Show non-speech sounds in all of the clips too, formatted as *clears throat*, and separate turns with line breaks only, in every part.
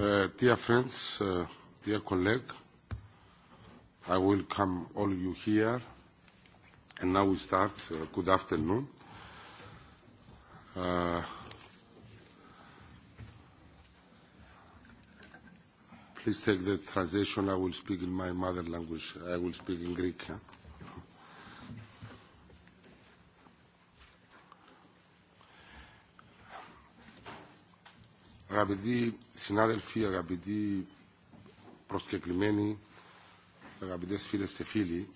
Uh, dear friends, uh, dear colleague, I welcome all of you here. And now we start. Uh, good afternoon. Uh, please take the translation. I will speak in my mother language. I will speak in Greek. Huh? Αγαπητοί συνάδελφοι, αγαπητοί προσκεκλημένοι, αγαπητές φίλες και φίλοι,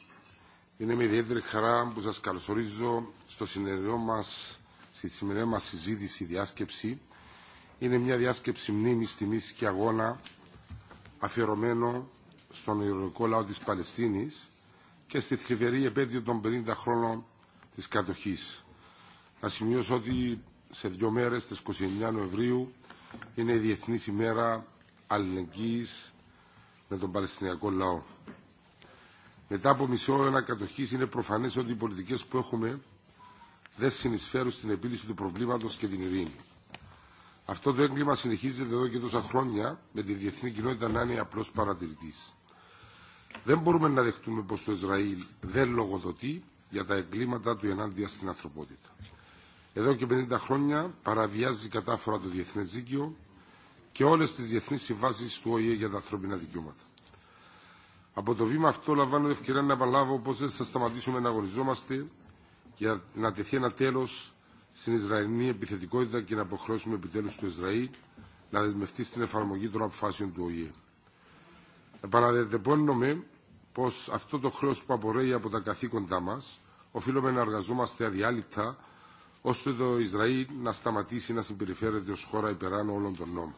είναι με ιδιαίτερη χαρά που σας καλωσορίζω στο σημερινό μας, στη σημερινή μας συζήτηση, διάσκεψη. Είναι μια διάσκεψη μνήμης, τιμής και αγώνα αφιερωμένο στον ειρωνικό λαό της Παλαιστίνης και στη θλιβερή επέτειο των 50 χρόνων της κατοχής. Να σημειώσω ότι σε δύο μέρες, στις 29 Νοεμβρίου, είναι η διεθνή ημέρα αλληλεγγύης με τον Παλαιστινιακό λαό. Μετά από μισό αιώνα κατοχή είναι προφανέ ότι οι πολιτικέ που έχουμε δεν συνεισφέρουν στην επίλυση του προβλήματο και την ειρήνη. Αυτό το έγκλημα συνεχίζεται εδώ και τόσα χρόνια με τη διεθνή κοινότητα να είναι απλό παρατηρητή. Δεν μπορούμε να δεχτούμε πω το Ισραήλ δεν λογοδοτεί για τα εγκλήματα του ενάντια στην ανθρωπότητα εδώ και 50 χρόνια παραβιάζει κατάφορα το διεθνέ δίκαιο και όλε τι διεθνείς συμβάσει του ΟΗΕ για τα ανθρώπινα δικαιώματα. Από το βήμα αυτό λαμβάνω ευκαιρία να επαναλάβω πω δεν θα σταματήσουμε να αγωνιζόμαστε για να τεθεί ένα τέλο στην Ισραηλινή επιθετικότητα και να αποχρώσουμε επιτέλου το Ισραήλ να δεσμευτεί στην εφαρμογή των αποφάσεων του ΟΗΕ. Επαναδεδεπώνουμε πω αυτό το χρέο που απορρέει από τα καθήκοντά μα, οφείλουμε να εργαζόμαστε αδιάλειπτα ώστε το Ισραήλ να σταματήσει να συμπεριφέρεται ως χώρα υπεράνω όλων των νόμων.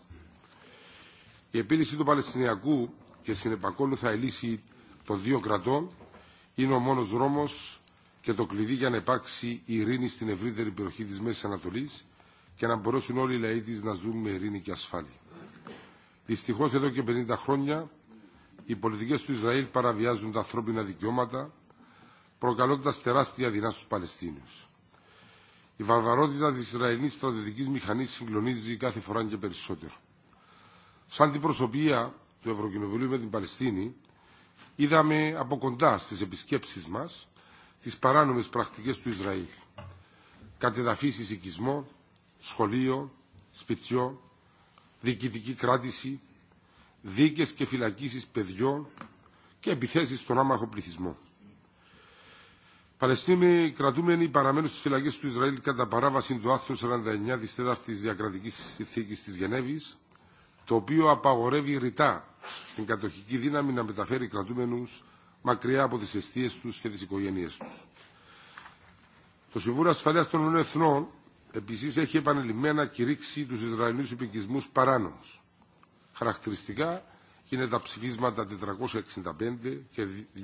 Η επίλυση του Παλαιστινιακού και συνεπακόλουθα η λύση των δύο κρατών είναι ο μόνος δρόμος και το κλειδί για να υπάρξει ειρήνη στην ευρύτερη περιοχή της Μέσης Ανατολής και να μπορέσουν όλοι οι λαοί της να ζουν με ειρήνη και ασφάλεια. Δυστυχώς εδώ και 50 χρόνια οι πολιτικές του Ισραήλ παραβιάζουν τα ανθρώπινα δικαιώματα προκαλώντας τεράστια δεινά στους Παλαιστίνιους. Η βαρβαρότητα της Ισραηλινής στρατιωτικής μηχανής συγκλονίζει κάθε φορά και περισσότερο. Σαν την προσωπία του Ευρωκοινοβουλίου με την Παλαιστίνη, είδαμε από κοντά στις επισκέψεις μας τις παράνομες πρακτικές του Ισραήλ. Κατεδαφίσεις οικισμό, σχολείο, σπιτιό, διοικητική κράτηση, δίκες και φυλακίσεις παιδιών και επιθέσεις στον άμαχο πληθυσμό. Παλαιστίνοι κρατούμενοι παραμένουν στι φυλακέ του Ισραήλ κατά παράβαση του άρθρου 49 τη Τέταρτη Διακρατική Συνθήκη τη Γενέβη, το οποίο απαγορεύει ρητά στην κατοχική δύναμη να μεταφέρει κρατούμενου μακριά από τι αιστείε του και τι οικογένειέ του. Το Συμβούλιο Ασφαλεία των Εθνών επίση έχει επανειλημμένα κηρύξει του Ισραηλινού υπηκισμού παράνομου. Χαρακτηριστικά, είναι τα ψηφίσματα 465 και 2023-34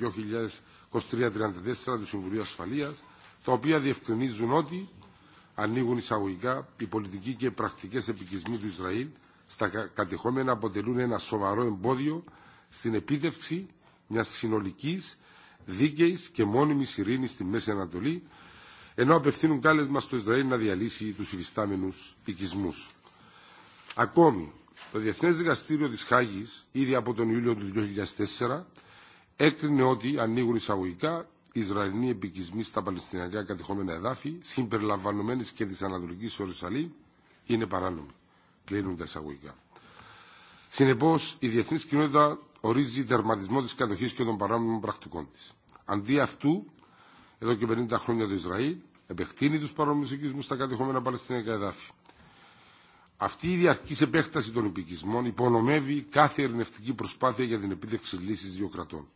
του Συμβουλίου Ασφαλείας, τα οποία διευκρινίζουν ότι ανοίγουν εισαγωγικά οι πολιτικοί και οι πρακτικές επικισμοί του Ισραήλ στα κατεχόμενα αποτελούν ένα σοβαρό εμπόδιο στην επίτευξη μιας συνολικής, δίκαιης και μόνιμης ειρήνης στη Μέση Ανατολή, ενώ απευθύνουν κάλεσμα στο Ισραήλ να διαλύσει τους υφιστάμενους οικισμούς. Ακόμη, Το Διεθνέ Δικαστήριο τη Χάγης, ήδη από τον Ιούλιο του 2004, έκρινε ότι ανοίγουν εισαγωγικά Ισραηλινοί επικισμοί στα Παλαιστινιακά κατεχόμενα εδάφη, συμπεριλαμβανομένη και τη Ανατολική Ιερουσαλήμ, είναι παράνομοι. Κλείνουν τα εισαγωγικά. Συνεπώ, η διεθνή κοινότητα ορίζει τερματισμό τη κατοχή και των παράνομων πρακτικών τη. Αντί αυτού, εδώ και 50 χρόνια το Ισραήλ επεκτείνει του παρόμοιου οικισμού στα κατεχόμενα Παλαιστινιακά εδάφη. Αυτή η διαρκή επέκταση των υπηκισμών υπονομεύει κάθε ειρηνευτική προσπάθεια για την επίτευξη λύση δύο κρατών.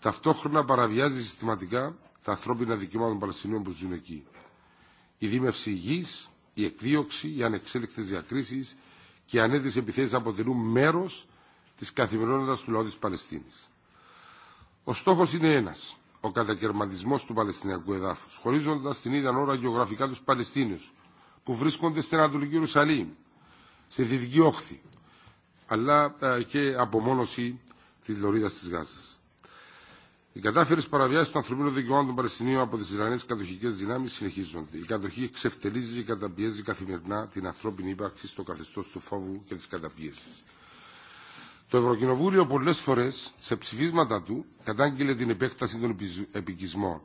Ταυτόχρονα παραβιάζει συστηματικά τα ανθρώπινα δικαιώματα των Παλαιστινίων που ζουν εκεί. Η δίμευση γη, η εκδίωξη, οι ανεξέλεκτε διακρίσει και οι ανέδειε επιθέσει αποτελούν μέρο τη καθημερινότητα του λαού τη Παλαιστίνη. Ο στόχο είναι ένα. Ο κατακαιρματισμό του Παλαιστινιακού εδάφου, χωρίζοντα την ίδια ώρα γεωγραφικά του Παλαιστίνιου, που βρίσκονται στην Ανατολική Ιερουσαλήμ, σε Δυτική Όχθη, αλλά και απομόνωση τη Λωρίδα τη Γάζα. Οι κατάφερε παραβιάσει των ανθρωπίνων δικαιωμάτων των Παλαιστινίων από τι Ισραηλινέ κατοχικέ δυνάμει συνεχίζονται. Η κατοχή ξεφτελίζει και καταπιέζει καθημερινά την ανθρώπινη ύπαρξη στο καθεστώ του φόβου και τη καταπίεση. Το Ευρωκοινοβούλιο πολλέ φορέ σε ψηφίσματα του κατάγγειλε την επέκταση των επικισμών,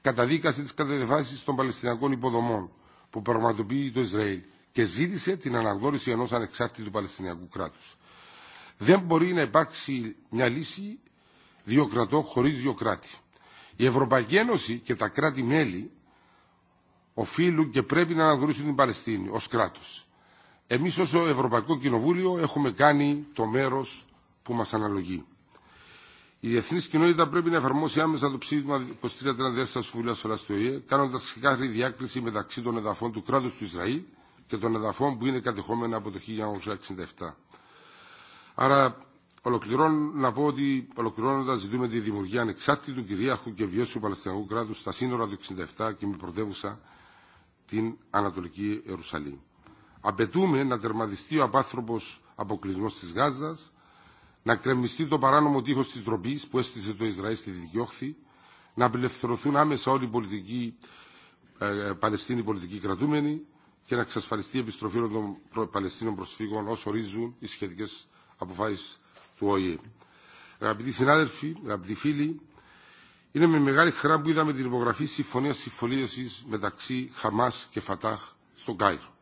καταδίκασε τη κατεδεφάσει των Παλαιστινιακών υποδομών, που πραγματοποιεί το Ισραήλ και ζήτησε την αναγνώριση ενό ανεξάρτητου Παλαιστινιακού κράτου. Δεν μπορεί να υπάρξει μια λύση δύο κρατών χωρί δύο κράτη. Η Ευρωπαϊκή Ένωση και τα κράτη-μέλη οφείλουν και πρέπει να αναγνωρίσουν την Παλαιστίνη ω κράτο. Εμεί ω Ευρωπαϊκό Κοινοβούλιο έχουμε κάνει το μέρο που μα αναλογεί. Η διεθνή κοινότητα πρέπει να εφαρμόσει άμεσα το ψήφισμα 23-34 τη Συμβουλία Ασφαλεία του ΟΗΕ, κάνοντα ξεκάθαρη διάκριση μεταξύ των εδαφών του κράτου του Ισραήλ και των εδαφών που είναι κατεχόμενα από το 1967. Άρα, ολοκληρώνω να πω ότι ολοκληρώνοντα ζητούμε τη δημιουργία ανεξάρτητου κυρίαρχου και βιώσιμου Παλαιστινιακού κράτου στα σύνορα του 1967 και με πρωτεύουσα την Ανατολική Ιερουσαλήμ. Απαιτούμε να τερματιστεί ο απάνθρωπο αποκλεισμό τη Γάζας, να κρεμιστεί το παράνομο τείχος της ντροπή που έστησε το Ισραήλ στη Δυτική να απελευθερωθούν άμεσα όλοι οι πολιτικοί, ε, Παλαιστίνοι πολιτικοί κρατούμενοι και να εξασφαλιστεί η επιστροφή των Παλαιστίνων προσφύγων όσο ορίζουν οι σχετικέ αποφάσει του ΟΗΕ. Αγαπητοί συνάδελφοι, αγαπητοί φίλοι, είναι με μεγάλη χαρά που είδαμε την υπογραφή συμφωνία συμφωνίωση μεταξύ Χαμά και Φατάχ στον Κάιρο.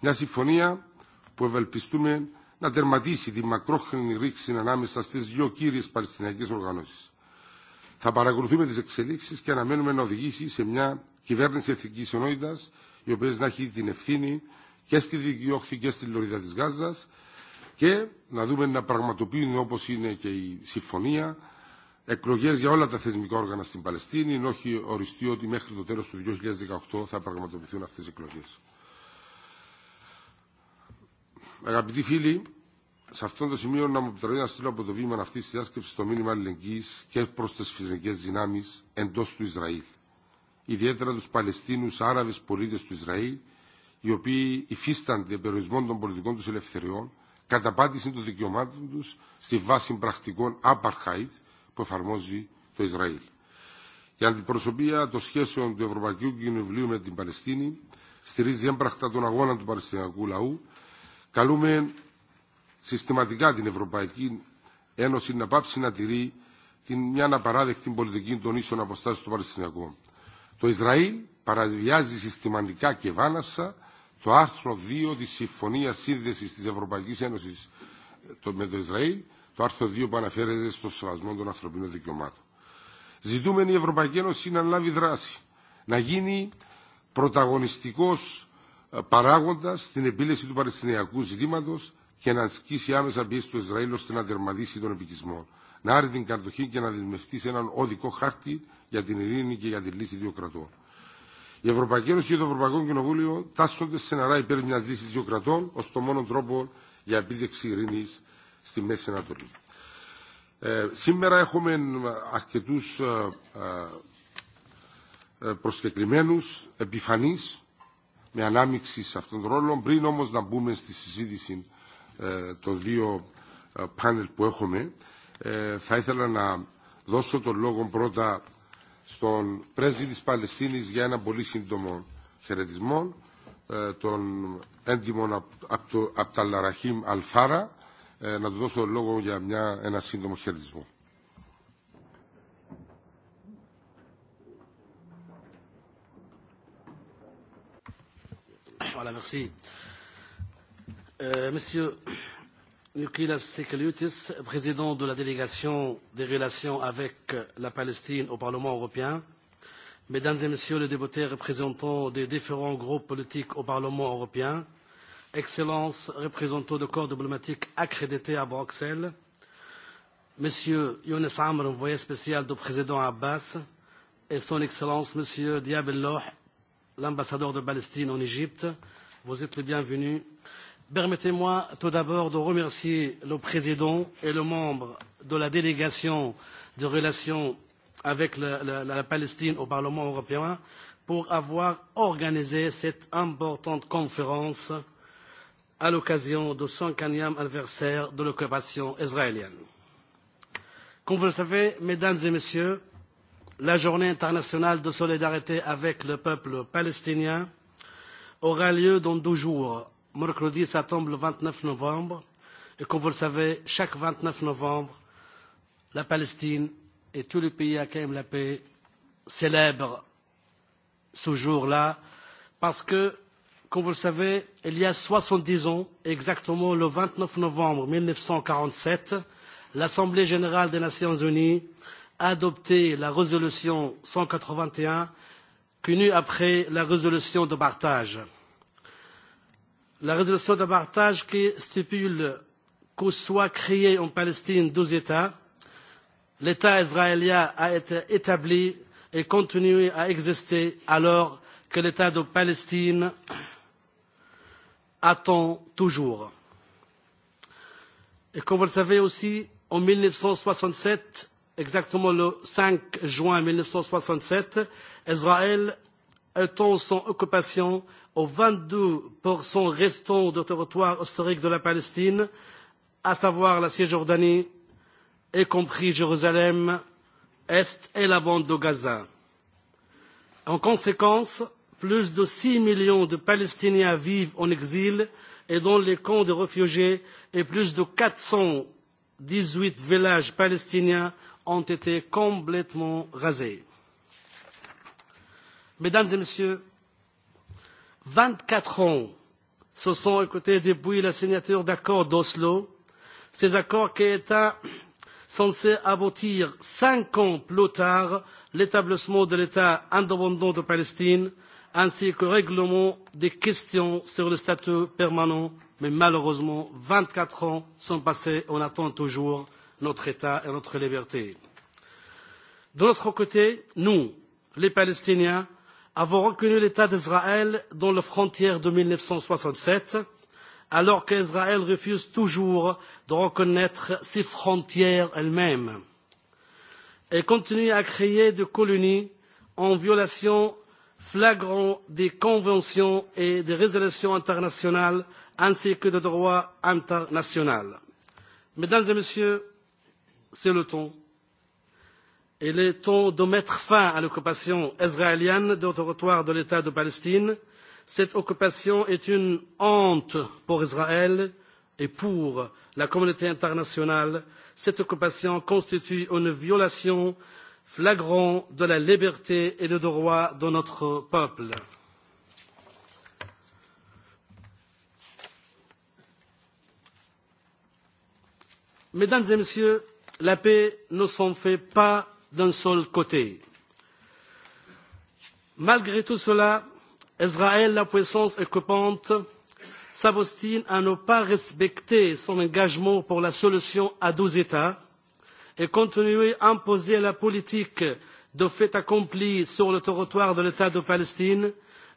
Μια συμφωνία που ευελπιστούμε να τερματίσει τη μακρόχρονη ρήξη ανάμεσα στι δύο κύριε Παλαιστινιακέ οργανώσει. Θα παρακολουθούμε τι εξελίξει και αναμένουμε να οδηγήσει σε μια κυβέρνηση εθνική ενότητα, η οποία να έχει την ευθύνη και στη δική Όχθη και στη Λωρίδα τη Γάζα και να δούμε να πραγματοποιούν όπω είναι και η συμφωνία εκλογέ για όλα τα θεσμικά όργανα στην Παλαιστίνη, ενώ έχει οριστεί ότι μέχρι το τέλο του 2018 θα πραγματοποιηθούν αυτέ οι εκλογέ. Αγαπητοί φίλοι, σε αυτό το σημείο να μου επιτρέψετε να στείλω από το βήμα αυτή τη διάσκεψη το μήνυμα αλληλεγγύη και προ τι φυσικέ δυνάμει εντό του Ισραήλ. Ιδιαίτερα του Παλαιστίνου Άραβε πολίτε του Ισραήλ, οι οποίοι υφίστανται περιορισμών των πολιτικών του ελευθεριών, καταπάτηση των δικαιωμάτων του στη βάση πρακτικών apartheid που εφαρμόζει το Ισραήλ. Η αντιπροσωπεία των σχέσεων του Ευρωπαϊκού Κοινοβουλίου με την Παλαιστίνη στηρίζει έμπρακτα τον αγώνα του Παλαιστινιακού λαού Καλούμε συστηματικά την Ευρωπαϊκή Ένωση να πάψει να τηρεί την μια αναπαράδεκτη πολιτική των ίσων αποστάσεων του Παλαιστινιακού. Το Ισραήλ παραβιάζει συστηματικά και βάνασα το άρθρο 2 της Συμφωνίας Σύνδεσης της Ευρωπαϊκής Ένωσης με το Ισραήλ, το άρθρο 2 που αναφέρεται στο σεβασμό των ανθρωπίνων δικαιωμάτων. Ζητούμενη η Ευρωπαϊκή Ένωση να λάβει δράση, να γίνει πρωταγωνιστικός παράγοντα στην επίλυση του Παλαιστινιακού ζητήματο και να ασκήσει άμεσα πίεση του Ισραήλ ώστε να τερματίσει τον επικισμό, να άρει την κατοχή και να δημιουργηθεί σε έναν οδικό χάρτη για την ειρήνη και για τη λύση δύο κρατών. Η Ευρωπαϊκή Ένωση και το Ευρωπαϊκό Κοινοβούλιο τάσσονται στεναρά υπέρ μια λύση δύο κρατών ω το μόνο τρόπο για επίδειξη ειρήνη στη Μέση Ανατολή. Ε, σήμερα έχουμε αρκετού ε, ε, προσκεκλημένου, επιφανεί με ανάμειξη σε αυτόν τον ρόλο. Πριν όμω να μπούμε στη συζήτηση των δύο πάνελ που έχουμε, θα ήθελα να δώσω τον λόγο πρώτα στον πρέσβη της Παλαιστίνης για ένα πολύ σύντομο χαιρετισμό, τον τα Λαραχήμ Αλφάρα, να του δώσω τον λόγο για μια, ένα σύντομο χαιρετισμό.
Voilà, merci. Euh, monsieur Nikilas Sekeliutis, président de la délégation des relations avec la Palestine au Parlement européen, mesdames et messieurs les députés représentants des différents groupes politiques au Parlement européen, excellences, représentants de corps diplomatiques accrédités à Bruxelles, monsieur Younes Amr, envoyé spécial du président Abbas, et son excellence monsieur Diabelloh, l'ambassadeur de Palestine en Égypte. Vous êtes les bienvenus. Permettez-moi tout d'abord de remercier le président et le membre de la délégation de relations avec la, la, la Palestine au Parlement européen pour avoir organisé cette importante conférence à l'occasion du 100 e anniversaire de l'occupation israélienne. Comme vous le savez, mesdames et messieurs, la journée internationale de solidarité avec le peuple palestinien aura lieu dans deux jours, mercredi, ça tombe le 29 novembre. Et comme vous le savez, chaque 29 novembre, la Palestine et tous les pays à qui la paix célèbrent ce jour-là parce que, comme vous le savez, il y a 70 ans, exactement le 29 novembre 1947, l'Assemblée générale des Nations unies adopté la résolution cent quatre vingt et un connue après la résolution de partage. La résolution de partage qui stipule que soient créés en Palestine deux États, l'État israélien a été établi et continue à exister alors que l'État de Palestine attend toujours. Et comme vous le savez aussi, en 1967, exactement le 5 juin 1967, Israël étend son occupation aux 22% restants du territoire historique de la Palestine, à savoir la Cisjordanie, y compris Jérusalem, Est et la bande de Gaza. En conséquence, plus de 6 millions de Palestiniens vivent en exil et dans les camps de réfugiés et plus de 418 villages palestiniens ont été complètement rasés. Mesdames et Messieurs, vingt quatre ans se sont écoulés depuis la signature d'accords d'Oslo, ces accords qui étaient censés aboutir cinq ans plus tard l'établissement de l'État indépendant de Palestine ainsi qu'au règlement des questions sur le statut permanent, mais malheureusement vingt quatre ans sont passés, on attend toujours notre État et notre liberté. De l'autre côté, nous, les Palestiniens, avons reconnu l'État d'Israël dans les frontières de 1967, alors qu'Israël refuse toujours de reconnaître ses frontières elles-mêmes et continue à créer des colonies en violation flagrant des conventions et des résolutions internationales ainsi que des droits international. Mesdames et Messieurs, c'est le temps. Il est temps de mettre fin à l'occupation israélienne du territoire de l'État de Palestine. Cette occupation est une honte pour Israël et pour la communauté internationale. Cette occupation constitue une violation flagrante de la liberté et des droits de notre peuple. Mesdames et Messieurs, la paix ne s'en fait pas d'un seul côté. Malgré tout cela, Israël, la puissance occupante, s'abstient à ne pas respecter son engagement pour la solution à deux États et continuer à imposer la politique de fait accompli sur le territoire de l'État de Palestine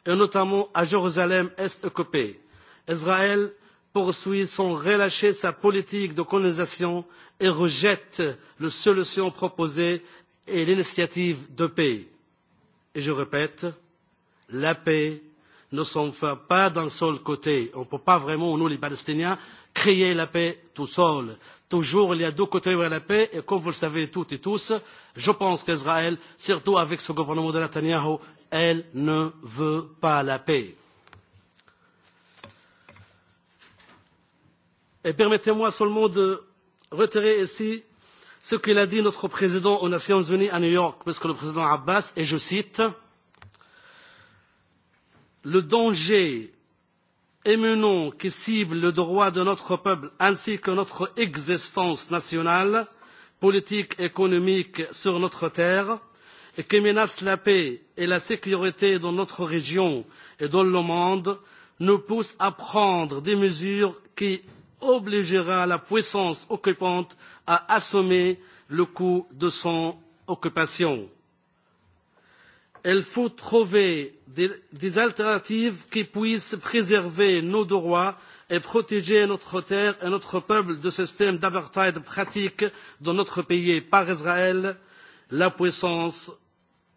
et notamment à Jérusalem est occupé. Israël poursuit sans relâcher sa politique de colonisation et rejette les solutions proposées et l'initiative de paix. Et je répète, la paix ne fait pas d'un seul côté. On ne peut pas vraiment, nous les Palestiniens, créer la paix tout seul. Toujours, il y a deux côtés vers la paix, et comme vous le savez toutes et tous, je pense qu'Israël, surtout avec ce gouvernement de Netanyahu, elle ne veut pas la paix. Et permettez-moi seulement de retirer ici ce qu'il a dit notre président aux Nations Unies à New York, parce que le président Abbas, et je cite, le danger éminent qui cible le droit de notre peuple ainsi que notre existence nationale, politique, économique sur notre terre, et qui menace la paix et la sécurité dans notre région et dans le monde, nous pousse à prendre des mesures qui obligera la puissance occupante à assommer le coût de son occupation. Il faut trouver des, alternatives qui puissent préserver nos droits et protéger notre terre et notre peuple de systèmes d'apartheid pratiques dans notre pays par Israël, la puissance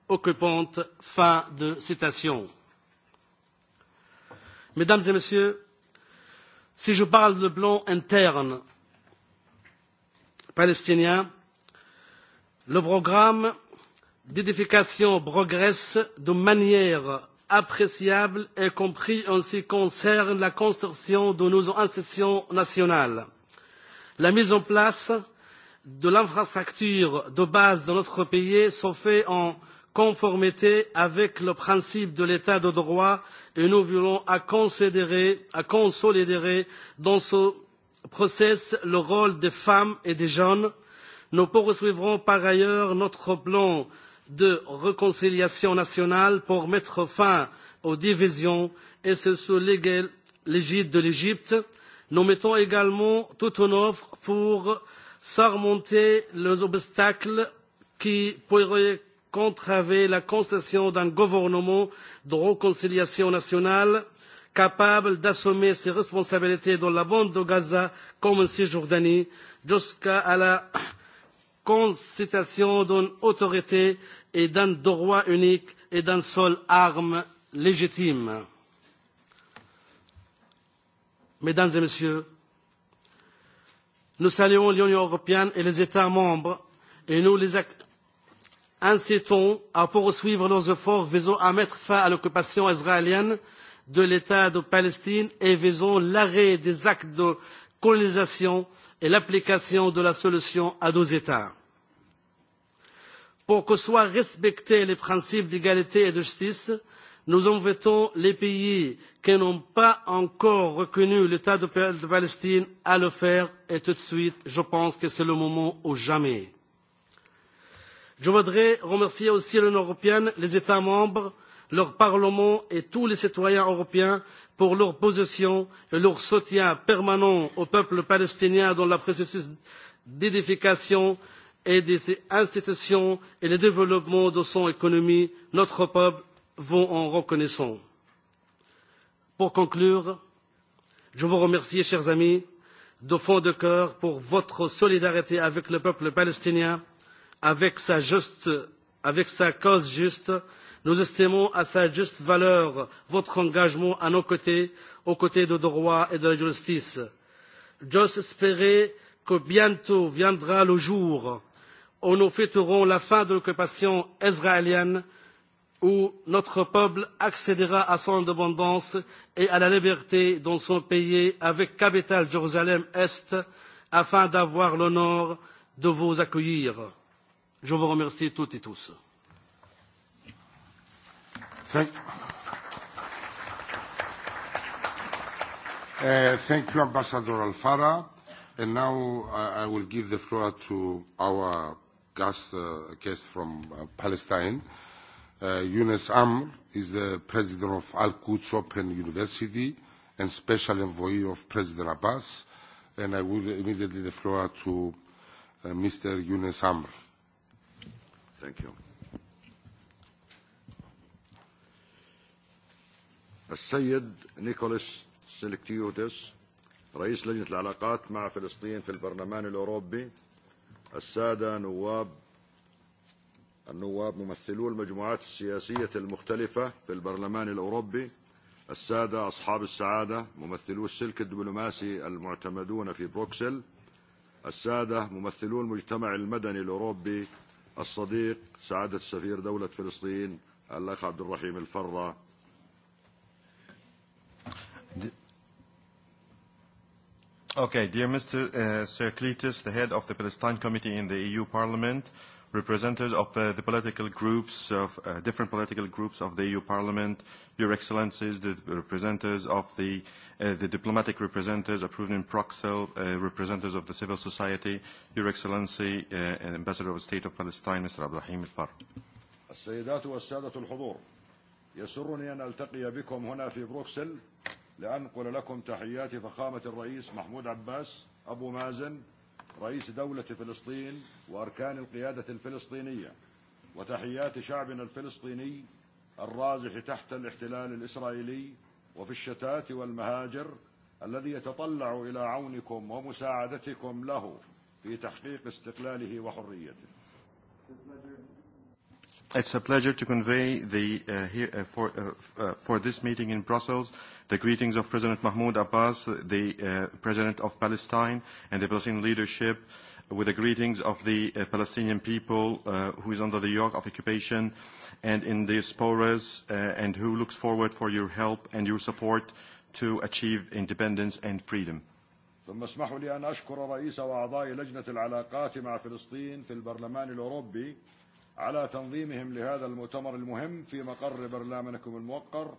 occupante. Fin de citation. Mesdames et messieurs, si je parle de plan interne palestinien, le programme d'édification progresse de manière appréciable, y compris en ce qui concerne la construction de nos institutions nationales. La mise en place de l'infrastructure de base de notre pays se fait en conformité avec le principe de l'état de droit et nous voulons à considérer, à consolider dans ce process le rôle des femmes et des jeunes. Nous poursuivrons par ailleurs notre plan de réconciliation nationale pour mettre fin aux divisions et ce sous l'égide de l'Égypte. Nous mettons également tout en œuvre pour surmonter les obstacles qui pourraient qu'entraver la concession d'un gouvernement de réconciliation nationale capable d'assumer ses responsabilités dans la bande de Gaza comme en Cisjordanie jusqu'à la *coughs* constitution d'une autorité et d'un droit unique et d'un seule arme légitime. Mesdames et Messieurs, nous saluons l'Union européenne et les États membres et nous les incite t à poursuivre nos efforts visant à mettre fin à l'occupation israélienne de l'état de palestine et visant l'arrêt des actes de colonisation et l'application de la solution à deux états. pour que soient respectés les principes d'égalité et de justice nous invitons les pays qui n'ont pas encore reconnu l'état de palestine à le faire et tout de suite. je pense que c'est le moment ou jamais je voudrais remercier aussi l'union européenne les états membres leur parlement et tous les citoyens européens pour leur position et leur soutien permanent au peuple palestinien dans le processus d'édification et des institutions et le développement de son économie. notre peuple vous en reconnaissant. pour conclure je vous remercie chers amis de fond de cœur pour votre solidarité avec le peuple palestinien avec sa, juste, avec sa cause juste. Nous estimons à sa juste valeur votre engagement à nos côtés, aux côtés de droit et de la justice. J'ose espérer que bientôt viendra le jour où nous fêterons la fin de l'occupation israélienne, où notre peuple accédera à son indépendance et à la liberté dans son pays avec capitale Jérusalem-Est, afin d'avoir l'honneur de vous accueillir. Je vous remercie toutes et tous.
Thank, uh, you, Ambassador Alfara. And now uh, I will give the floor to our guest, uh, guest from uh, Palestine. Uh, Yunus Amr is the president of Al-Quds Open University and special envoy of President Abbas. And I will immediately the floor to uh, Mr. Yunus Amr. Thank
السيد نيكولاس سيلكتيوتس رئيس لجنة العلاقات مع فلسطين في البرلمان الأوروبي السادة نواب النواب ممثلو المجموعات السياسية المختلفة في البرلمان الأوروبي السادة أصحاب السعادة ممثلو السلك الدبلوماسي المعتمدون في بروكسل السادة ممثلو المجتمع المدني الأوروبي الصديق سعادة سفير دولة فلسطين الأخ عبد الرحيم الفرة Okay, dear
Mr. Uh, Sir Cletus, the head of the Palestine Committee in the EU Parliament, uh, representatives of uh, the political groups of uh, different political groups of the EU Parliament, Your Excellencies, the representatives of the, uh, the diplomatic representatives approved in Proxel, uh, representatives of the civil society, Your Excellency, uh, Ambassador of the State of Palestine, Mr. Abdelrahim Al-Far.
السيدات والسادة الحضور يسرني أن ألتقي بكم هنا في بروكسل لأنقل لكم تحيات فخامة الرئيس محمود عباس أبو مازن رئيس دولة فلسطين وأركان القيادة الفلسطينية وتحيات شعبنا الفلسطيني الرازح تحت الاحتلال الإسرائيلي وفي الشتات والمهاجر الذي يتطلع إلى عونكم ومساعدتكم له في تحقيق استقلاله وحريته
It's a pleasure to convey the, uh, uh, for, uh, for this meeting in Brussels the greetings of President Mahmoud Abbas, the President of Palestine, and the Palestinian leadership, with the greetings of the Palestinian people who is under the yoke of occupation and in diasporas, uh, and who looks forward for your help and your support to achieve independence and freedom.
على تنظيمهم لهذا المؤتمر المهم في مقر برلمانكم الموقر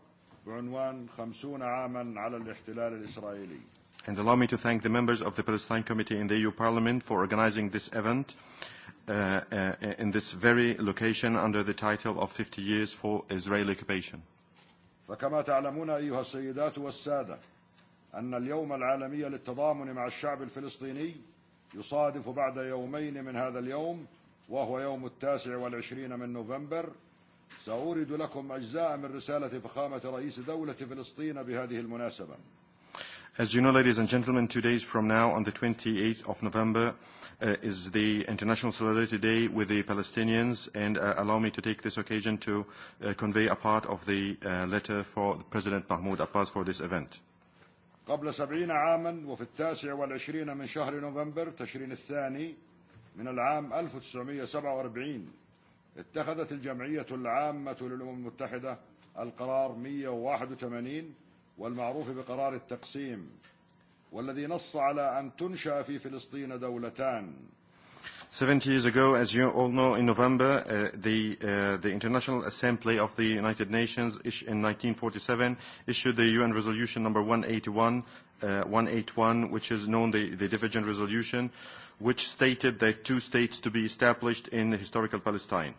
بعنوان خمسون عاما على الاحتلال الإسرائيلي
And allow me to thank the members of the Palestine Committee in the EU Parliament for organizing this event uh, uh, in this very location under the title of 50 Years for Israeli Occupation.
فكما تعلمون أيها السيدات والسادة أن اليوم العالمي للتضامن مع الشعب الفلسطيني يصادف بعد يومين من هذا اليوم وهو يوم التاسع والعشرين من نوفمبر سأورد لكم أجزاء من رسالة فخامة رئيس دولة فلسطين بهذه المناسبة
As you know, ladies and gentlemen, two days from now, on the 28th of November, uh, is the International Solidarity Day with the Palestinians, and uh, allow me to take this occasion to uh, convey a part of the uh, letter for President Mahmoud Abbas for this event.
قبل سبعين عاما وفي التاسع والعشرين من شهر نوفمبر تشرين الثاني من العام 1947 اتخذت الجمعية العامة للأمم المتحدة القرار 181 والمعروف بقرار التقسيم والذي نص على أن تنشأ في فلسطين دولتان
70 years ago, as you all know, in November, uh, the, uh, the International Assembly of the United Nations in 1947 issued the UN Resolution number 181, uh, 181 which is known the, the Divergent Resolution, uh, which stated that two states to be established in historical Palestine.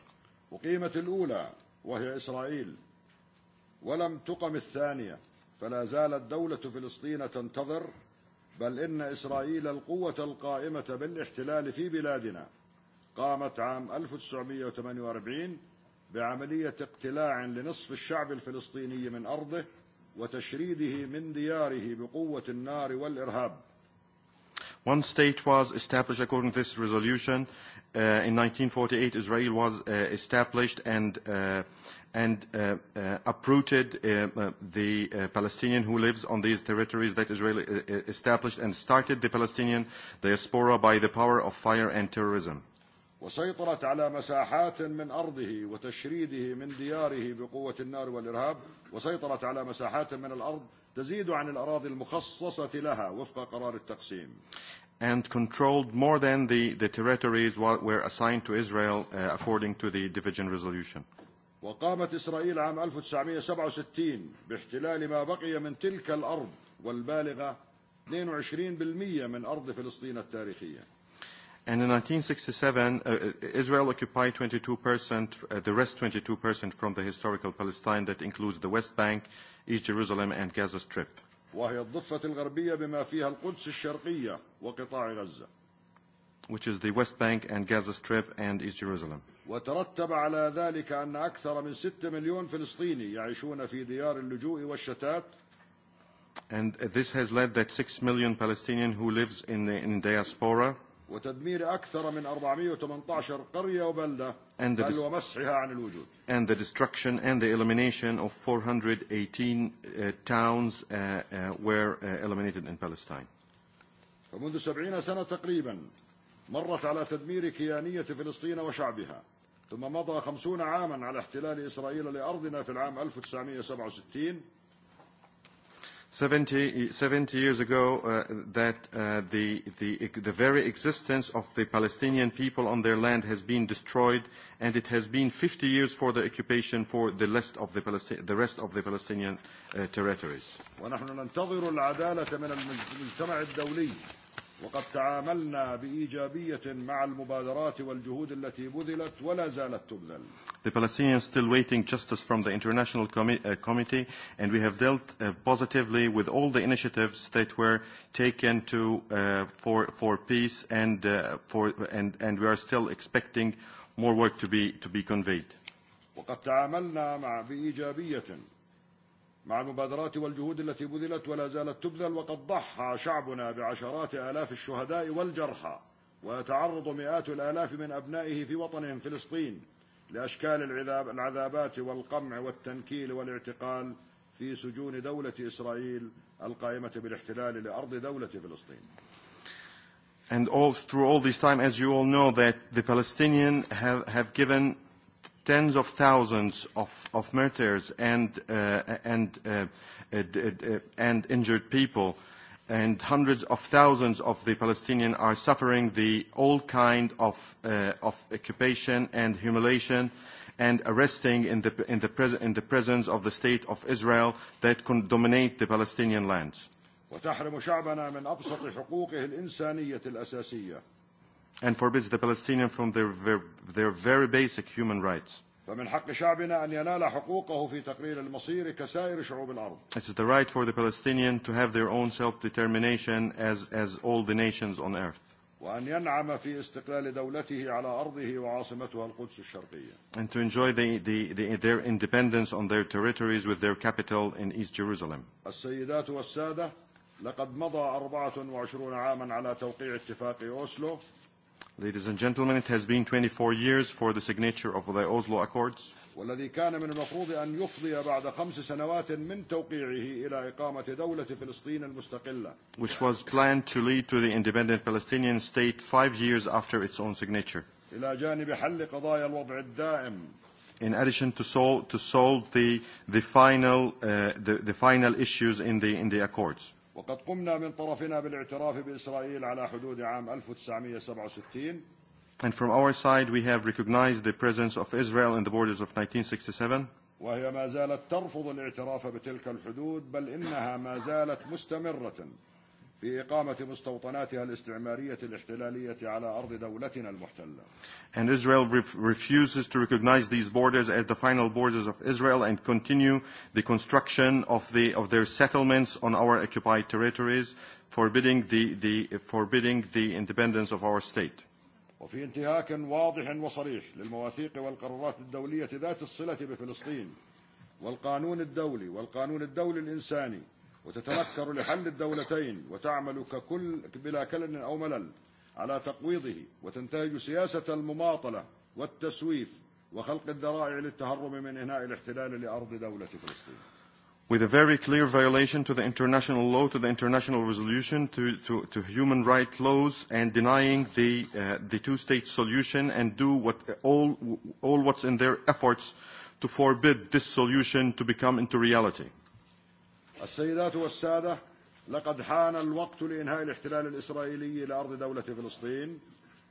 أقيمت الأولى وهي إسرائيل ولم تقم الثانية فلا زالت دولة فلسطين تنتظر بل إن إسرائيل القوة القائمة بالاحتلال في بلادنا قامت عام 1948 بعملية اقتلاع لنصف الشعب الفلسطيني من أرضه وتشريده من دياره بقوة النار والإرهاب
one state was established according to this resolution. Uh, in 1948, Israel was uh, established and, uh, and uh, uh, uprooted uh, uh, the uh, Palestinian who lives on these territories that Israel uh, uh, established and started the Palestinian diaspora by the power of fire and terrorism.
وسيطرت على مساحات من أرضه وتشريده من دياره بقوة النار والإرهاب وسيطرت على مساحات من الأرض تزيد عن الأراضي المخصصة لها وفق قرار التقسيم
and controlled more than the, the territories were assigned to Israel uh, according to the division resolution.
وقامت إسرائيل عام 1967 باحتلال ما بقي من تلك الأرض والبالغة 22% من أرض فلسطين التاريخية.
And in 1967, uh, uh, Israel occupied 22%, uh, the rest 22% from the historical Palestine that includes the West Bank, East Jerusalem and Gaza Strip. which is the West Bank and Gaza Strip and East Jerusalem. And this has led that 6 million Palestinians who lives in, the, in diaspora
وتدمير أكثر من 418 قرية وبلدة and the ومسحها عن الوجود
and the destruction and the elimination of 418 uh, towns uh, uh, were uh, eliminated in Palestine
فمنذ 70 سنة تقريبا مرت على تدمير كيانية فلسطين وشعبها ثم مضى 50 عاما على احتلال إسرائيل لأرضنا في العام 1967
70, 70 years ago uh, that uh, the, the, the very existence of the Palestinian people on their land has been destroyed and it has been 50 years for the occupation for the rest of the, Palesti the, rest of the Palestinian uh, territories.
وقد تعاملنا بإيجابية مع المبادرات والجهود التي بذلت ولا زالت تبذل.
The Palestinians still waiting justice from the International uh, Committee and we have dealt uh, positively with all the initiatives that were taken to, uh, for, for peace and, for, and, and we are still expecting more work to be, to be conveyed.
وقد تعاملنا مع مع المبادرات والجهود التي بذلت ولا زالت تبذل وقد ضحى شعبنا بعشرات آلاف الشهداء والجرحى ويتعرض مئات الآلاف من أبنائه في وطنهم فلسطين لأشكال العذاب العذابات والقمع والتنكيل والاعتقال في سجون دولة إسرائيل القائمة بالاحتلال لأرض دولة فلسطين.
And all, through all this time, as you all know, that the Palestinians have, have given tens of thousands of, of murders and, uh, and, uh, uh, and injured people, and hundreds of thousands of the Palestinians are suffering the old kind of, occupation and humiliation and arresting in the, in, the presence of the State of Israel that can dominate the Palestinian lands and forbids the Palestinians from their, their very basic human rights. فمن is the right for the Palestinians to have their own self-determination as, as all the nations on earth. And to enjoy the, the, the, their independence on their territories with their capital in East Jerusalem.
لقد مضى 24 عاما على توقيع اتفاق
Ladies and gentlemen, it has been 24 years for the signature of the Oslo Accords.
والذي كان من المفروض يفضي بعد خمس سنوات من توقيعه فلسطين
Which was planned to lead to the independent Palestinian state five years after its own signature.
جانب حل قضايا الوضع الدائم.
In addition to solve, to solve the, the, final, uh, the, the final issues in the, in the Accords.
وقد قمنا من طرفنا بالاعتراف بإسرائيل على حدود عام 1967
And from our side we have recognized the presence of Israel in the borders of 1967
وهي ما زالت ترفض الاعتراف بتلك الحدود بل إنها ما زالت مستمرة في إقامة مستوطناتها الاستعمارية الاحتلالية على أرض دولتنا المحتلة.
And Israel ref refuses to recognize these borders as the final borders of Israel and continue the construction of, the, of their settlements on our occupied territories, forbidding the, the, forbidding the independence of our state.
وفي انتهاك واضح وصريح للمواثيق والقرارات الدولية ذات الصلة بفلسطين والقانون الدولي والقانون الدولي الإنساني وتتنكر لحل الدولتين وتعمل ككل بلا كلن أو ملل على تقويضه وتنتهج سياسة المماطلة والتسويف وخلق الذرائع للتهرب من إنهاء الاحتلال لأرض دولة فلسطين
with a very clear violation to the international law, to the international resolution, to, to, to human rights laws, and denying the, uh, the two-state solution and do what, all, all what's in their efforts to forbid this solution to become into reality.
السيدات والسادة لقد حان الوقت لإنهاء الاحتلال الإسرائيلي لأرض دولة فلسطين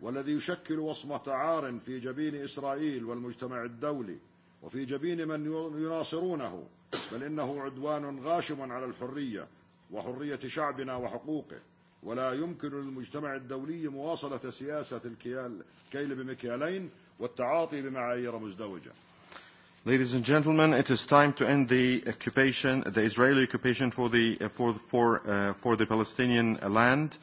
والذي يشكل وصمة عار في جبين إسرائيل والمجتمع الدولي وفي جبين من يناصرونه بل إنه عدوان غاشم على الحرية وحرية شعبنا وحقوقه ولا يمكن للمجتمع الدولي مواصلة سياسة الكيل بمكيالين والتعاطي بمعايير مزدوجة
Ladies and gentlemen, it is time to end the occupation, the Israeli occupation for the, uh, for, uh, for, the Palestinian land.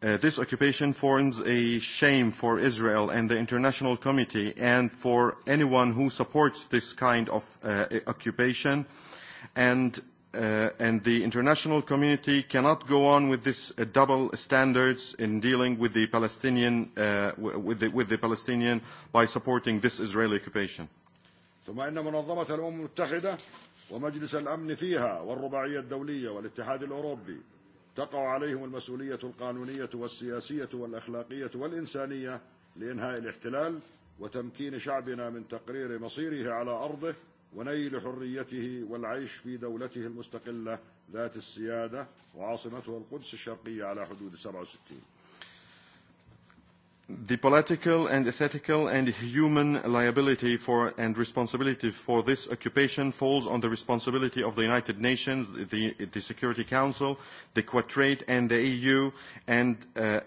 Uh, this occupation forms a shame for Israel and the international community and for anyone who supports this kind of occupation. And, and the international community cannot go on with this double standards in dealing with the Palestinian, uh, with, the, with the Palestinian by supporting this Israeli occupation.
ثم إن منظمة الأمم المتحدة ومجلس الأمن فيها والرباعية الدولية والاتحاد الأوروبي تقع عليهم المسؤولية القانونية والسياسية والأخلاقية والإنسانية لإنهاء الاحتلال وتمكين شعبنا من تقرير مصيره على أرضه ونيل حريته والعيش في دولته المستقلة ذات السيادة وعاصمتها القدس الشرقية على حدود 67
the political and ethical and human liability for and responsibility for this occupation falls on the responsibility of the United Nations, the, Security Council, the Quatrate and the EU, uh,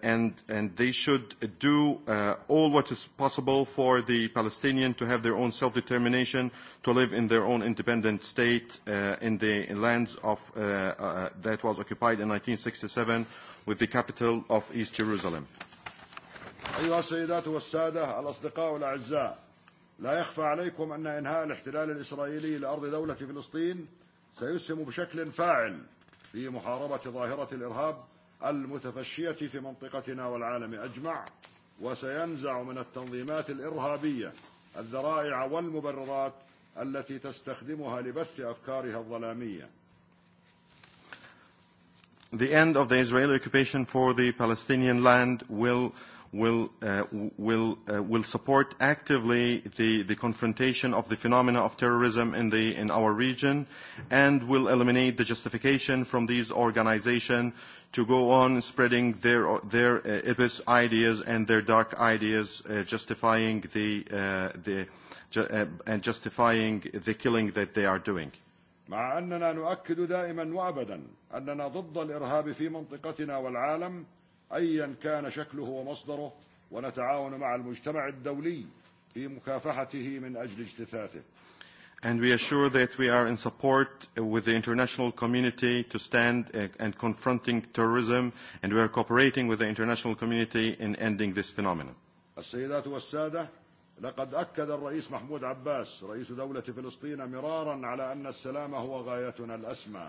and, and, they should do uh, all what is possible for the Palestinians to have their own self-determination, to live in their own independent state uh, in the lands of, that was occupied in 1967 with the capital of East Jerusalem.
أيها السيدات والسادة الأصدقاء والأعزاء لا يخفى عليكم أن إنهاء الاحتلال الإسرائيلي لأرض دولة فلسطين سيسهم بشكل فاعل في محاربة ظاهرة الإرهاب المتفشية في منطقتنا والعالم أجمع وسينزع من التنظيمات الإرهابية الذرائع والمبررات التي تستخدمها لبث أفكارها الظلامية
The end of the Israeli occupation for the Palestinian land will will, uh, will, uh, will support actively the, the confrontation of the phenomena of terrorism in, the, in our region and will eliminate the justification from these organizations to go on spreading their, their uh, ideas and their dark ideas uh, justifying the, uh, the, ju uh, and justifying the killing that they are doing.
مع أننا نؤكد دائما وأبدا أننا ضد الإرهاب في منطقتنا والعالم أيا كان شكله ومصدره ونتعاون مع المجتمع الدولي في مكافحته من أجل اجتثاثه
and we assure that we are in support with the international community to stand uh, and confronting terrorism and we are cooperating with the international community in ending this phenomenon.
السيدات والسادة لقد أكد الرئيس محمود عباس رئيس دولة فلسطين مرارا على أن السلام هو غايتنا الأسمى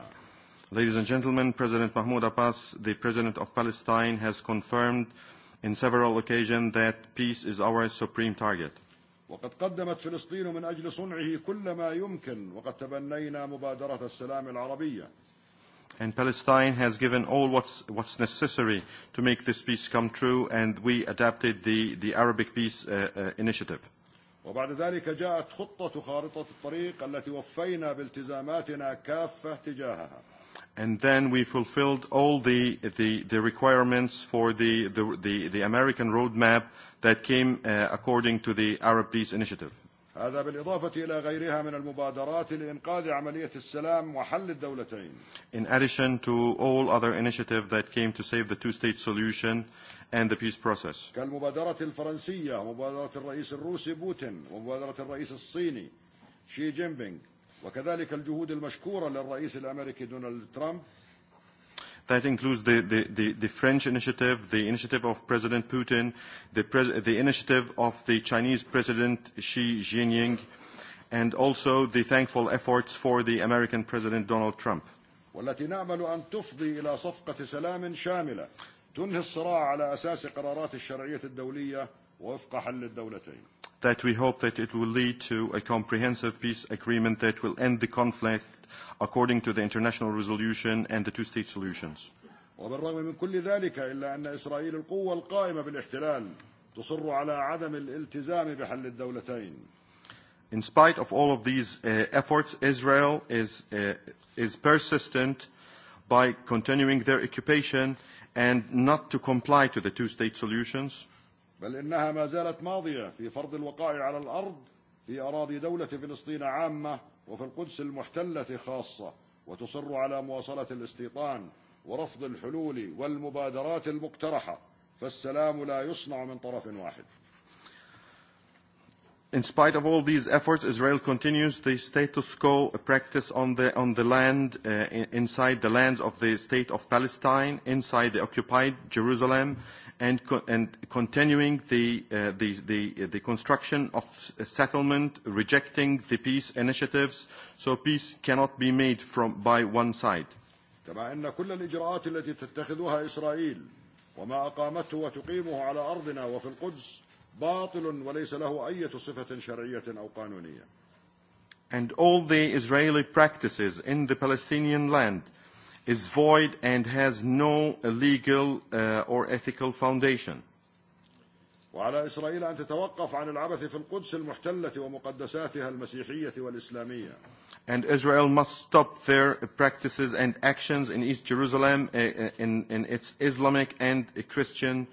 Ladies and gentlemen, President Mahmoud Abbas, the President of Palestine, has confirmed on several occasions that peace is our supreme target. And Palestine has given all what's, what's necessary to make this peace come true and we adapted the, the Arabic Peace uh, uh, Initiative.
وبعد ذلك جاءت الطريق التي وفينا بالتزاماتنا تجاهها
and then we fulfilled all the, requirements for the, American roadmap that came uh, according to the Arab Peace Initiative. In addition to all other initiatives that came to save the two-state solution and the peace process.
كالمبادرة الفرنسية الرئيس الروسي وكذلك الجهود المشكورة للرئيس الأمريكي دونالد ترامب
That includes the, the, the, the French initiative, the initiative of President Putin, the, pres the initiative of the Chinese President Xi Jinping, and also the thankful efforts for the American President Donald Trump.
والتي نعمل على قرارات الدولية حل الدولتين
that we hope that it will lead to a comprehensive peace agreement that will end the conflict according to the international resolution and the two-state solutions.
وبالرغم من كل ذلك بالاحتلال تصر على عدم الالتزام بحل الدولتين.
In spite of all of these uh, efforts, Israel is, uh, is persistent by continuing their occupation and not to comply to the two-state solutions.
بل إنها ما زالت ماضية في فرض الوقائع على الأرض في أراضي دولة فلسطين عامة وفي القدس المحتلة خاصة وتصر على مواصلة الاستيطان ورفض الحلول والمبادرات المقترحة فالسلام لا يصنع من طرف واحد
In spite of all these efforts, Israel continues the status quo practice on the, on the land, uh, inside the lands of the state of Palestine, inside the occupied Jerusalem, and, continuing the, uh, construction of settlement, rejecting the peace initiatives, so peace cannot be made from, by one side.
كما كل التي تتخذها وما وتقيمه على وفي القدس باطل وليس له
And all the Israeli practices in the Palestinian land is void and has no legal uh, or ethical foundation.
وعلى تتوقف عن العبث في القدس ومقدساتها
And Israel must stop their practices and actions in East Jerusalem uh, uh, in, in its Islamic and Christian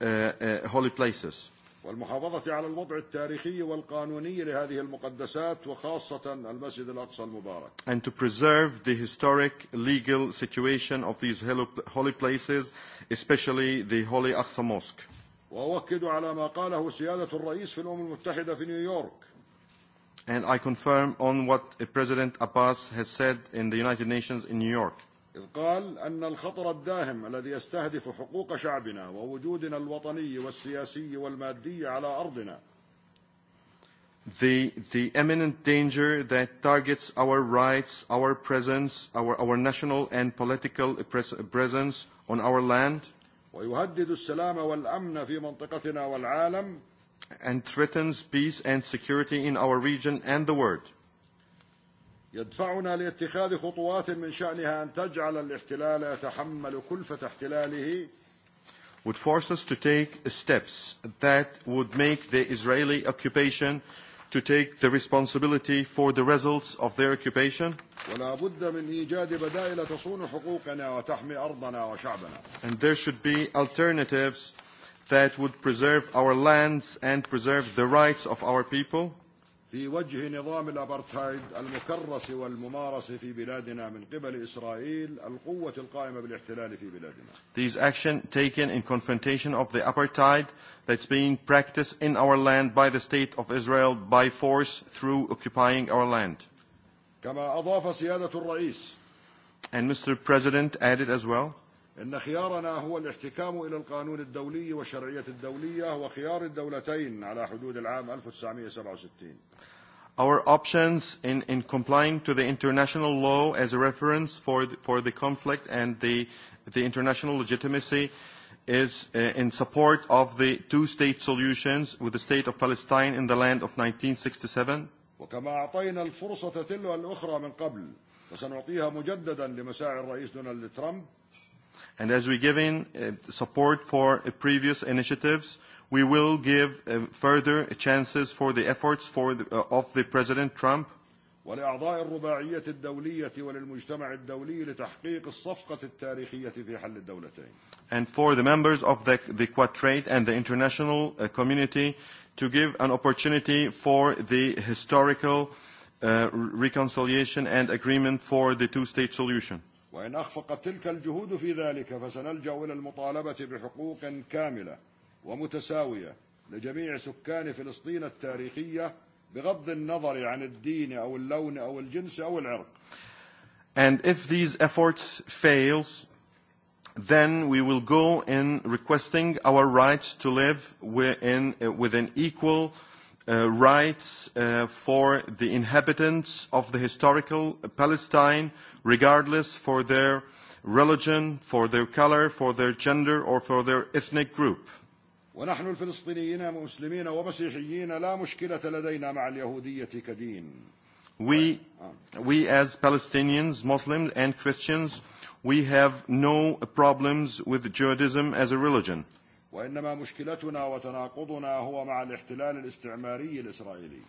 uh, uh, holy places.
والمحافظة على الوضع التاريخي والقانوني لهذه المقدسات وخاصة المسجد الأقصى المبارك.
And to preserve the historic legal situation of these holy places, especially the Holy Aqsa Mosque.
وأؤكد على ما قاله سيادة الرئيس في الأمم المتحدة في نيويورك.
And I confirm on what President Abbas has said in the United Nations in New York.
إذ قال أن الخطر الداهم الذي يستهدف حقوق شعبنا ووجودنا الوطني والسياسي والمادي على أرضنا
The, the imminent danger that targets our rights, our presence, our, our national and political presence on our land
ويهدد السلام والأمن في منطقتنا والعالم
and threatens peace and security in our region and the world.
يدفعنا لاتخاذ خطوات من شأنها أن تجعل الاحتلال يتحمل كلفة احتلاله
would force us to take steps that would make the Israeli occupation to take the responsibility for the results of their occupation. And there should be alternatives that would preserve our lands and preserve the rights of our people.
في وجه نظام الأبرتايد المكرس والممارس في بلادنا من قبل إسرائيل القوة القائمة بالاحتلال في بلادنا.
These action taken in confrontation of the apartheid that's being practiced in our land by the state of Israel by force through occupying our land.
كما أضاف سيادة الرئيس.
And Mr. President added as well.
إن خيارنا هو الاحتكام إلى القانون الدولي والشرعية الدولية وخيار الدولتين على حدود العام 1967
Our options in, in complying to the international law as a reference for the, for the conflict and the, the international legitimacy is uh, in support of the two-state solutions with the state of Palestine in the land of 1967.
وكما أعطينا الفرصة تلو الأخرى من قبل وسنعطيها مجددا لمساعي الرئيس دونالد ترامب
And as we give in uh, support for uh, previous initiatives, we will give uh, further chances for the efforts of the President Trump And for the members of the, the and the international community to give an opportunity for the historical reconciliation and agreement for the two-state solution.
وإن أخفقت تلك الجهود في ذلك فسنلجأ إلى المطالبة بحقوق كاملة ومتساوية لجميع سكان فلسطين التاريخية بغض النظر عن الدين أو اللون أو الجنس أو العرق
And if these efforts fails, then we will go in requesting our rights to live within, within equal uh, Uh, rights uh, for the inhabitants of the historical Palestine, regardless for their religion, for their color, for their gender, or for their ethnic group.
ونحن الفلسطينيين مسلمين ومسيحيين لا لدينا مع كدين. we
as Palestinians, Muslims and Christians, we have no problems with Judaism as a religion.
وإنما مشكلتنا وتناقضنا هو مع الاحتلال الاستعماري الإسرائيلي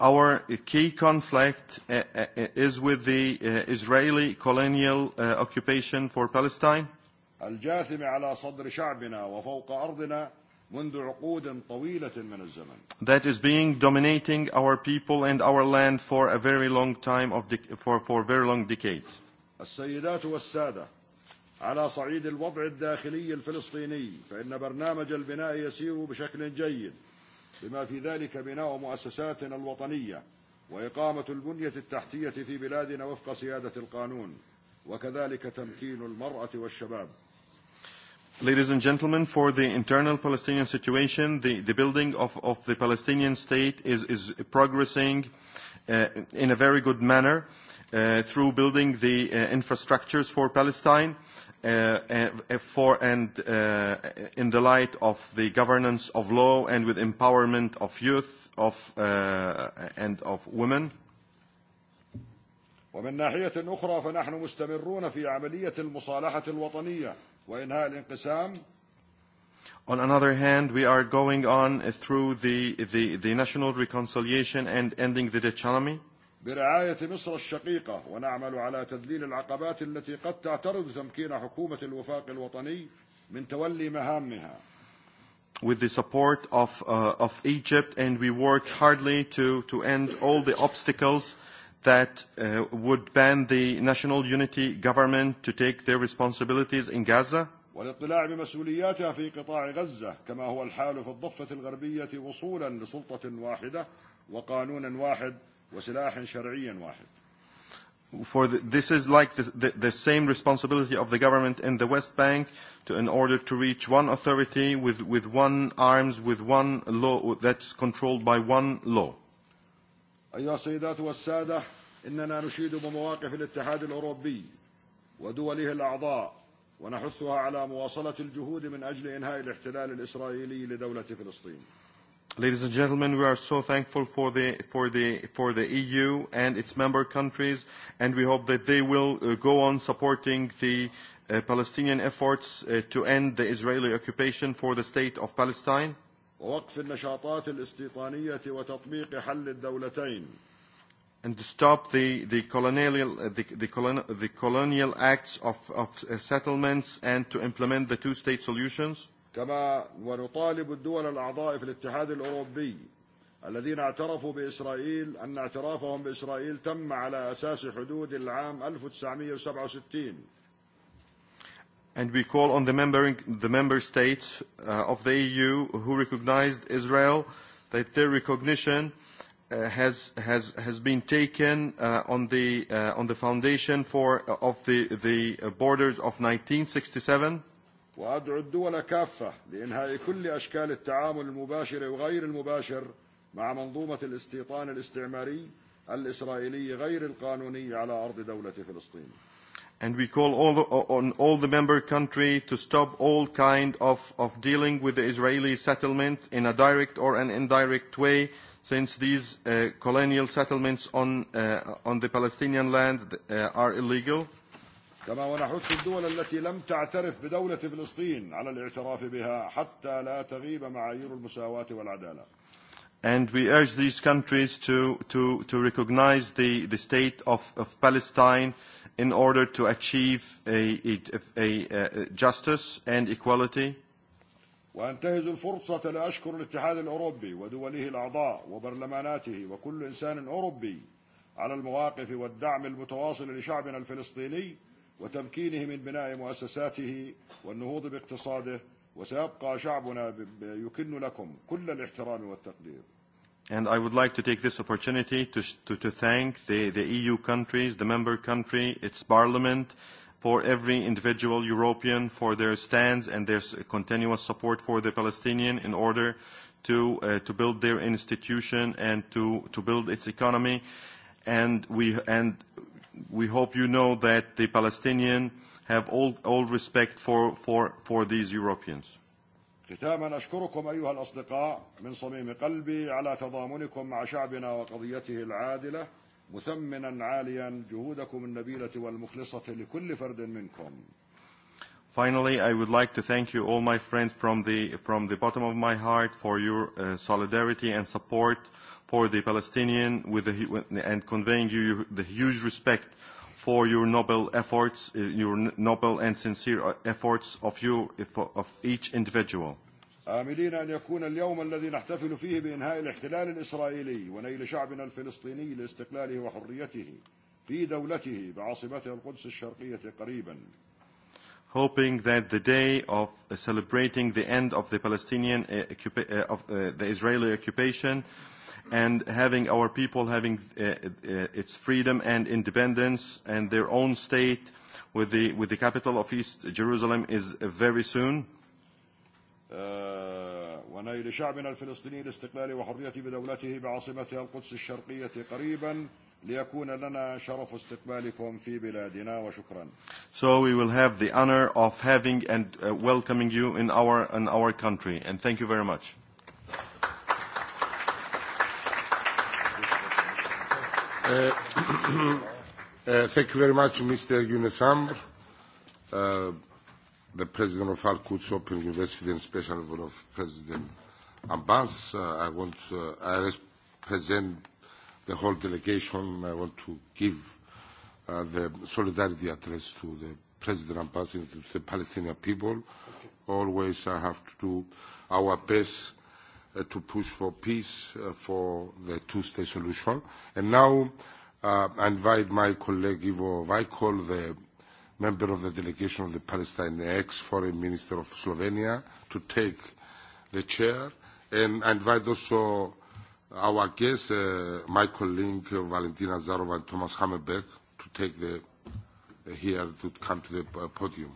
Our key conflict eh, eh, eh, is with the Israeli colonial occupation for Palestine.
الجاثم على صدر شعبنا وفوق أرضنا منذ عقود طويلة من الزمن.
That is being dominating our people and our land for a very long time of for for very long decades.
السيدات والسادة على صعيد الوضع الداخلي الفلسطيني فإن برنامج البناء يسير بشكل جيد بما في ذلك بناء مؤسساتنا الوطنية وإقامة البنية التحتية في بلادنا وفق سيادة القانون وكذلك تمكين المرأة والشباب
Ladies and gentlemen, for the internal Palestinian situation, the, the building of, of the Palestinian state is, is progressing uh, in a very good manner uh, through building the uh, infrastructures for Palestine. Uh, Uh, uh, uh, for and uh, in the light of the governance of law and with empowerment of youth of uh, and of women
ومن ناحية أخرى فنحن مستمرون في عملية المصالحة الوطنية وإنهاء الانقسام
On another hand, we are going on through the, the, the national reconciliation and ending the dichotomy.
برعاية مصر الشقيقة ونعمل على تذليل العقبات التي قد تعترض تمكين حكومة الوفاق الوطني من تولي مهامها
with the support of, uh, of Egypt, and we work hardly to, to end all the obstacles that uh, would ban the national unity government to take their responsibilities in Gaza.
والاطلاع بمسؤولياتها في قطاع غزة كما هو الحال في الضفة الغربية وصولا لسلطة واحدة وقانون واحد وسلاح شرعي واحد
for the, this is like the, the, the same responsibility of the government in the West Bank to, in order to reach one authority with, with one arms, with one law that's controlled by one law.
أيها السيدات والسادة إننا نشيد بمواقف الاتحاد الأوروبي ودوله الأعضاء ونحثها على مواصلة الجهود من أجل إنهاء الاحتلال الإسرائيلي لدولة فلسطين.
Ladies and gentlemen, we are so thankful for the, for the, for the EU and its member countries, and we hope that they will uh, go on supporting the uh, Palestinian efforts uh, to end the Israeli occupation for the state of Palestine. And to stop the, the, colonial, the, the, the colonial acts of settlements and to implement the two-state solutions.
كما ونطالب الدول الأعضاء في الاتحاد الأوروبي الذين اعترفوا بإسرائيل أن اعترافهم بإسرائيل تم على أساس حدود العام 1967
and we call on the member, the member states uh, of the EU who recognized Israel that their recognition uh, has, has, has been taken uh, on, the, uh, on the foundation for, uh, of the, the borders of 1967
وأدعو الدول كافة لإنهاء كل أشكال التعامل المباشر وغير المباشر مع منظومة الاستيطان الاستعماري الإسرائيلي غير القانوني على أرض دولة فلسطين.
And we call all the, on all the member country to stop all kind of, of dealing with the Israeli settlement in a direct or an indirect way since these uh, colonial settlements on, uh, on the Palestinian lands uh, are illegal
كما ونحث الدول التي لم تعترف بدولة فلسطين على الاعتراف بها حتى لا تغيب معايير المساواة والعدالة
and we urge these countries to, to, to recognize the, the state of, of Palestine in order to achieve a, a, a, a justice and equality.
وانتهز الفرصة لأشكر الاتحاد الأوروبي ودوله الأعضاء وبرلماناته وكل إنسان أوروبي على المواقف والدعم المتواصل لشعبنا الفلسطيني وتمكينه من بناء مؤسساته والنهوض باقتصاده وسيبقى شعبنا يكن لكم كل الاحترام والتقدير
And I would like to take this opportunity to, to, to thank the, the EU countries, the member country, its parliament, for every individual European for their stands and their continuous support for the Palestinian in order to, uh, to build their institution and to, to build its economy. And we, and we hope you know that the Palestinians have all, all respect for, for, for these Europeans.
من صميم قلبي على تضامنكم مع شعبنا وقضيته مثمنا عاليا جهودكم لكل فرد منكم
Finally, I would like to thank you all my friends from the, from the bottom of my heart for your uh, solidarity and support for the Palestinian with the, and conveying you the huge respect for your noble efforts, uh, your noble and sincere uh, efforts of you, of each individual.
آملين أن يكون اليوم الذي نحتفل فيه بإنهاء الاحتلال الإسرائيلي ونيل شعبنا الفلسطيني لاستقلاله وحريته في دولته بعاصمته القدس الشرقية قريبا.
Hoping that the day of uh, celebrating the end of the Palestinian of the Israeli occupation and having our people having uh, uh, its freedom and independence and their own state with the, with the capital of East Jerusalem is very soon.
ونيل شعبنا الفلسطيني بدولته القدس قريبا ليكون لنا شرف استقبالكم في بلادنا وشكرا.
So we will have the honor of having and uh, welcoming you in our, in our country
and thank you very much. Uh, *clears throat* uh, thank you very much, Mr. Yunus uh, the President of Al Quds Open University and Special Envoy of President Abbas. I want uh, I represent the whole delegation. I want to give the solidarity address to the President Abbas and to the Palestinian people. Always I have to do our best Uh, to push for peace uh, for the two-state solution. And now uh, I invite my colleague Ivo Vajkol, the member of the delegation of the Palestine ex-foreign minister of Slovenia, to take the chair. And I invite also our guests, uh, Link, Valentina Zarova and Thomas Hammerberg, to take the here to come to the podium.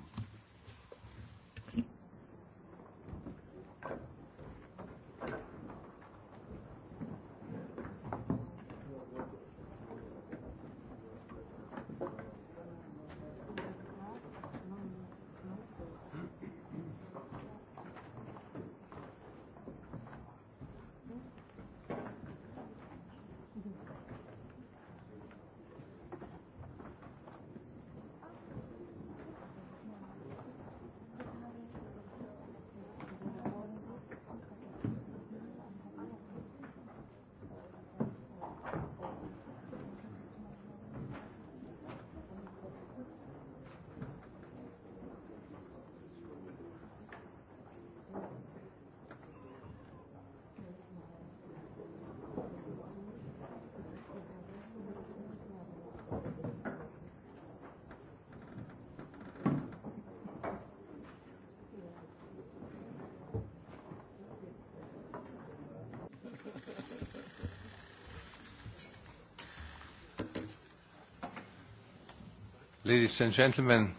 Ladies and gentlemen,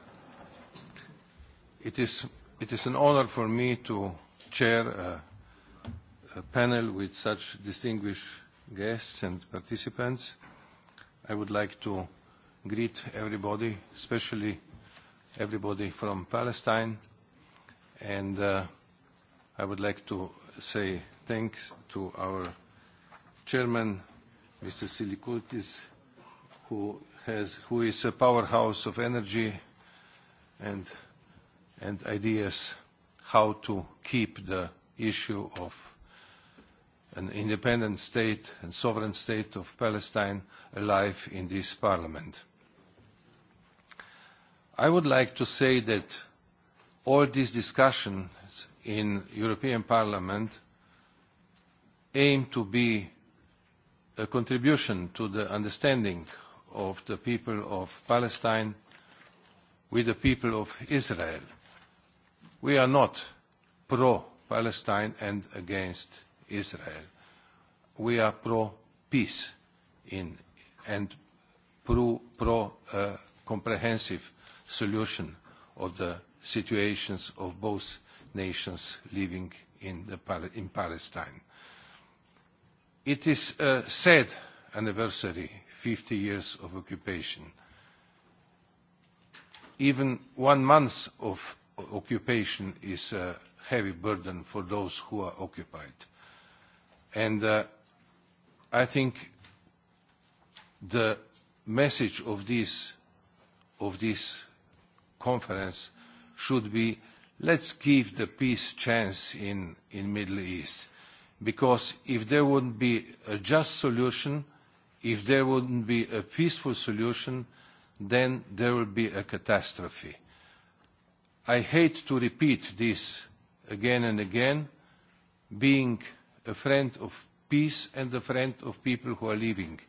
it is, it is an honor for me to chair a, a panel with such distinguished guests and participants. I would like to greet everybody, especially everybody from Palestine, and uh, I would like to say thanks to our chairman, Mr. Silikoutis, who has who is a powerhouse of energy and and ideas how to keep the issue of an independent state and sovereign state of Palestine alive in this parliament. I would like to say that all these discussions in European Parliament aim to be a contribution to the understanding of the people of Palestine with the people of Israel. We are not pro-Palestine and against Israel. We are pro-peace in and pro-comprehensive pro, uh, solution of the situations of both nations living in, the, in Palestine. It is a sad anniversary, 50 years of occupation. Even one month of occupation is a heavy burden for those who are occupied And uh, I think the message of this, of this conference should be let's give the peace chance in, in Middle East. Because if there wouldn't be a just solution, if there wouldn't be a peaceful solution, then there will be a catastrophe. I hate to repeat this again and again, being a friend of peace and a friend of people who are living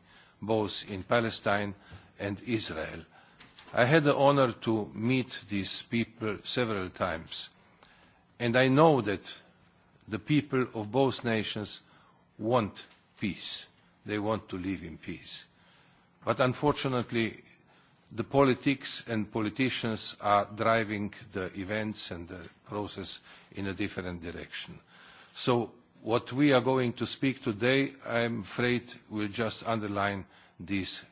both in Palestine and Israel. I had the honor to meet these people several times, and I know that the people of both nations want peace. They want to live in peace. But unfortunately, the politics and politicians are driving the events and the process in a different direction. So What we are going to speak today, I am afraid, will just underline this,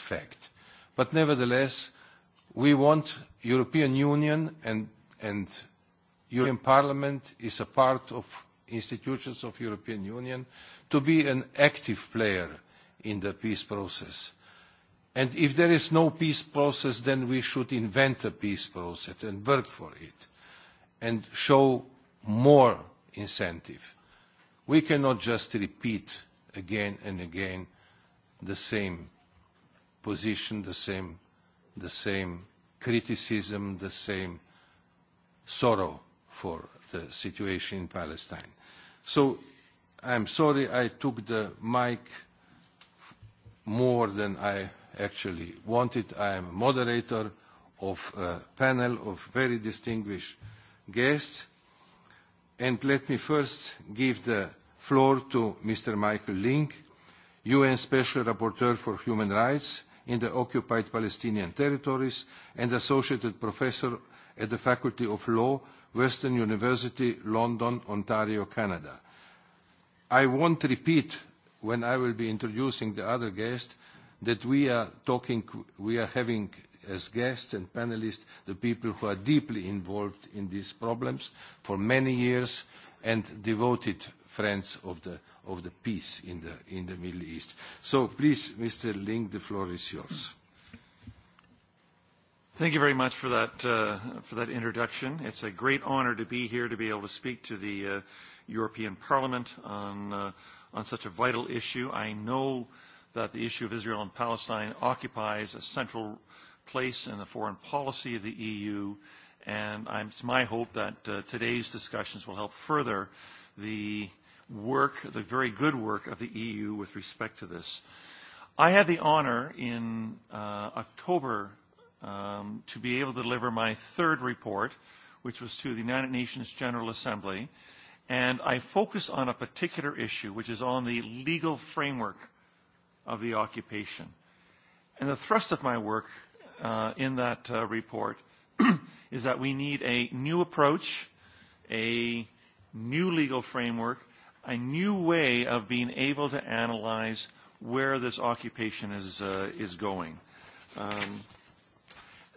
fact. But nevertheless, we want European Union and, and European Parliament is a part of institutions of European Union to be an active player in the peace process. And if there is no peace process, then we should invent a peace process and work for it and show more incentive. We cannot just repeat again and again the same position, the same, the same criticism, the same sorrow for the situation in Palestine. So I'm sorry I took the mic more than I actually wanted. I am moderator of a panel of very distinguished guests and let me first give the floor to Mr. Michael Link, UN Special Rapporteur for Human Rights in the Occupied Palestinian Territories and Associated Professor at the Faculty of Law, Western University, London, Ontario, Canada. I won't repeat when I will be introducing the other guest that we are talking, we are having as guests and panelists the people who are deeply involved in these problems for many years and devoted friends of the, of the peace in the, in the Middle East. So please, Mr. Ling, the floor is yours.
Thank you very much for that, uh, for that introduction. It's a great honor to be here to be able to speak to the uh, European Parliament on, uh, on such a vital issue. I know that the issue of Israel and Palestine occupies a central place in the foreign policy of the EU. And I'm, it's my hope that uh, today's discussions will help further the work, the very good work of the EU with respect to this. I had the honor in uh, October um, to be able to deliver my third report, which was to the United Nations General Assembly. And I focus on a particular issue, which is on the legal framework of the occupation. And the thrust of my work Uh, in that uh, report *clears throat* is that we need a new approach, a new legal framework, a new way of being able to analyze where this occupation is, uh, is going. Um,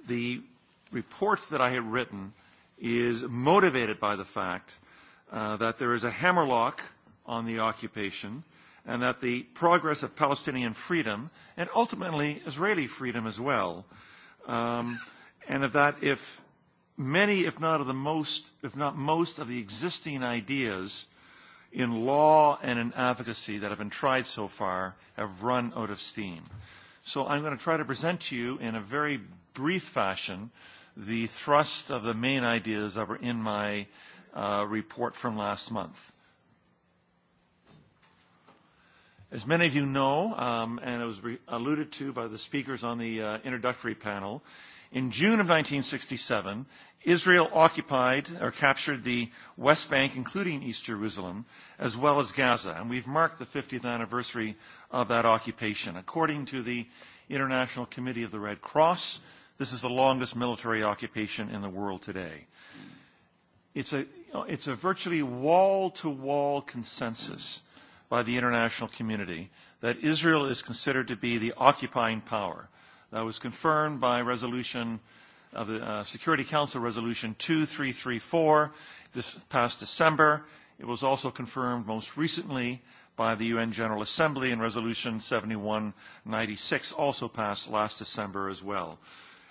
the report that I had written is motivated by the fact uh, that there is a hammerlock on the occupation and that the progress of Palestinian freedom and ultimately Israeli freedom as well Um, and of that, if many, if not of the most, if not most of the existing ideas in law and in advocacy that have been tried so far have run out of steam. So I'm going to try to present to you in a very brief fashion the thrust of the main ideas that were in my uh, report from last month. As many of you know, um, and it was alluded to by the speakers on the uh, introductory panel, in June of 1967, Israel occupied or captured the West Bank, including East Jerusalem, as well as Gaza, and we've marked the 50th anniversary of that occupation. According to the International Committee of the Red Cross, this is the longest military occupation in the world today. It's a, it's a virtually wall to -wall consensus by the international community that Israel is considered to be the occupying power. That was confirmed by resolution of the uh, Security Council Resolution 2334 this past December. It was also confirmed most recently by the UN General Assembly in Resolution 7196, also passed last December as well.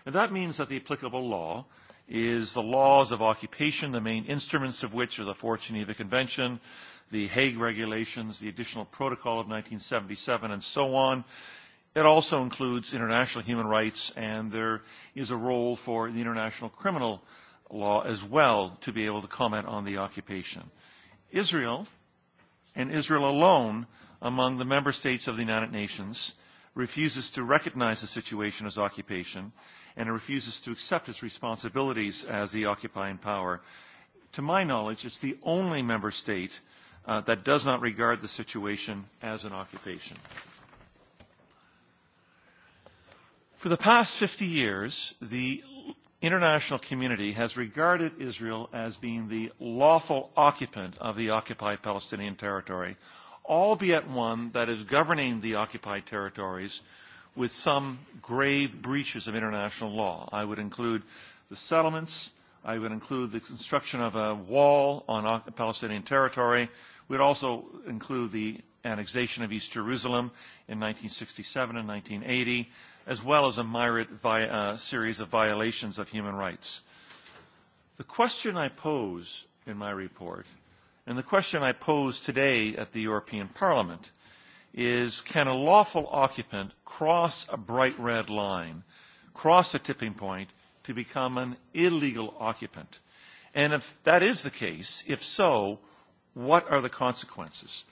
And that means that the applicable law is the laws of occupation, the main instruments of which are the Fourth Geneva Convention, the Hague regulations, the additional protocol of 1977, and so on. It also includes international human rights, and there is a role for the international criminal law as well to be able to comment on the occupation. Israel, and Israel alone among the member states of the United Nations, refuses to recognize the situation as occupation, and it refuses to accept its responsibilities as the occupying power. To my knowledge, it's the only member state Uh, that does not regard the situation as an occupation. For the past 50 years, the international community has regarded Israel as being the lawful occupant of the occupied Palestinian territory, albeit one that is governing the occupied territories with some grave breaches of international law. I would include the settlements, I would include the construction of a wall on Palestinian territory, We'd also include the annexation of East Jerusalem in 1967 and 1980, as well as a myriad vi uh, series of violations of human rights. The question I pose in my report, and the question I pose today at the European Parliament, is can a lawful occupant cross a bright red line, cross a tipping point to become an illegal occupant? And if that is the case, if so, What are the consequences?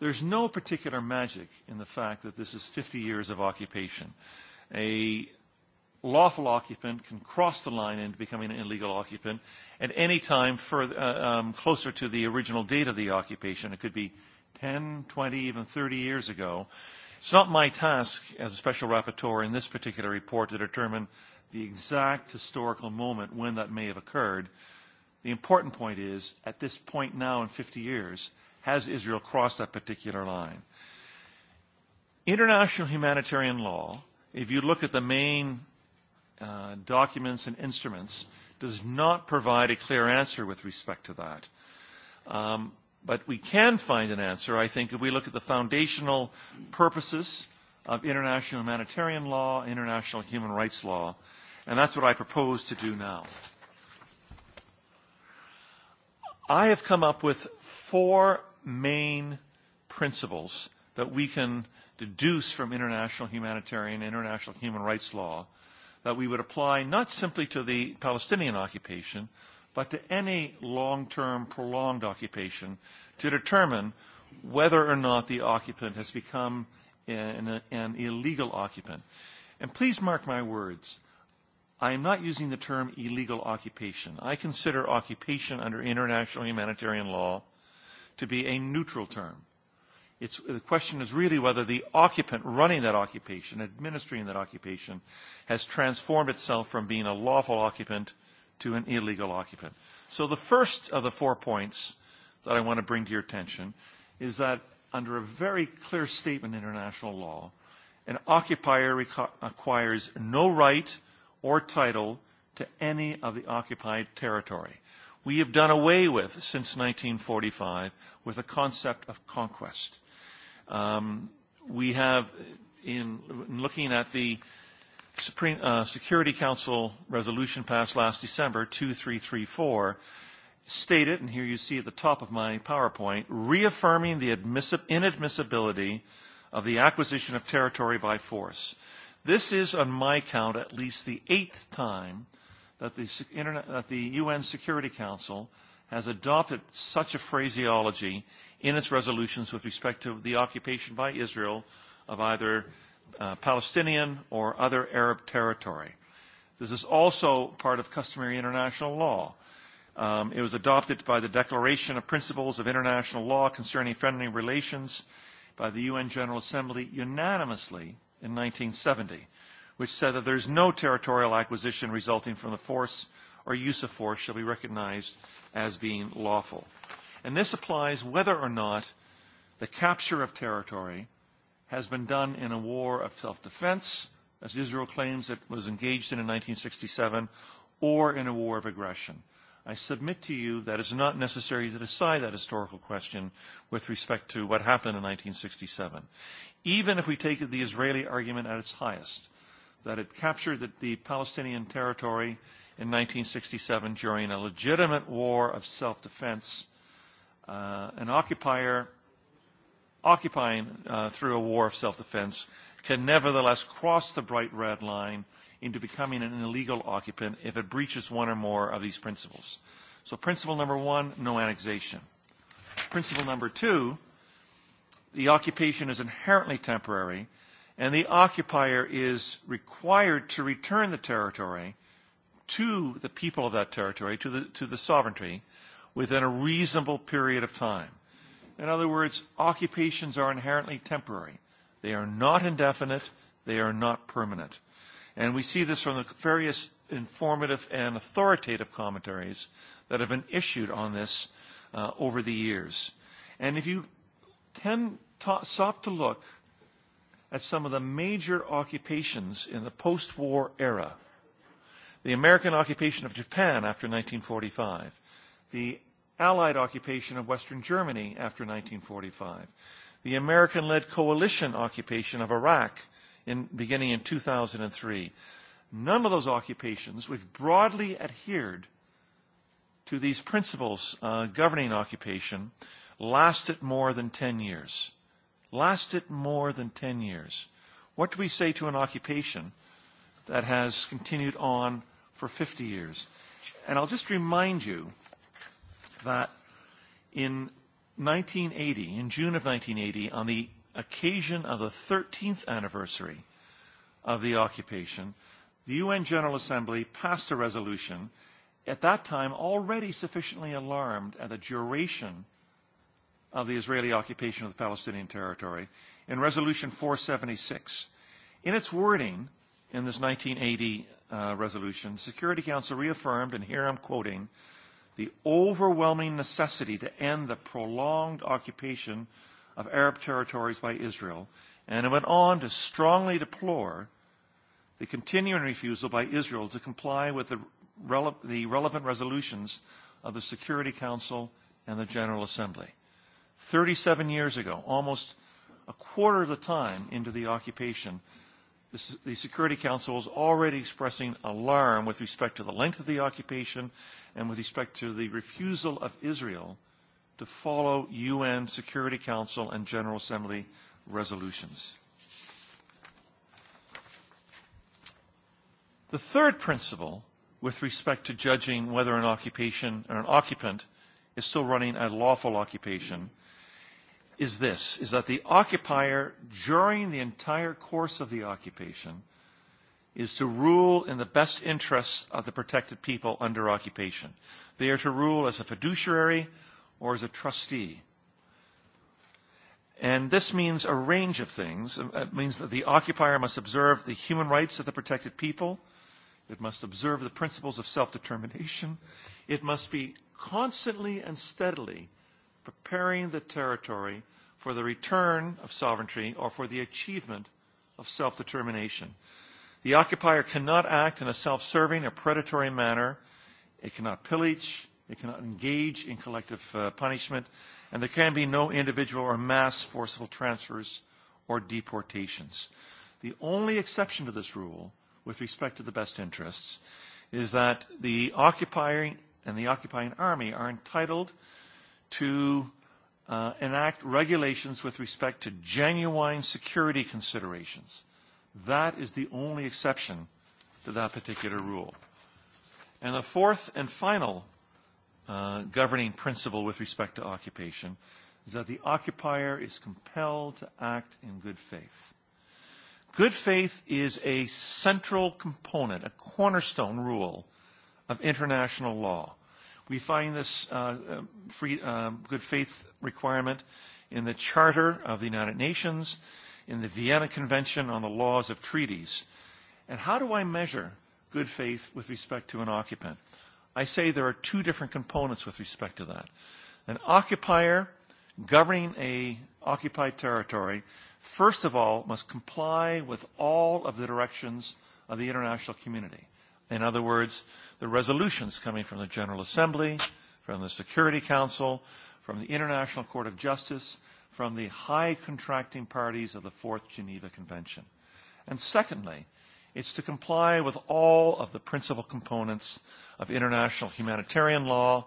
There's no particular magic in the fact that this is 50 years of occupation. A lawful occupant can cross the line into becoming an illegal occupant at any time further, uh, um, closer to the original date of the occupation. It could be 10, 20, even 30 years ago. It's not my task as a special rapporteur in this particular report to determine the exact historical moment when that may have occurred. The important point is, at this point now in 50 years, has Israel crossed that particular line? International humanitarian law, if you look at the main uh, documents and instruments, does not provide a clear answer with respect to that. Um, but we can find an answer, I think, if we look at the foundational purposes of international humanitarian law, international human rights law, and that's what I propose to do now. I have come up with four main principles that we can deduce from international humanitarian, international human rights law that we would apply not simply to the Palestinian occupation, but to any long-term prolonged occupation to determine whether or not the occupant has become an, an illegal occupant. And please mark my words. I am not using the term illegal occupation. I consider occupation under international humanitarian law to be a neutral term. It's, the question is really whether the occupant running that occupation, administering that occupation, has transformed itself from being a lawful occupant to an illegal occupant. So the first of the four points that I want to bring to your attention is that under a very clear statement in international law, an occupier acquires no right or title to any of the occupied territory. We have done away with, since 1945, with the concept of conquest. Um, we have, in, in looking at the Supreme uh, Security Council resolution passed last December, 2334, stated, and here you see at the top of my PowerPoint, reaffirming the inadmissibility of the acquisition of territory by force. This is, on my count, at least the eighth time that the, Internet, that the UN Security Council has adopted such a phraseology in its resolutions with respect to the occupation by Israel of either uh, Palestinian or other Arab territory. This is also part of customary international law. Um, it was adopted by the Declaration of Principles of International Law Concerning Friendly Relations by the UN General Assembly unanimously in 1970, which said that there is no territorial acquisition resulting from the force or use of force shall be recognized as being lawful. And this applies whether or not the capture of territory has been done in a war of self-defense, as Israel claims it was engaged in in 1967, or in a war of aggression. I submit to you that it's not necessary to decide that historical question with respect to what happened in 1967 even if we take the Israeli argument at its highest, that it captured the, Palestinian territory in 1967 during a legitimate war of self-defense, uh, an occupier occupying uh, through a war of self-defense can nevertheless cross the bright red line into becoming an illegal occupant if it breaches one or more of these principles. So principle number one, no annexation. Principle number two, the occupation is inherently temporary, and the occupier is required to return the territory to the people of that territory, to the, to the sovereignty, within a reasonable period of time. In other words, occupations are inherently temporary. They are not indefinite. They are not permanent. And we see this from the various informative and authoritative commentaries that have been issued on this uh, over the years. And if you ten, sought to look at some of the major occupations in the post-war era. The American occupation of Japan after 1945, the Allied occupation of Western Germany after 1945, the American-led coalition occupation of Iraq in, beginning in 2003. None of those occupations, which broadly adhered to these principles uh, governing occupation, last it more than 10 years. Last it more than 10 years. What do we say to an occupation that has continued on for 50 years? And I'll just remind you that in 1980, in June of 1980, on the occasion of the 13th anniversary of the occupation, the UN General Assembly passed a resolution at that time already sufficiently alarmed at the duration of the Israeli occupation of the Palestinian territory in Resolution 476. In its wording in this 1980 uh, resolution, Security Council reaffirmed, and here I'm quoting, the overwhelming necessity to end the prolonged occupation of Arab territories by Israel, and it went on to strongly deplore the continuing refusal by Israel to comply with the, rele the relevant resolutions of the Security Council and the General Assembly. 37 years ago, almost a quarter of the time into the occupation, the Security Council was already expressing alarm with respect to the length of the occupation and with respect to the refusal of Israel to follow UN Security Council and General Assembly resolutions. The third principle with respect to judging whether an occupation or an occupant is still running a lawful occupation is this, is that the occupier, during the entire course of the occupation, is to rule in the best interests of the protected people under occupation. They are to rule as a fiduciary or as a trustee. And this means a range of things. It means that the occupier must observe the human rights of the protected people. It must observe the principles of self-determination. It must be constantly and steadily preparing the territory for the return of sovereignty or for the achievement of self-determination. The occupier cannot act in a self-serving or predatory manner. It cannot pillage. It cannot engage in collective uh, punishment. And there can be no individual or mass forcible transfers or deportations. The only exception to this rule with respect to the best interests is that the occupying and the occupying army are entitled to uh, enact regulations with respect to genuine security considerations. That is the only exception to that particular rule. And the fourth and final uh, governing principle with respect to occupation is that the occupier is compelled to act in good faith. Good faith is a central component, a cornerstone rule of international law. We find this uh, uh free, uh, good faith requirement in the Charter of the United Nations, in the Vienna Convention on the Laws of Treaties. And how do I measure good faith with respect to an occupant? I say there are two different components with respect to that. An occupier governing a occupied territory, first of all, must comply with all of the directions of the international community. In other words, the resolutions coming from the General Assembly, from the Security Council, from the International Court of Justice, from the high contracting parties of the Fourth Geneva Convention. And secondly, it's to comply with all of the principal components of international humanitarian law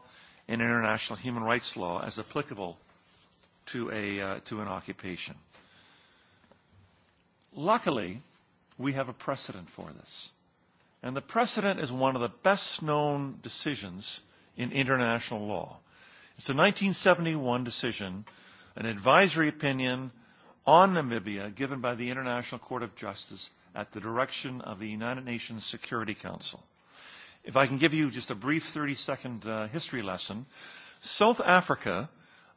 and international human rights law as applicable to, a, uh, to an occupation. Luckily, we have a precedent for this. And the precedent is one of the best known decisions in international law. It's a 1971 decision, an advisory opinion on Namibia given by the International Court of Justice at the direction of the United Nations Security Council. If I can give you just a brief 30-second uh, history lesson, South Africa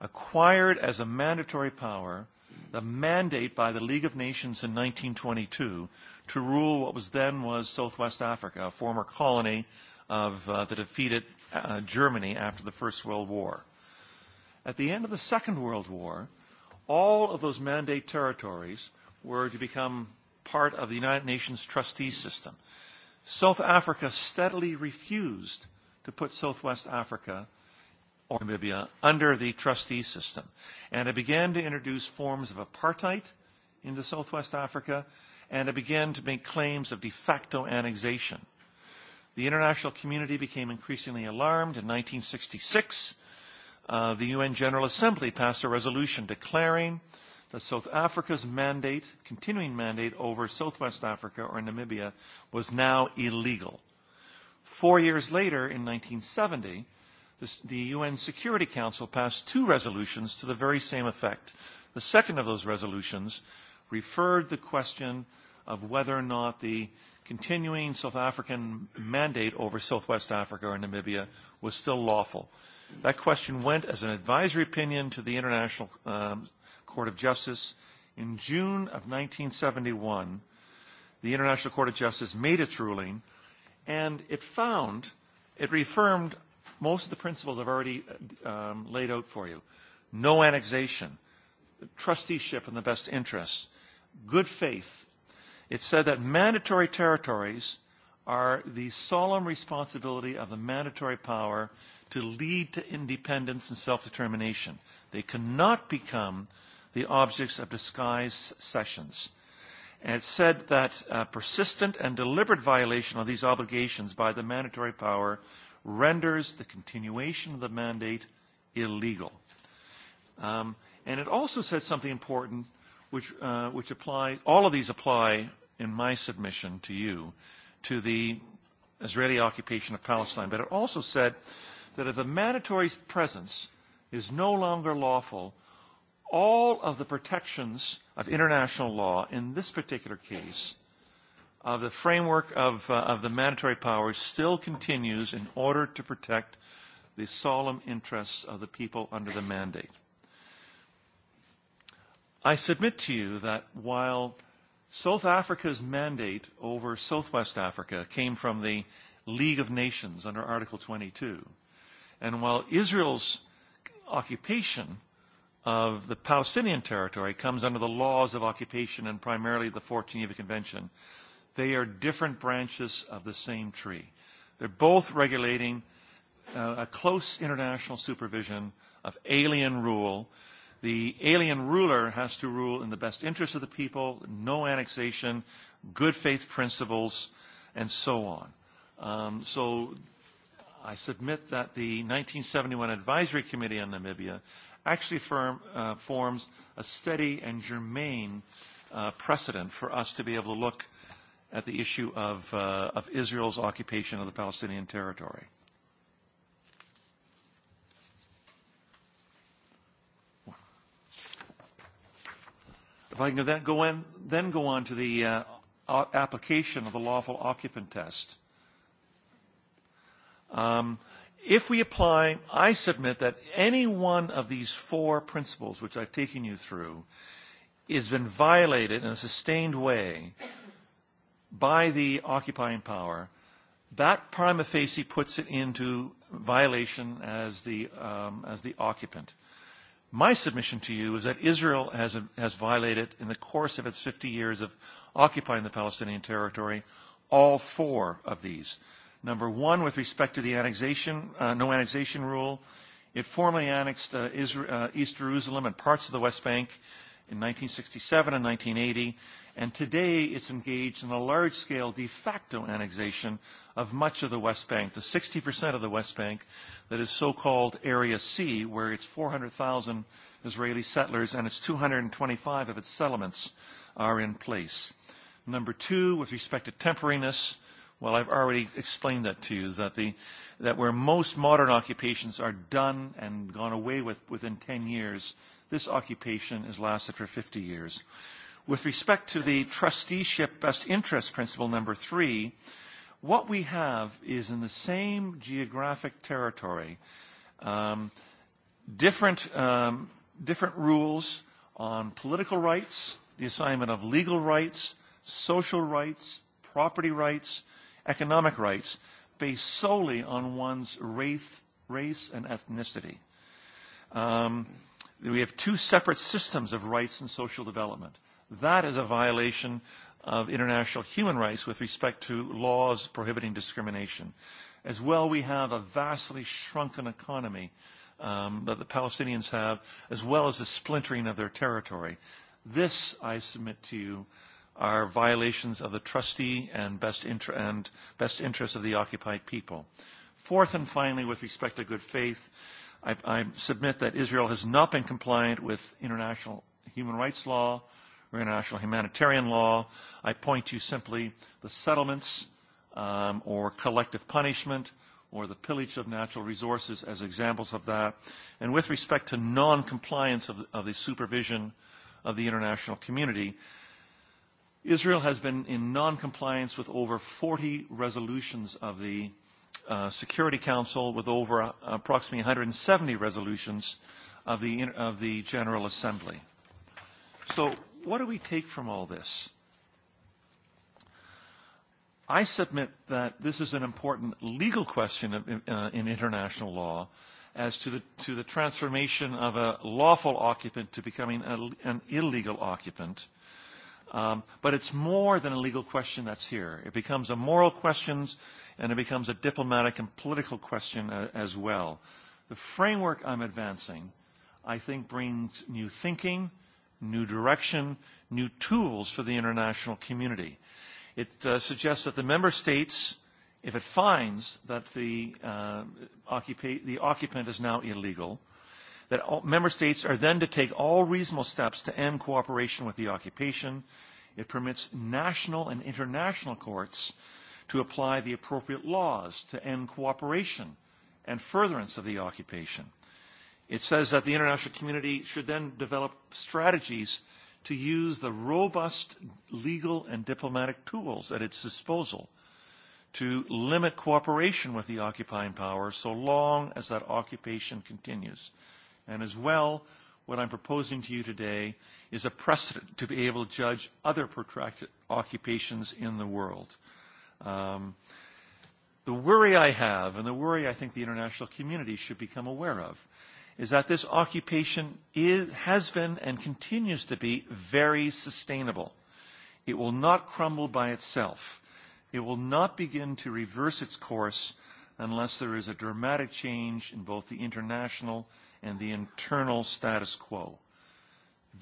acquired as a mandatory power the mandate by the League of Nations in 1922 to rule what was then was Southwest Africa, a former colony of uh, the defeated uh, Germany after the First World War. At the end of the Second World War, all of those mandate territories were to become part of the United Nations trustee system. South Africa steadily refused to put Southwest Africa or Namibia under the trustee system. And it began to introduce forms of apartheid into Southwest Africa and it began to make claims of de facto annexation. The international community became increasingly alarmed. In 1966, uh, the UN General Assembly passed a resolution declaring that South Africa's mandate, continuing mandate over Southwest Africa or Namibia, was now illegal. Four years later, in 1970, the, the UN Security Council passed two resolutions to the very same effect. The second of those resolutions referred the question of whether or not the continuing South African mandate over Southwest Africa or Namibia was still lawful. That question went as an advisory opinion to the International um, Court of Justice. In June of 1971, the International Court of Justice made its ruling, and it found, it reaffirmed most of the principles I've already um, laid out for you. No annexation, trusteeship in the best interests, good faith, it said that mandatory territories are the solemn responsibility of the mandatory power to lead to independence and self-determination. They cannot become the objects of disguised sessions. And it said that uh, persistent and deliberate violation of these obligations by the mandatory power renders the continuation of the mandate illegal. Um, and it also said something important which, uh, which apply, all of these apply in my submission to you, to the Israeli occupation of Palestine. But it also said that if a mandatory presence is no longer lawful, all of the protections of international law, in this particular case, of the framework of, uh, of the mandatory powers still continues in order to protect the solemn interests of the people under the mandate. I submit to you that while South Africa's mandate over Southwest Africa came from the League of Nations under Article 22, and while Israel's occupation of the Palestinian territory comes under the laws of occupation and primarily the 14th Geneva Convention, they are different branches of the same tree. They're both regulating uh, a close international supervision of alien rule The alien ruler has to rule in the best interest of the people, no annexation, good faith principles, and so on. Um, so I submit that the 1971 Advisory Committee on Namibia actually firm, uh, forms a steady and germane uh, precedent for us to be able to look at the issue of, uh, of Israel's occupation of the Palestinian territory. If I can then go, in, then go on to the uh, application of the lawful occupant test. Um, if we apply, I submit that any one of these four principles, which I've taken you through, has been violated in a sustained way by the occupying power, that prima facie puts it into violation as the, um, as the occupant. My submission to you is that Israel has, has violated, in the course of its 50 years of occupying the Palestinian territory, all four of these. Number one, with respect to the annexation, uh, no annexation rule, it formally annexed uh, Israel, uh, East Jerusalem and parts of the West Bank in 1967 and 1980 and today it's engaged in a large-scale de facto annexation of much of the West Bank, the 60% of the West Bank that is so-called Area C, where it's 400,000 Israeli settlers and its 225 of its settlements are in place. Number two, with respect to temporariness, well, I've already explained that to you, is that, the, that where most modern occupations are done and gone away with within 10 years, this occupation has lasted for 50 years. With respect to the trusteeship best interest principle number three, what we have is in the same geographic territory, um, different, um, different rules on political rights, the assignment of legal rights, social rights, property rights, economic rights, based solely on one's race, race and ethnicity. Um, we have two separate systems of rights and social development. That is a violation of international human rights with respect to laws prohibiting discrimination. As well, we have a vastly shrunken economy um, that the Palestinians have, as well as the splintering of their territory. This, I submit to you, are violations of the trustee and best, inter- and best interests of the occupied people. Fourth and finally, with respect to good faith, I, I submit that Israel has not been compliant with international human rights law, or international humanitarian law. I point to simply the settlements um, or collective punishment or the pillage of natural resources as examples of that. And with respect to non-compliance of, the supervision of the international community, Israel has been in non-compliance with over 40 resolutions of the uh, Security Council with over uh, approximately 170 resolutions of the, of the General Assembly. So what do we take from all this? I submit that this is an important legal question of, uh, in international law as to the, to the transformation of a lawful occupant to becoming a, an illegal occupant. Um, but it's more than a legal question that's here. It becomes a moral question and it becomes a diplomatic and political question uh, as well. The framework I'm advancing, I think, brings new thinking – new direction, new tools for the international community. It uh, suggests that the member states, if it finds that the, uh, occupa the occupant is now illegal, that all member states are then to take all reasonable steps to end cooperation with the occupation. It permits national and international courts to apply the appropriate laws to end cooperation and furtherance of the occupation. It says that the international community should then develop strategies to use the robust legal and diplomatic tools at its disposal to limit cooperation with the occupying power so long as that occupation continues. And as well, what I'm proposing to you today is a precedent to be able to judge other protracted occupations in the world. Um, the worry I have, and the worry I think the international community should become aware of, is that this occupation is, has been and continues to be very sustainable. It will not crumble by itself. It will not begin to reverse its course unless there is a dramatic change in both the international and the internal status quo.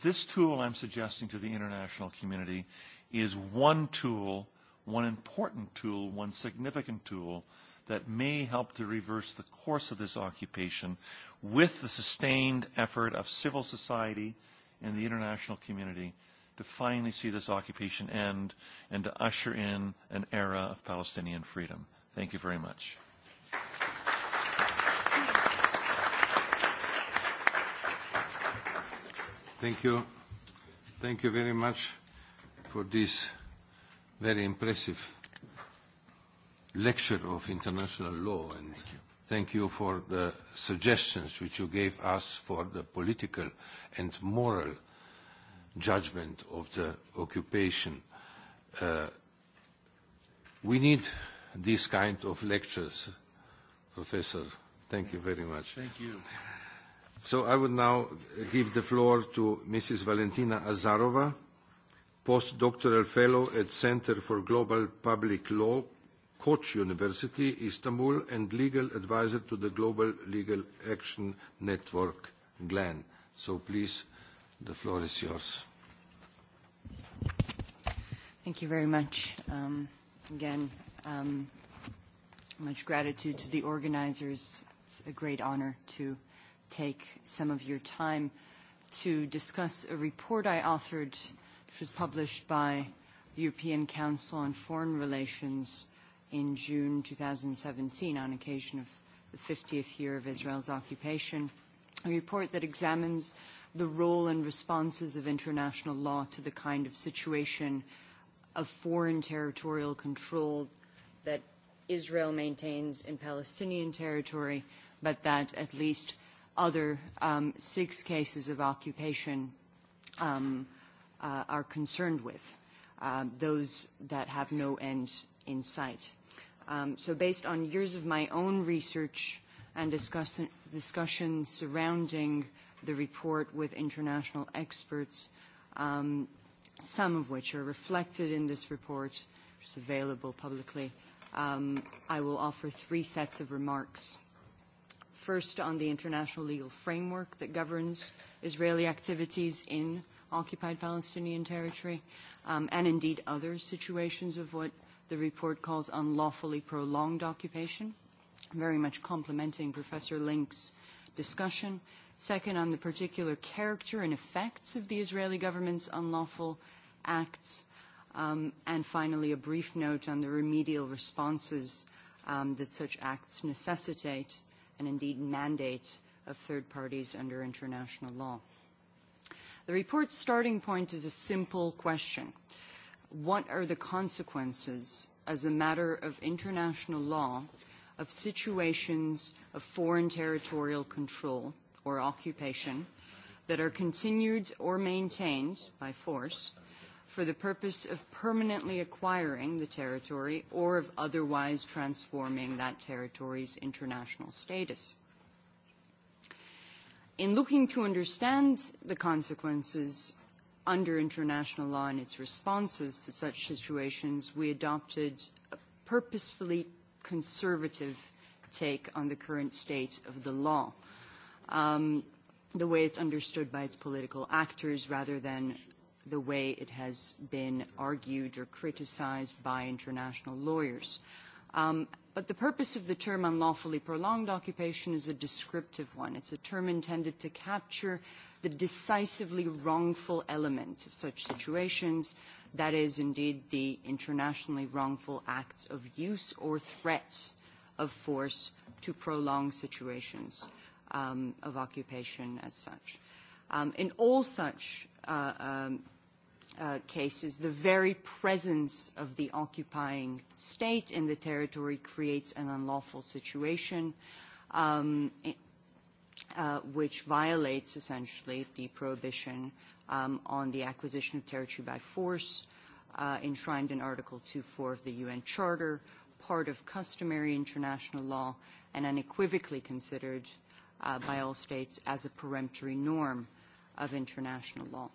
This tool I'm suggesting to the international community is one tool, one important tool, one significant tool that may help to reverse the course of this occupation with the sustained effort of civil society and the international community to finally see this occupation end and to usher in an era of Palestinian freedom. Thank you very much.
Thank you. Thank you very much for this very impressive lecture of international law and thank you for the suggestions which you gave us for the political and moral judgment of the occupation. Uh, we need these kind of lectures, Professor. Thank you very much. Thank you. So I would now give the floor to Mrs. Valentina Azarova, postdoctoral fellow at Center for Global Public Law, Koç University, Istanbul, and legal advisor to the Global Legal Action Network, GLAN. So please, the floor is yours.
Thank you very much. Um, again, um, much gratitude to the organizers. It's a great honor to take some of your time to discuss a report I authored, which was published by the European Council on Foreign Relations in June 2017 on occasion of the 50th year of Israel's occupation, a report that examines the role and responses of international law to the kind of situation of foreign territorial control that Israel maintains in Palestinian territory, but that at least other um, six cases of occupation um, uh, are concerned with, uh, those that have no end in sight. Um, so based on years of my own research and discuss discussions surrounding the report with international experts, um, some of which are reflected in this report, which is available publicly, um, I will offer three sets of remarks. First, on the international legal framework that governs Israeli activities in occupied Palestinian territory, um, and indeed other situations of what the report calls unlawfully prolonged occupation, very much complementing Professor Link's discussion. Second, on the particular character and effects of the Israeli government's unlawful acts. Um, and finally, a brief note on the remedial responses um, that such acts necessitate and indeed mandate of third parties under international law. The report's starting point is a simple question what are the consequences as a matter of international law of situations of foreign territorial control or occupation that are continued or maintained by force for the purpose of permanently acquiring the territory or of otherwise transforming that territory's international status. In looking to understand the consequences under international law and its responses to such situations, we adopted a purposefully conservative take on the current state of the law, um, the way it's understood by its political actors rather than the way it has been argued or criticized by international lawyers. Um, but the purpose of the term unlawfully prolonged occupation is a descriptive one. It's a term intended to capture the decisively wrongful element of such situations, that is indeed the internationally wrongful acts of use or threat of force to prolong situations um, of occupation as such. Um, in all such uh, um, uh, cases, the very presence of the occupying state in the territory creates an unlawful situation um, Uh, which violates essentially the prohibition um, on the acquisition of territory by force uh, enshrined in Article 2.4 of the UN Charter, part of customary international law, and unequivocally considered uh, by all states as a peremptory norm of international law.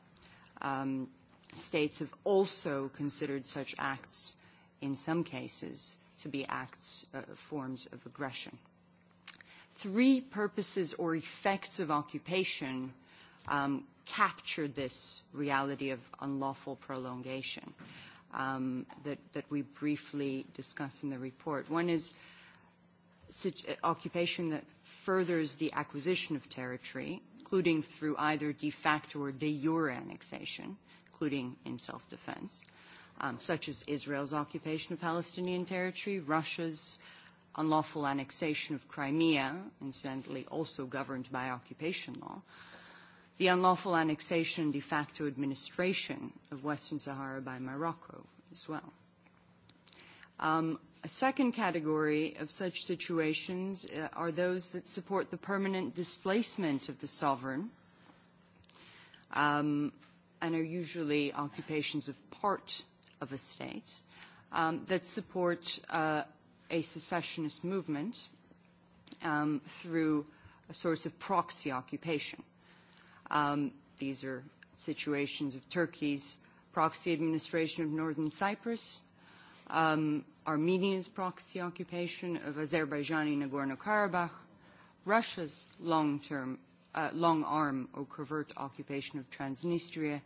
Um, states have also considered such acts, in some cases, to be acts, uh, forms of aggression three purposes or effects of occupation um, capture this reality of unlawful prolongation um, that, that we briefly discuss in the report. One is occupation that furthers the acquisition of territory, including through either de facto or de jure annexation, including in self-defense, um, such as Israel's occupation of Palestinian territory, Russia's unlawful annexation of Crimea, incidentally also governed by occupation law, the unlawful annexation de facto administration of Western Sahara by Morocco as well. Um, a second category of such situations uh, are those that support the permanent displacement of the sovereign um, and are usually occupations of part of a state um, that support uh, a secessionist movement um, through a sorts of proxy occupation. Um, these are situations of Turkey's proxy administration of northern Cyprus, um, Armenia's proxy occupation of Azerbaijani Nagorno-Karabakh, Russia's long-term, uh, long-arm or covert occupation of Transnistria,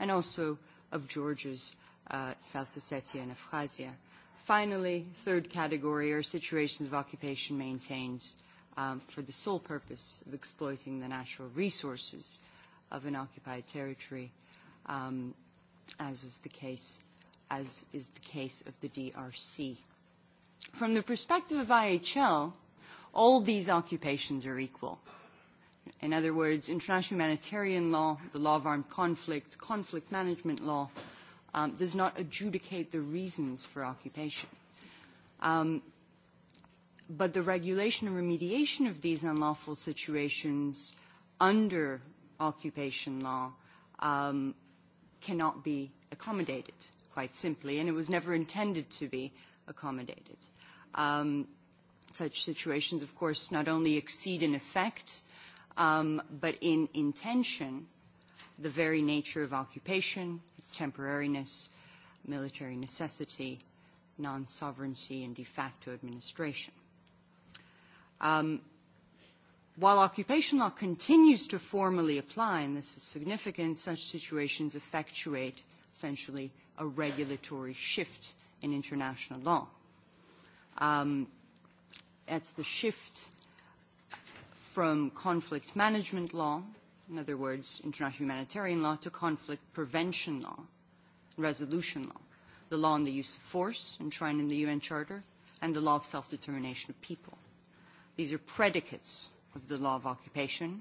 and also of Georgia's uh, South Ossetia and Abkhazia. Finally, third category are situations of occupation maintained um, for the sole purpose of exploiting the natural resources of an occupied territory, um, as was the case, as is the case of the DRC. From the perspective of IHL, all these occupations are equal. In other words, international humanitarian law, the law of armed conflict, conflict management law, Um, does not adjudicate the reasons for occupation. Um, but the regulation and remediation of these unlawful situations under occupation law um, cannot be accommodated, quite simply, and it was never intended to be accommodated. Um, such situations, of course, not only exceed in effect, um, but in intention – the very nature of occupation, its temporariness, military necessity, non-sovereignty, and de facto administration. Um, while occupation law continues to formally apply, and this is significant, such situations effectuate essentially a regulatory shift in international law. Um, that's the shift from conflict management law, in other words, international humanitarian law, to conflict prevention law, resolution law, the law on the use of force enshrined in the UN Charter, and the law of self-determination of people. These are predicates of the law of occupation,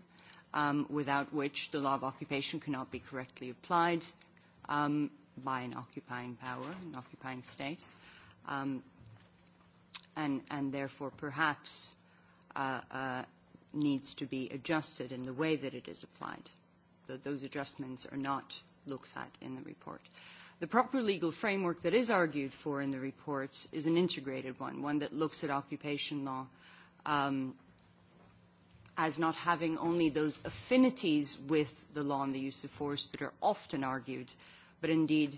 um, without which the law of occupation cannot be correctly applied um, by an occupying power, an occupying state, um, and, and therefore perhaps uh, uh, needs to be adjusted in the way that it is applied. Those adjustments are not looked at in the report. The proper legal framework that is argued for in the report is an integrated one, one that looks at occupation law um, as not having only those affinities with the law and the use of force that are often argued, but indeed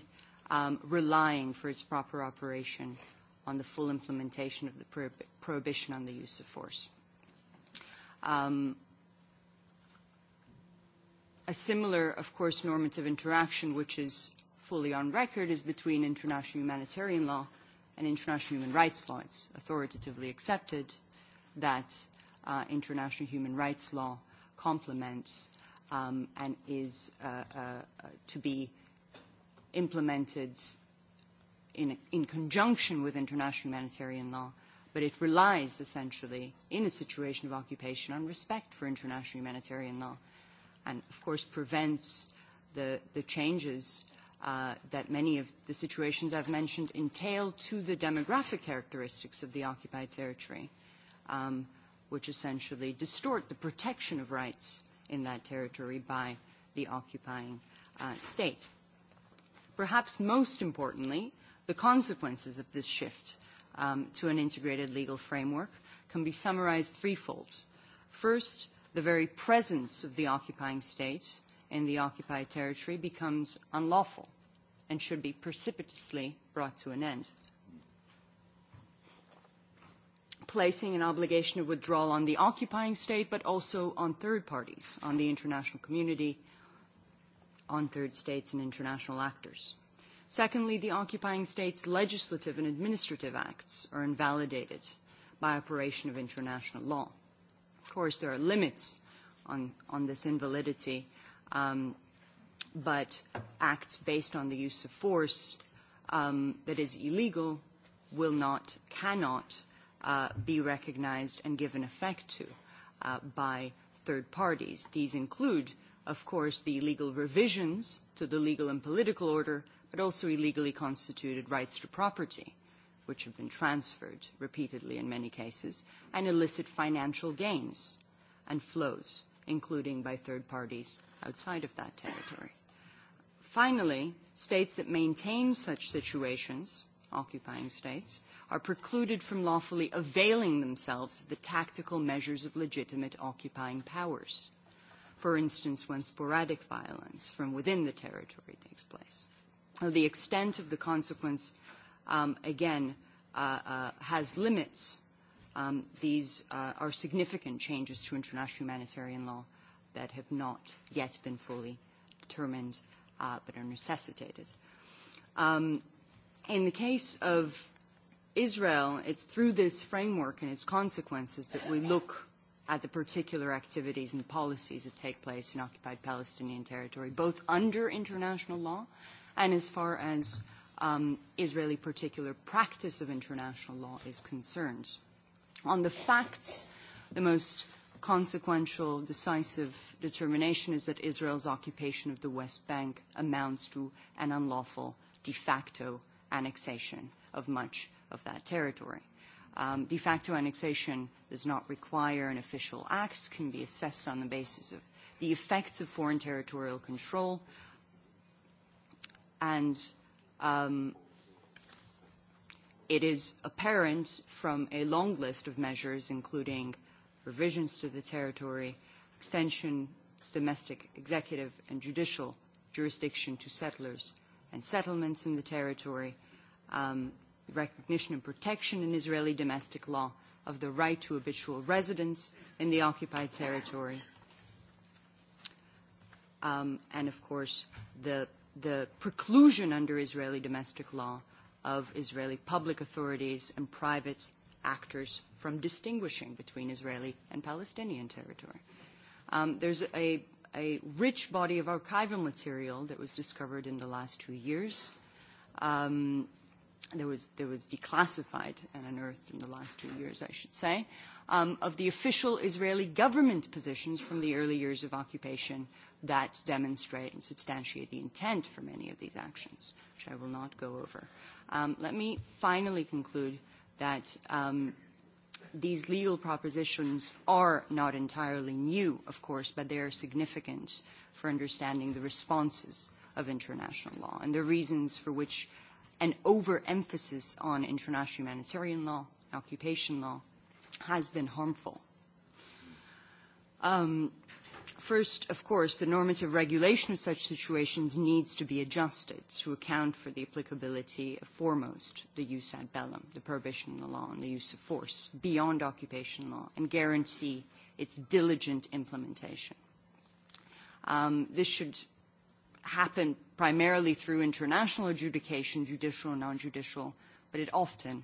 um, relying for its proper operation on the full implementation of the prohibition on the use of force. Um, a similar, of course, normative interaction, which is fully on record, is between international humanitarian law and international human rights law. It's authoritatively accepted that uh, international human rights law complements um, and is uh, uh, to be implemented in, in conjunction with international humanitarian law but it relies essentially in a situation of occupation on respect for international humanitarian law and of course prevents the, the changes uh, that many of the situations I've mentioned entail to the demographic characteristics of the occupied territory, um, which essentially distort the protection of rights in that territory by the occupying uh, state. Perhaps most importantly, the consequences of this shift Um, to an integrated legal framework can be summarized threefold. First, the very presence of the occupying state in the occupied territory becomes unlawful and should be precipitously brought to an end. Placing an obligation of withdrawal on the occupying state, but also on third parties, on the international community, on third states and international actors. Secondly, the occupying state's legislative and administrative acts are invalidated by operation of international law. Of course, there are limits on, on this invalidity, um, but acts based on the use of force um, that is illegal will not, cannot uh, be recognized and given effect to uh, by third parties. These include, of course, the illegal revisions to the legal and political order but also illegally constituted rights to property, which have been transferred repeatedly in many cases, and illicit financial gains and flows, including by third parties outside of that territory. Finally, states that maintain such situations, occupying states, are precluded from lawfully availing themselves of the tactical measures of legitimate occupying powers. For instance, when sporadic violence from within the territory takes place the extent of the consequence, um, again, uh, uh, has limits. Um, these uh, are significant changes to international humanitarian law that have not yet been fully determined but are necessitated. Um, in the case of Israel, it's through this framework and its consequences that we look at the particular activities and policies that take place in occupied Palestinian territory, both under international law And as far as um, Israeli particular practice of international law is concerned. On the facts, the most consequential, decisive determination is that Israel's occupation of the West Bank amounts to an unlawful de facto annexation of much of that territory. Um, de facto annexation does not require an official act, can be assessed on the basis of the effects of foreign territorial control, and um, it is apparent from a long list of measures, including revisions to the territory, extension of domestic, executive, and judicial jurisdiction to settlers and settlements in the territory, um, recognition and protection in Israeli domestic law of the right to habitual residence in the occupied territory, um, and of course the the preclusion under Israeli domestic law of Israeli public authorities and private actors from distinguishing between Israeli and Palestinian territory. Um, there's a, a rich body of archival material that was discovered in the last two years. Um, there was, there was declassified and unearthed in the last two years, I should say, um, of the official Israeli government positions from the early years of occupation that demonstrate and substantiate the intent for many of these actions, which I will not go over. Um, let me finally conclude that um, these legal propositions are not entirely new, of course, but they are significant for understanding the responses of international law and the reasons for which an overemphasis on international humanitarian law, occupation law, has been harmful. Um, First, of course, the normative regulation of such situations needs to be adjusted to account for the applicability of foremost the use ad bellum, the prohibition in the law on the use of force beyond occupation law and guarantee its diligent implementation. Um, this should happen primarily through international adjudication, judicial and non-judicial, but it often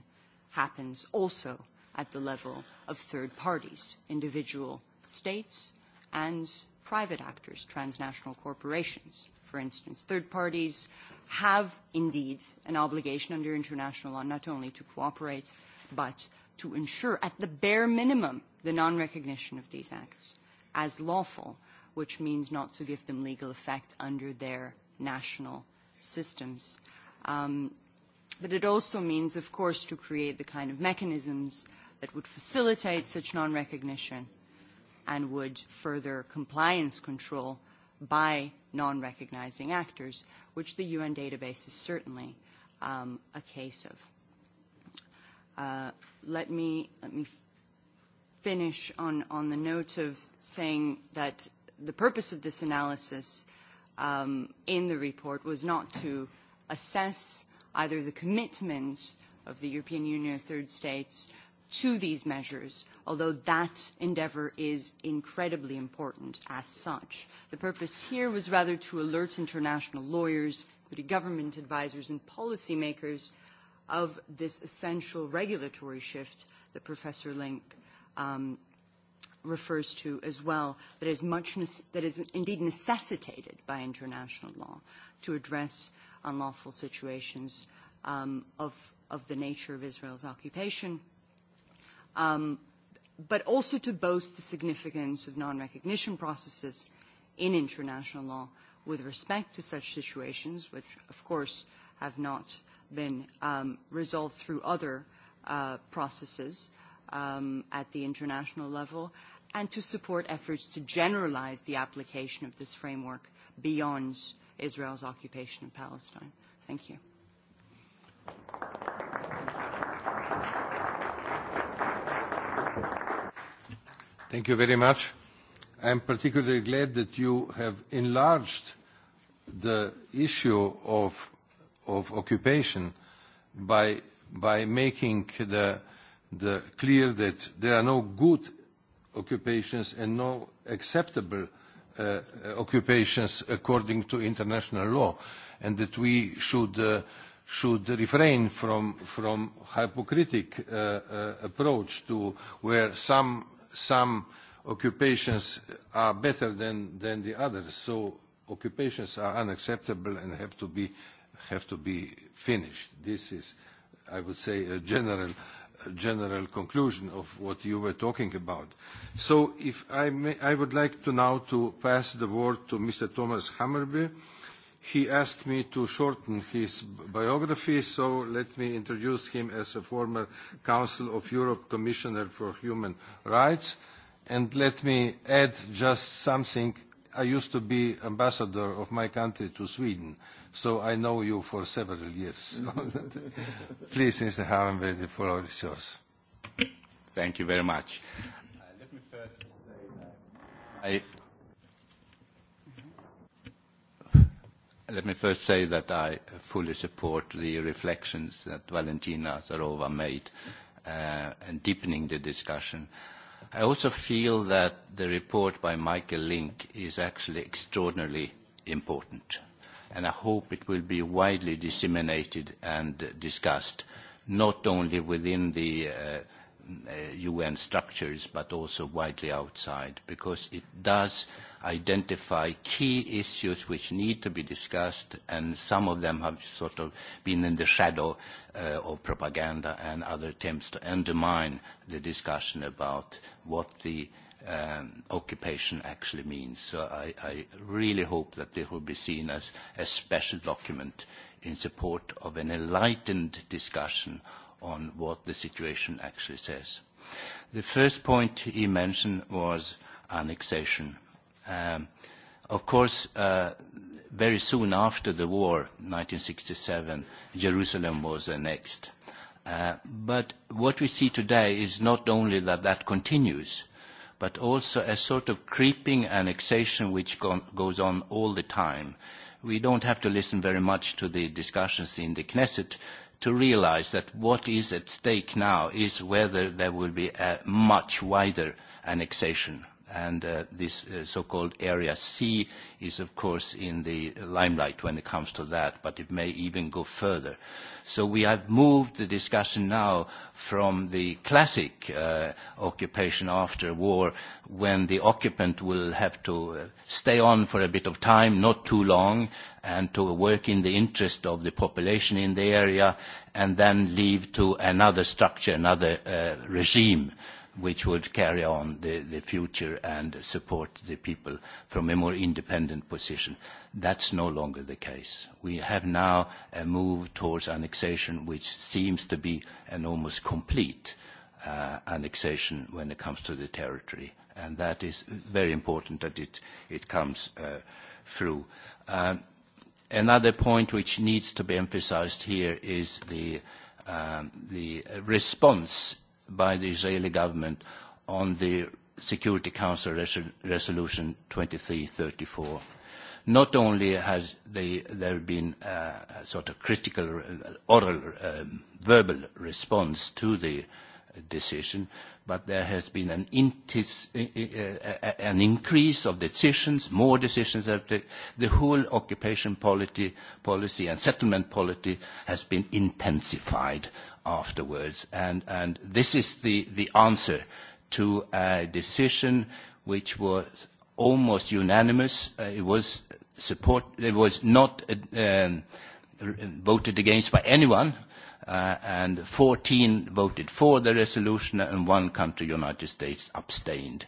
happens also at the level of third parties, individual states and private actors, transnational corporations, for instance. Third parties have indeed an obligation under international law not only to cooperate, but to ensure at the bare minimum the non-recognition of these acts as lawful, which means not to give them legal effect under their national systems. Um, but it also means, of course, to create the kind of mechanisms that would facilitate such non-recognition and would further compliance control by non-recognizing actors, which the UN database is certainly um, a case of. Uh, let me, let me finish on, on the note of saying that the purpose of this analysis um, in the report was not to assess either the commitment of the European Union or third states to these measures, although that endeavour is incredibly important as such. The purpose here was rather to alert international lawyers, including government advisers and policymakers, of this essential regulatory shift that Professor Link um, refers to as well, that is, much that is indeed necessitated by international law to address unlawful situations um, of, of the nature of Israel's occupation – um, but also to boast the significance of non-recognition processes in international law with respect to such situations, which of course have not been um, resolved through other uh, processes um, at the international level, and to support efforts to generalize the application of this framework beyond Israel's occupation of Palestine. Thank you.
Thank you very much. I am particularly glad that you have enlarged the issue of, occupation by, making clear that there are no good occupations and no acceptable uh, occupations according to international law, and that we should, uh, should refrain from, from hypocritic uh, approach to where some some occupations are better than, than the others. So occupations are unacceptable and have to be, have to be finished. This is, I would say, a general, a general conclusion of what you were talking about. So if I may, I would like to now to pass the word to Mr. Thomas Hammarby, He asked me to shorten his biography, so let me introduce him as a former Council of Europe Commissioner for Human Rights. And let me add just something. I used to be ambassador of my country to Sweden, so I know you for several years. *laughs* Please, Mr. Havenberg, the floor is yours. Thank you very much.
Uh, let me first say that I Let me first say that I fully support the reflections that Valentina Zarova made uh, and deepening the discussion. I also feel that the report by Michael Link is actually extraordinarily important, and I hope it will be widely disseminated and discussed, not only within the uh, UN uh, structures, but also widely outside, because it does identify key issues which need to be discussed, and some of them have sort of been in the shadow uh, of propaganda and other attempts to undermine the discussion about what the um, occupation actually means. So I, I really hope that this will be seen as a special document in support of an enlightened discussion on what the situation actually says. The first point he mentioned was annexation. Um, of course, uh, very soon after the war, 1967, Jerusalem was annexed. Uh, but what we see today is not only that that continues, but also a sort of creeping annexation which go goes on all the time. We don't have to listen very much to the discussions in the Knesset to realize that what is at stake now is whether there will be a much wider annexation and uh, this uh, so-called Area C is, of course, in the limelight when it comes to that, but it may even go further. So we have moved the discussion now from the classic uh, occupation after war, when the occupant will have to uh, stay on for a bit of time, not too long, and to work in the interest of the population in the area, and then leave to another structure, another uh, regime which would carry on the, the future and support the people from a more independent position. That's no longer the case. We have now a uh, move towards annexation, which seems to be an almost complete uh, annexation when it comes to the territory, and that is very important that it, it comes uh, through. Um, another point which needs to be emphasized here is the, um, the response by the Israeli government on the Security Council res Resolution 2334. Not only has they, there been uh, a sort of critical uh, oral um, verbal response to the decision, but there has been eh, eh, eh, an, increase of decisions, more decisions. The whole occupation policy, policy and settlement policy has been intensified afterwards. And, and this is the, the answer to a decision which was almost unanimous. Uh, it was It was not um, voted against by anyone Uh, and 14 voted for the resolution and one country, United States, abstained.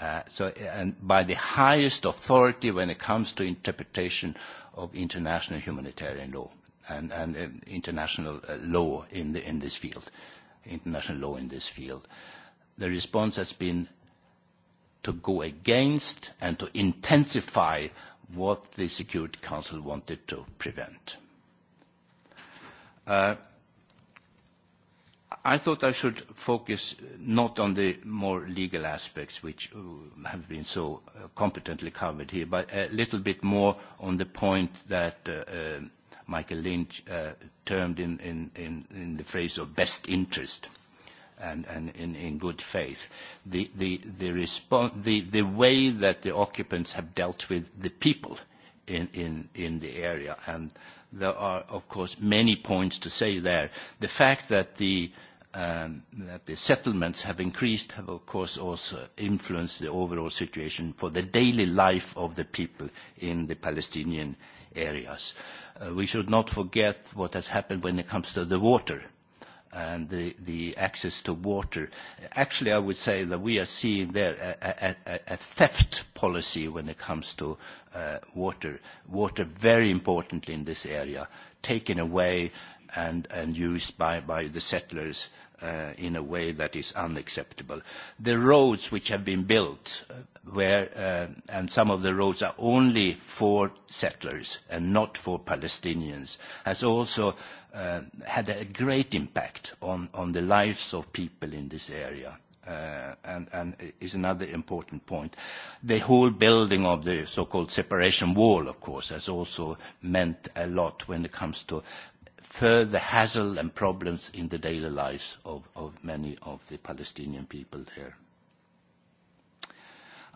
Uh, so, and by the highest authority when it comes to interpretation of international humanitarian law and, and uh, international uh, law in, the, in this field, international law in this field. The response has been to go against and to intensify what the Security Council wanted to prevent. Uh, i thought I should focus not on the more legal aspects, which uh, have been so uh, competently covered here, but a little bit more on the point that uh, uh, Michael Lynch uh, termed in, in, in, in the phrase of best interest and, and in, in good faith. The, the, the, the, the way that the occupants have dealt with the people in, in, in the area and There are, of course, many points to say there. The fact that the, um, that the settlements have increased have, of course, also influenced the overall situation for the daily life of the people in the Palestinian areas. Uh, we should not forget what has happened when it comes to the water and the, the access to water. Actually, I would say that we are seeing there a, a, a theft policy when it comes to uh, water. Water, very important in this area, taken away and, and used by, by the settlers Uh, in a way that is unacceptable. The roads which have been built, uh, where, uh, and some of the roads are only for settlers and not for Palestinians, has also had a great impact on, on the lives of people in this area. and, and is another important point. The whole building of the so-called separation wall, of course, has also meant a lot when it comes to further hassle and problems in the daily lives of, of many of the Palestinian people there.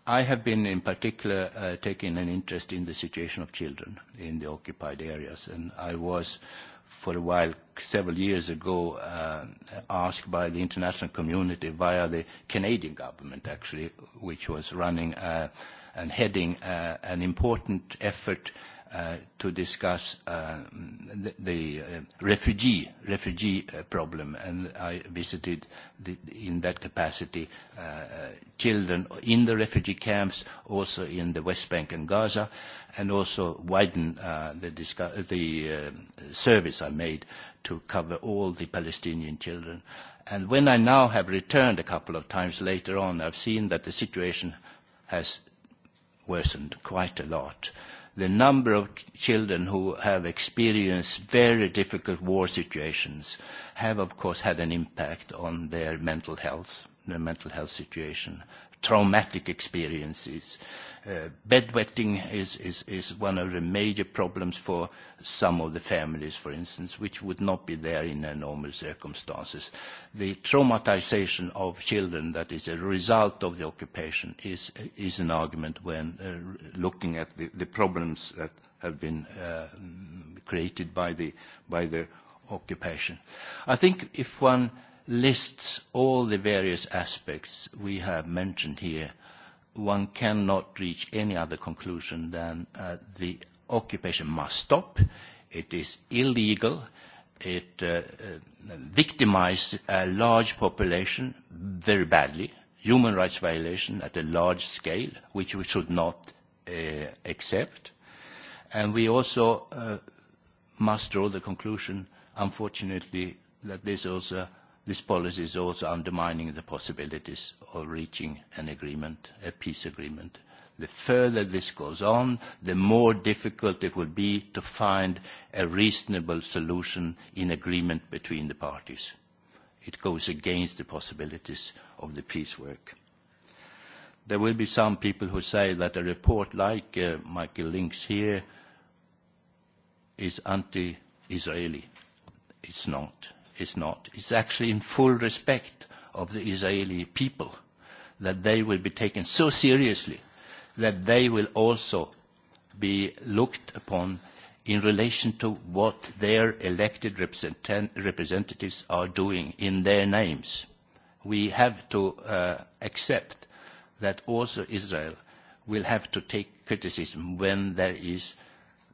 I have been in particular uh, taking an interest in the situation of children in the occupied areas, and I was for a while, several years ago, uh, asked by the international community via the Canadian government, actually, which was running uh, and heading uh, an important effort Uh, to discuss uh, the, the uh, refugee refugee uh, problem, and I visited the, in that capacity uh, children in the refugee camps, also in the West Bank and Gaza, and also widen the, discuss the service I made to cover all the Palestinian children. And when I now have returned a couple of times later on, I've seen that the situation has worsened quite a lot the number of children who have experienced very difficult war situations have of course had an impact on their mental health, their mental health situation, traumatic experiences Uh, bedwetting is, one of the major problems for some of the families, for instance, which would not be there in normal circumstances. The traumatization of children that is a result of the occupation is, an argument when uh, looking at the, problems that have been uh, created by the, by the occupation. I think if one lists all the various aspects we have mentioned here, one cannot reach any other conclusion than uh, the occupation must stop. It is illegal. It uh, uh, victimized a large population very badly, human rights violation at a large scale, which we should not uh, accept. And we also uh, must draw the conclusion, unfortunately, that this also This policy is also undermining the possibilities of reaching an agreement, a peace agreement. The further this goes on, the more difficult it will be to find a reasonable solution in agreement between the parties. It goes against the possibilities of the peace work. There will be some people who say that a report like uh, Michael Link's here is anti-Israeli. It's not is not. It's actually in full respect of the Israeli people that they will be taken so seriously that they will also be looked upon in relation to what their elected representatives are doing in their names. We have to uh, accept that also Israel will have to take criticism when there is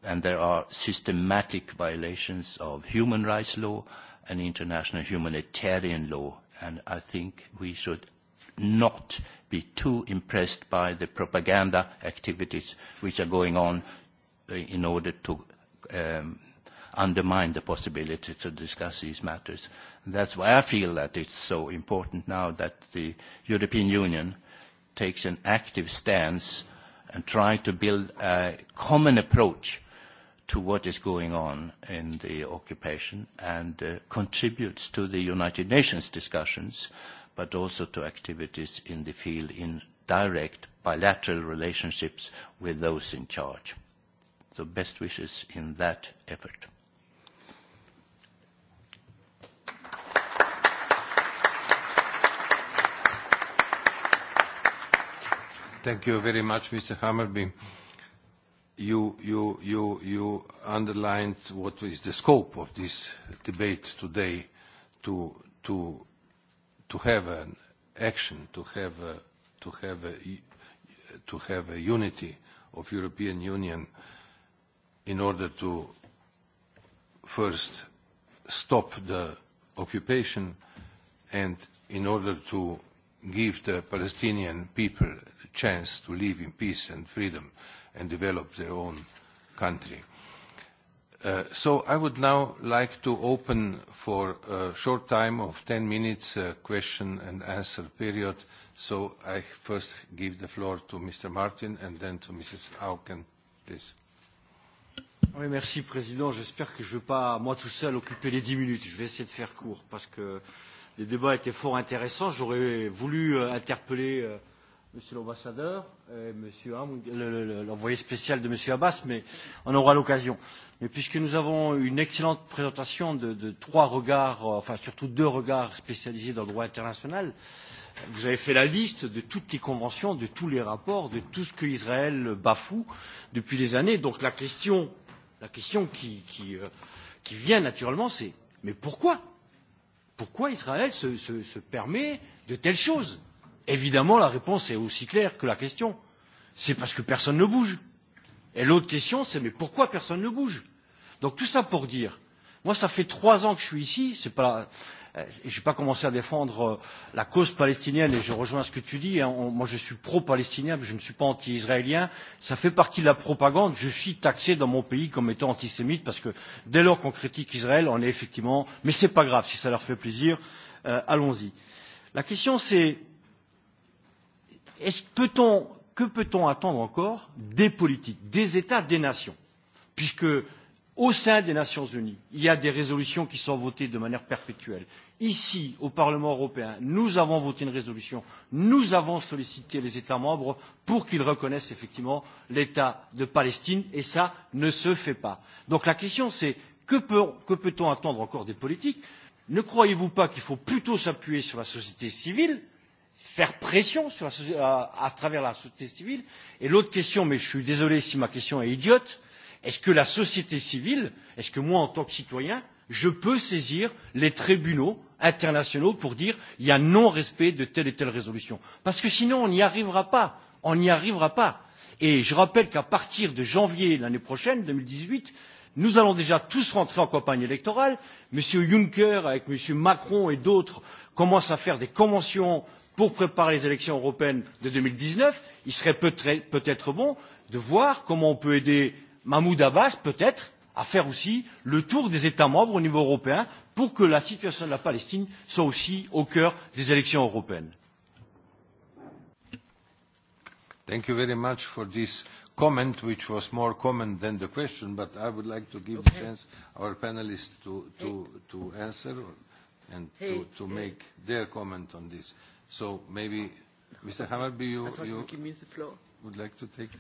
and there are systematic violations of human rights law, an international humanitarian law. And I think we should not be too impressed by the propaganda activities which are going on uh, in order to um, undermine the possibility to discuss these matters. And that's why I feel that it's so important now that the European Union takes an active stance and try to build a common approach to what is going on in the occupation and uh, contributes to the United Nations discussions, but also to activities in the field in direct bilateral relationships with those in charge. So best wishes in that effort.
Thank you very much, Mr. Hammerby you, underlined what is the scope of this debate today to, have an action, to have a, to have a unity of European Union in order to first stop the occupation and in order to give the Palestinian people a chance to live in peace and freedom and develop their own country. Uh, so I would now like to open for a short time of 10 minutes uh, question and answer period. So I first give the floor to Mr. Martin and then to Mrs. Auken, please.
Oui, merci, Président. J'espère que je ne vais pas, moi tout seul, occuper les 10 minutes. Je vais essayer de faire court parce que les débats étaient fort intéressants. J'aurais voulu euh, interpeller euh, Monsieur l'ambassadeur, euh, Monsieur l'envoyé spécial de Monsieur Abbas, mais on aura l'occasion. Mais puisque nous avons une excellente présentation de, de trois regards, euh, enfin surtout deux regards spécialisés dans le droit international, vous avez fait la liste de toutes les conventions, de tous les rapports, de tout ce que Israël bafoue depuis des années. Donc la question, la question qui, qui, euh, qui vient naturellement, c'est mais pourquoi Pourquoi Israël se, se, se permet de telles choses Évidemment, la réponse est aussi claire que la question. C'est parce que personne ne bouge. Et l'autre question, c'est mais pourquoi personne ne bouge Donc tout ça pour dire, moi ça fait trois ans que je suis ici, c'est pas, euh, je n'ai pas commencé à défendre euh, la cause palestinienne et je rejoins ce que tu dis, hein, moi je suis pro-palestinien, mais je ne suis pas anti-israélien, ça fait partie de la propagande, je suis taxé dans mon pays comme étant antisémite parce que dès lors qu'on critique Israël, on est effectivement, mais c'est pas grave, si ça leur fait plaisir, euh, allons-y. La question c'est, est-ce peut-on que peut-on attendre encore des politiques, des États, des nations Puisque au sein des Nations Unies, il y a des résolutions qui sont votées de manière perpétuelle. Ici, au Parlement européen, nous avons voté une résolution, nous avons sollicité les États membres pour qu'ils reconnaissent effectivement l'État de Palestine, et ça ne se fait pas. Donc la question c'est, que peut-on peut attendre encore des politiques Ne croyez-vous pas qu'il faut plutôt s'appuyer sur la société civile faire pression à, travers la société civile et l'autre question mais je suis désolé si ma question est idiote est ce que la société civile est ce que moi en tant que citoyen je peux saisir les tribunaux internationaux pour dire il y a non respect de telle et telle résolution parce que sinon on n'y arrivera pas on n'y arrivera pas et je rappelle qu'à partir de janvier l'année prochaine deux mille dix huit nous allons déjà tous rentrer en campagne électorale monsieur juncker avec Monsieur macron et d'autres commence à faire des conventions pour préparer les élections européennes de deux mille dix neuf il serait peut, être bon de voir comment on peut aider mahmoud abbas peut être à faire aussi le tour des états membres au niveau européen pour que la situation de la palestine soit aussi au cœur des élections européennes.
Thank you very much for this comment, which was more comment than the question, but I would like to give the chance our panelists to, to answer and to, to make their comment on this. So maybe, Mr. Hammarby, you, would like to take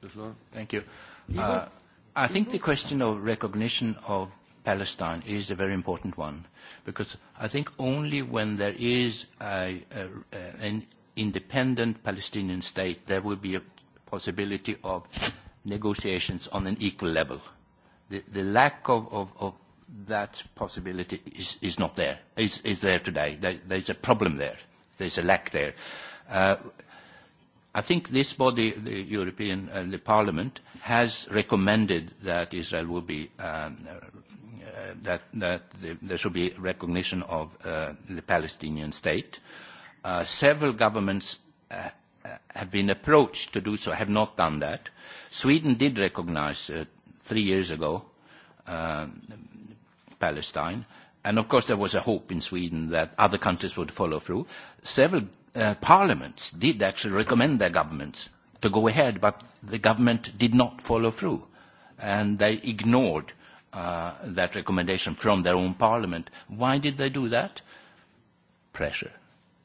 the floor?
Thank you. Uh, I think the question of recognition of Palestine is a very important one because I think only when there is an independent Palestinian state there will be a possibility of negotiations on an equal level. The, the lack of, of, of that possibility is, is not there, is, is there today. There, there's a problem there. There's a lack there. Uh, I think this body, the European uh, the Parliament, has recommended that Israel will be, um, uh, uh that, that the, there should be recognition of uh, the Palestinian state. Uh, several governments uh, uh, have been approached to do so, have not done that. Sweden did recognize uh, three years ago um, Palestine. And of course, there was a hope in Sweden that other countries would follow through. Several uh, parliaments did actually recommend their governments to go ahead, but the government did not follow through. And they ignored uh, that recommendation from their own parliament. Why did they do that? Pressure.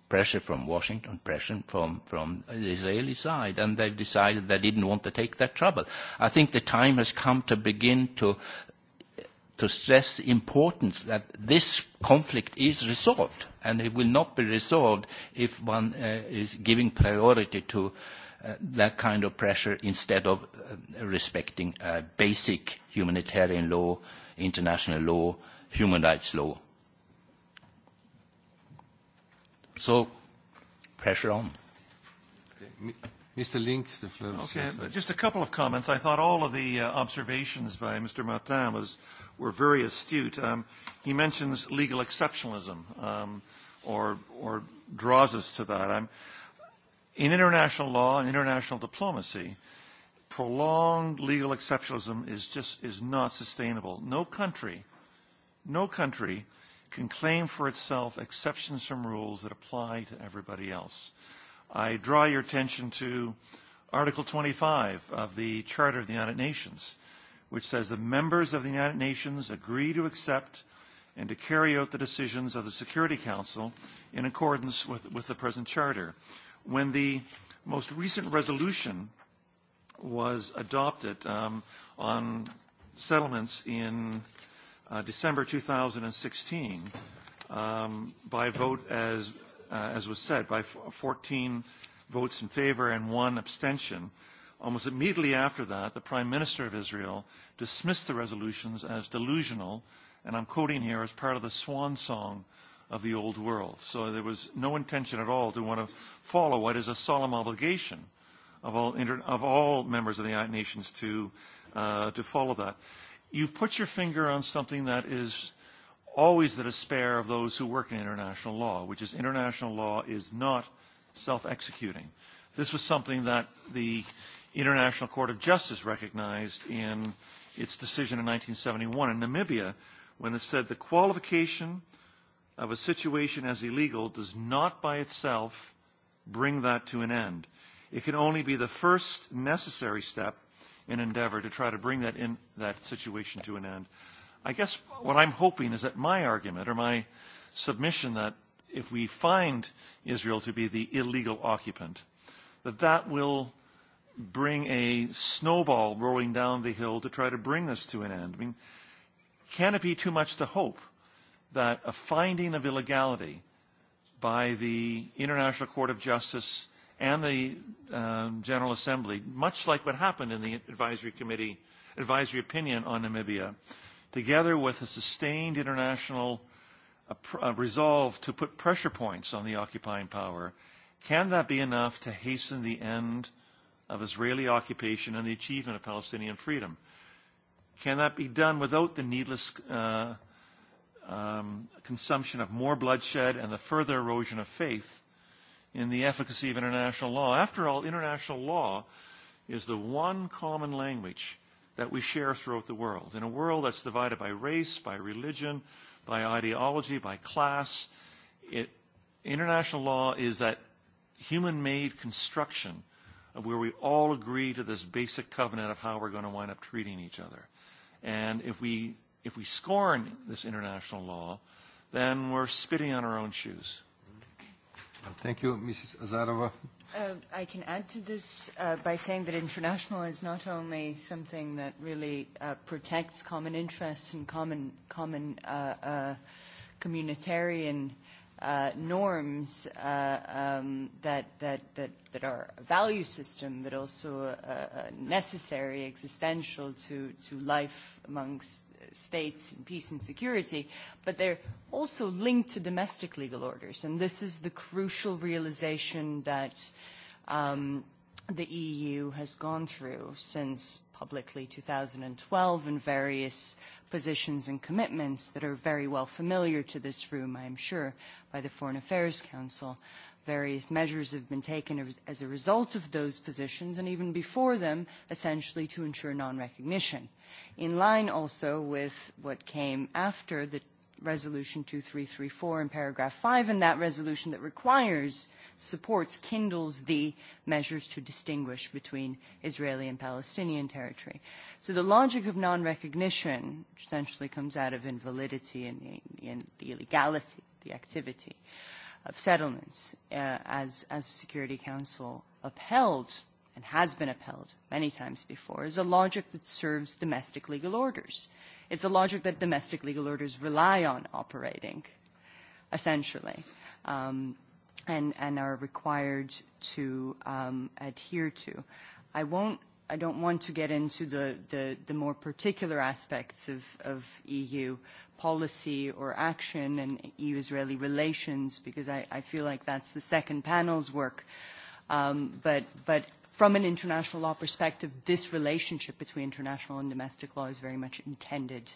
Pressure from Washington, pressure from, from the Israeli side, and they've decided they didn't want to take that trouble. I think the time has come to begin to to stress the importance that this conflict is resolved, and it will not be resolved if one uh, is giving priority to uh, that kind of pressure instead of uh, respecting uh, basic humanitarian law, international law, human rights law. So, pressure on.
Mr. Link, the floor Okay, just a couple of comments. I thought all of the uh, observations by Mr. Martin was were very astute. Um, he mentions legal exceptionalism um, or, or draws us to that. I'm, in international law and international diplomacy, prolonged legal exceptionalism is just is not sustainable. No country, no country can claim for itself exceptions from rules that apply to everybody else. I draw your attention to Article 25 of the Charter of the United Nations, which says the members of the United Nations agree to accept and to carry out the decisions of the Security Council in accordance with, with the present charter. When the most recent resolution was adopted um, on settlements in uh, December 2016 um, by vote as, uh, as was said, by 14 votes in favor and one abstention, Almost immediately after that, the Prime Minister of Israel dismissed the resolutions as delusional, and I'm quoting here as part of the swan song of the old world. So there was no intention at all to want to follow what is a solemn obligation of all, inter of all members of the United Nations to, uh, to follow that. You've put your finger on something that is always the despair of those who work in international law, which is international law is not self-executing. This was something that the International Court of Justice recognized in its decision in 1971 in Namibia when it said the qualification of a situation as illegal does not by itself bring that to an end. It can only be the first necessary step in endeavor to try to bring that, in, that situation to an end. I guess what I'm hoping is that my argument or my submission that if we find Israel to be the illegal occupant, that that will – bring a snowball rolling down the hill to try to bring this to an end? I mean, can it be too much to hope that a finding of illegality by the International Court of Justice and the um, General Assembly, much like what happened in the advisory committee, advisory opinion on Namibia, together with a sustained international uh, resolve to put pressure points on the occupying power, can that be enough to hasten the end of Israeli occupation and the achievement of Palestinian freedom. Can that be done without the needless uh, um, consumption of more bloodshed and the further erosion of faith in the efficacy of international law? After all, international law is the one common language that we share throughout the world. In a world that's divided by race, by religion, by ideology, by class, it, international law is that human-made construction – where we all agree to this basic covenant of how we're going to wind up treating each other. And if we, if we scorn this international law, then we're spitting on our own shoes. Thank you, Mrs. Azarova.
Uh, I can add to this uh, by saying that international is not only something that really uh, protects common interests and common, common uh, uh, communitarian uh, norms uh, um, that, that, that, that are a value system but also necessary, existential to, to life amongst states in peace and security, but they're also linked to domestic legal orders. And this is the crucial realization that um, the EU has gone through since publicly 2012 and various positions and commitments that are very well familiar to this room, I am sure, by the Foreign Affairs Council. Various measures have been taken as a result of those positions and even before them, essentially to ensure non-recognition. In line also with what came after the Resolution 2334 in paragraph 5 and that resolution that requires supports, kindles the measures to distinguish between Israeli and Palestinian territory. So the logic of non-recognition which essentially comes out of invalidity and, and the illegality, the activity of settlements uh, as, as Security Council upheld and has been upheld many times before is a logic that serves domestic legal orders. It's a logic that domestic legal orders rely on operating, essentially. Um, and, and are required to um, adhere to. I won't I don't want to get into the, the, the more particular aspects of, of EU policy or action and EU-Israeli relations because I, I feel like that's the second panel's work. Um, but, but from an international law perspective, this relationship between international and domestic law is very much intended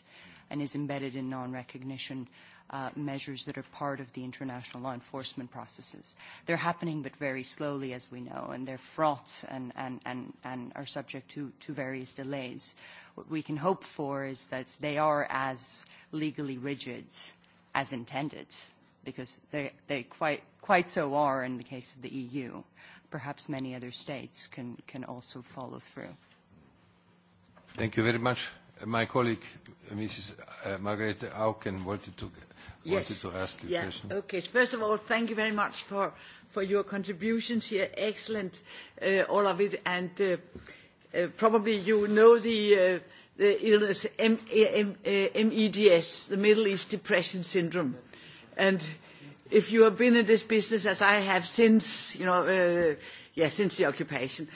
and is embedded in non-recognition uh, measures that are part of the international law enforcement processes. They're happening but very slowly, as we know, and they're fraught and, and, and, and are subject to, to various delays. What we can hope for is that they are as legally rigid as intended, because they, they quite, quite so are in the case of the EU. Perhaps many other states can, can also follow through.
Thank you very much. My colleague, Mrs. Uh, Margarete Auken, wanted to, yes. wanted to ask you question.
Okay. First of all, thank you very much for, for your contributions here. Excellent, uh, all of it. And uh, probably you know the, the illness M M MEDS, the Middle East Depression Syndrome. And if you have been in this business, as I have since, you know, yeah, since the occupation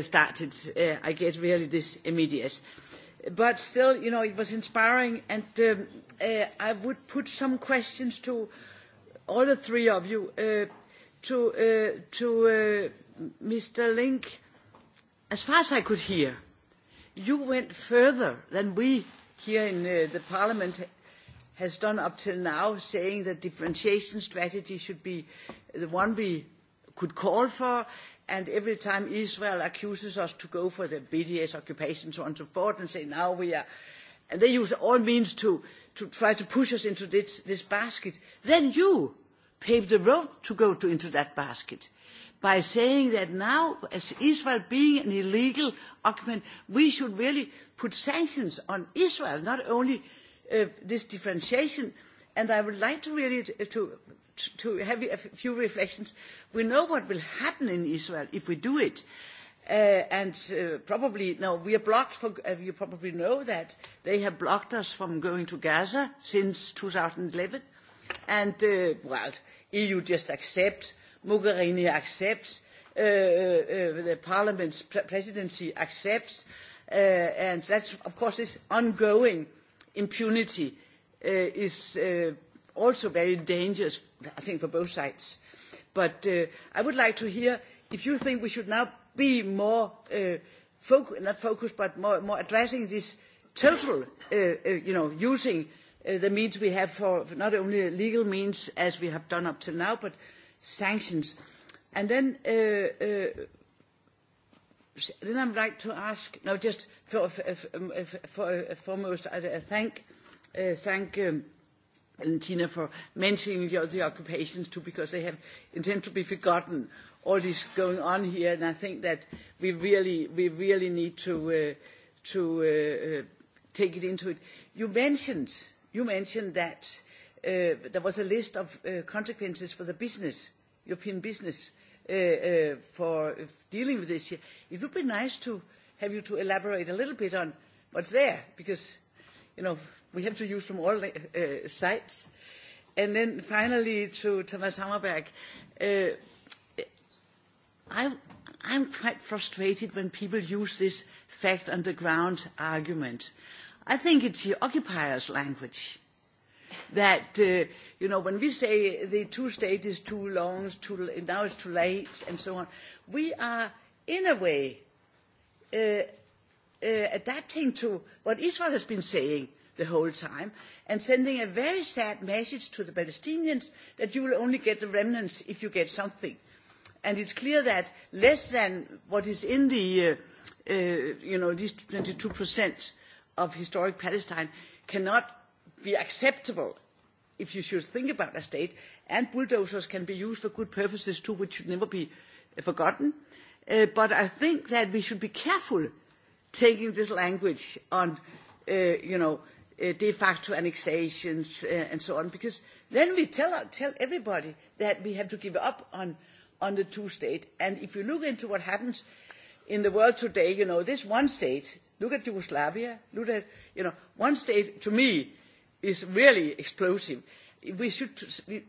started, I get really this MEDS. But still, you know, it was inspiring, and um, uh, I would put some questions to all the three of you, uh, to, uh, to uh, Mr. Link. As far as I could hear, you went further than we here in uh, the Parliament has done up till now, saying that differentiation strategy should be the one we could call for, and every time Israel accuses us to go for the BDS occupation, so on and so forth, and say now we are, and they use all means to, to try to push us into this, this basket, then you pave the road to go to, into that basket by saying that now, as Israel being an illegal occupant, we should really put sanctions on Israel, not only uh, this differentiation. And I would like to really uh, to to have a few reflections. We know what will happen in Israel if we do it. Uh, and uh, probably, no, we are blocked for, uh, you probably know that they have blocked us from going to Gaza since 2011. And, uh, well, EU just accepts, Mogherini accepts, uh, uh, uh, the parliament's pre presidency accepts, uh, and that's, of course, this ongoing impunity uh, is uh, also very dangerous i think for both sides. But uh, I would like to hear if you think we should now be more uh, foc not focused, but more, more addressing this total, uh, uh you know, using uh, the means we have for, not only legal means as we have done up to now, but sanctions. And then, uh, then I would like to ask, now just for, for, for um, foremost, I thank, thank. Um, Valentina for mentioning the other occupations too, because they have intend to be forgotten. All this going on here, and I think that we really, we really need to uh, to uh, uh take it into it. You mentioned you mentioned that uh, there was a list of uh, consequences for the business, European business, uh, for dealing with this. Here. It would be nice to have you to elaborate a little bit on what's there, because you know we have to use from all uh, sides. And then finally to Thomas Hammerberg, uh, I, I'm quite frustrated when people use this fact on the ground argument. I think it's the occupiers' language that uh, you know when we say the two state is too long, too, now it's too late, and so on. We are in a way uh, uh, adapting to what Israel has been saying the whole time and sending a very sad message to the Palestinians that you will only get the remnants if you get something. And it's clear that less than what is in the, uh, uh, you know, these 22% of historic Palestine cannot be acceptable if you should think about a state. And bulldozers can be used for good purposes too, which should never be uh, forgotten. but I think that we should be careful taking this language on, you know, Uh, de facto annexations uh, and so on, because then we tell, tell everybody that we have to give up on, on the two state. And if you look into what happens in the world today, you know, this one state, look at Yugoslavia, look at, you know, one state to me is really explosive. We, should,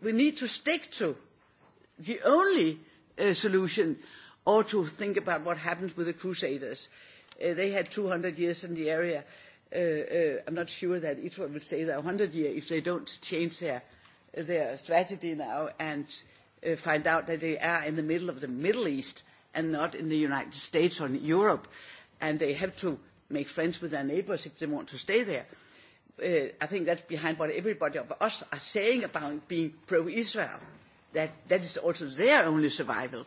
we need to stick to the only uh, solution or to think about what happens with the Crusaders. they had 200 years in the area. Uh, uh, I'm not sure that Israel will stay there 100 years if they don't change their, strategy now and uh, find out that they are in the middle of the Middle East and not in the United States or in Europe, and they have to make friends with their neighbors if they want to stay there. I think that's behind what everybody of us are saying about being pro-Israel. That, that is also their only survival,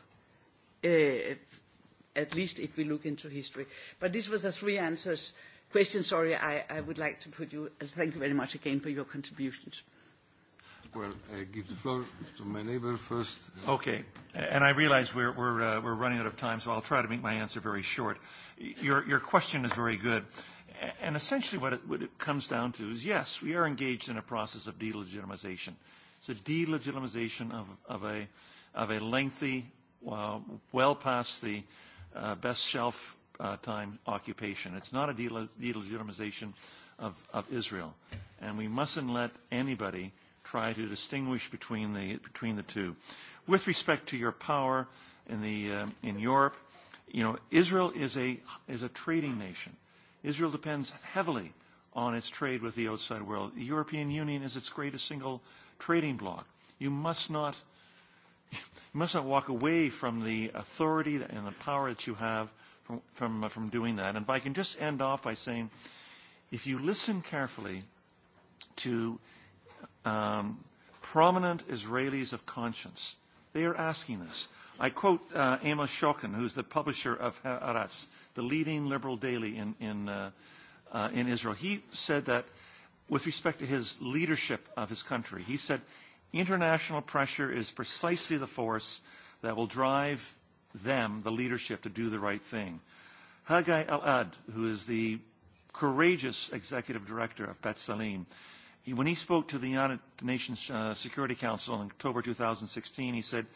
at least if we look into history. But these were the three answers question, sorry, I, I would like to put you, and thank you very much again for your contributions.
Well, I give the floor to my neighbor first. Okay. And I realize we're, we're, uh, we're running out of time, so I'll try to make my answer very short. Your, your question is very good. And essentially what it, what it comes down to is, yes, we are engaged in a process of delegitimization. It's a delegitimization of, of, a, of a lengthy, uh, well past the uh, best shelf uh, time occupation. It's not a delegitimization of, of Israel. And we mustn't let anybody try to distinguish between the, between the two. With respect to your power in, the, um, in Europe, you know, Israel is a, is a trading nation. Israel depends heavily on its trade with the outside world. The European Union is its greatest single trading bloc. You must not, *laughs* you must not walk away from the authority and the power that you have from, from, uh, from doing that. And if I can just end off by saying, if you listen carefully to um, prominent Israelis of conscience, they are asking this. I quote uh, Amos Shokin, who's the publisher of Haaretz, the leading liberal daily in, in, uh, uh, in Israel. He said that with respect to his leadership of his country, he said, international pressure is precisely the force that will drive them the leadership to do the right thing. Hagai Al-Ad, who is the courageous executive director of Bet Salim, when he spoke to the United Nations uh, Security Council in October 2016, he said,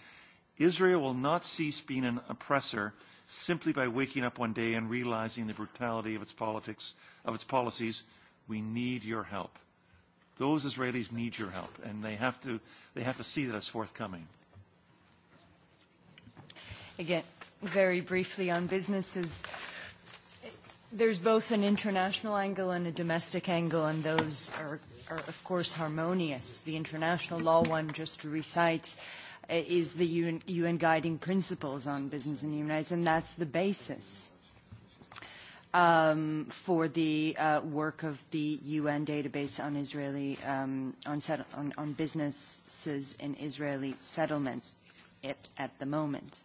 Israel will not cease being an oppressor simply by waking up one day and realizing the brutality of its politics, of its policies. We need your help. Those Israelis need your help, and they have to, they have to see that it's forthcoming
again, very briefly on businesses, there's both an international angle and a domestic angle, and those are, are of course, harmonious. The international law one, just to recite, uh, is the UN, Guiding Principles on Business and Human Rights, and that's the basis um, for the uh, work of the UN database on Israeli um, on, on, on businesses in Israeli settlements at the moment.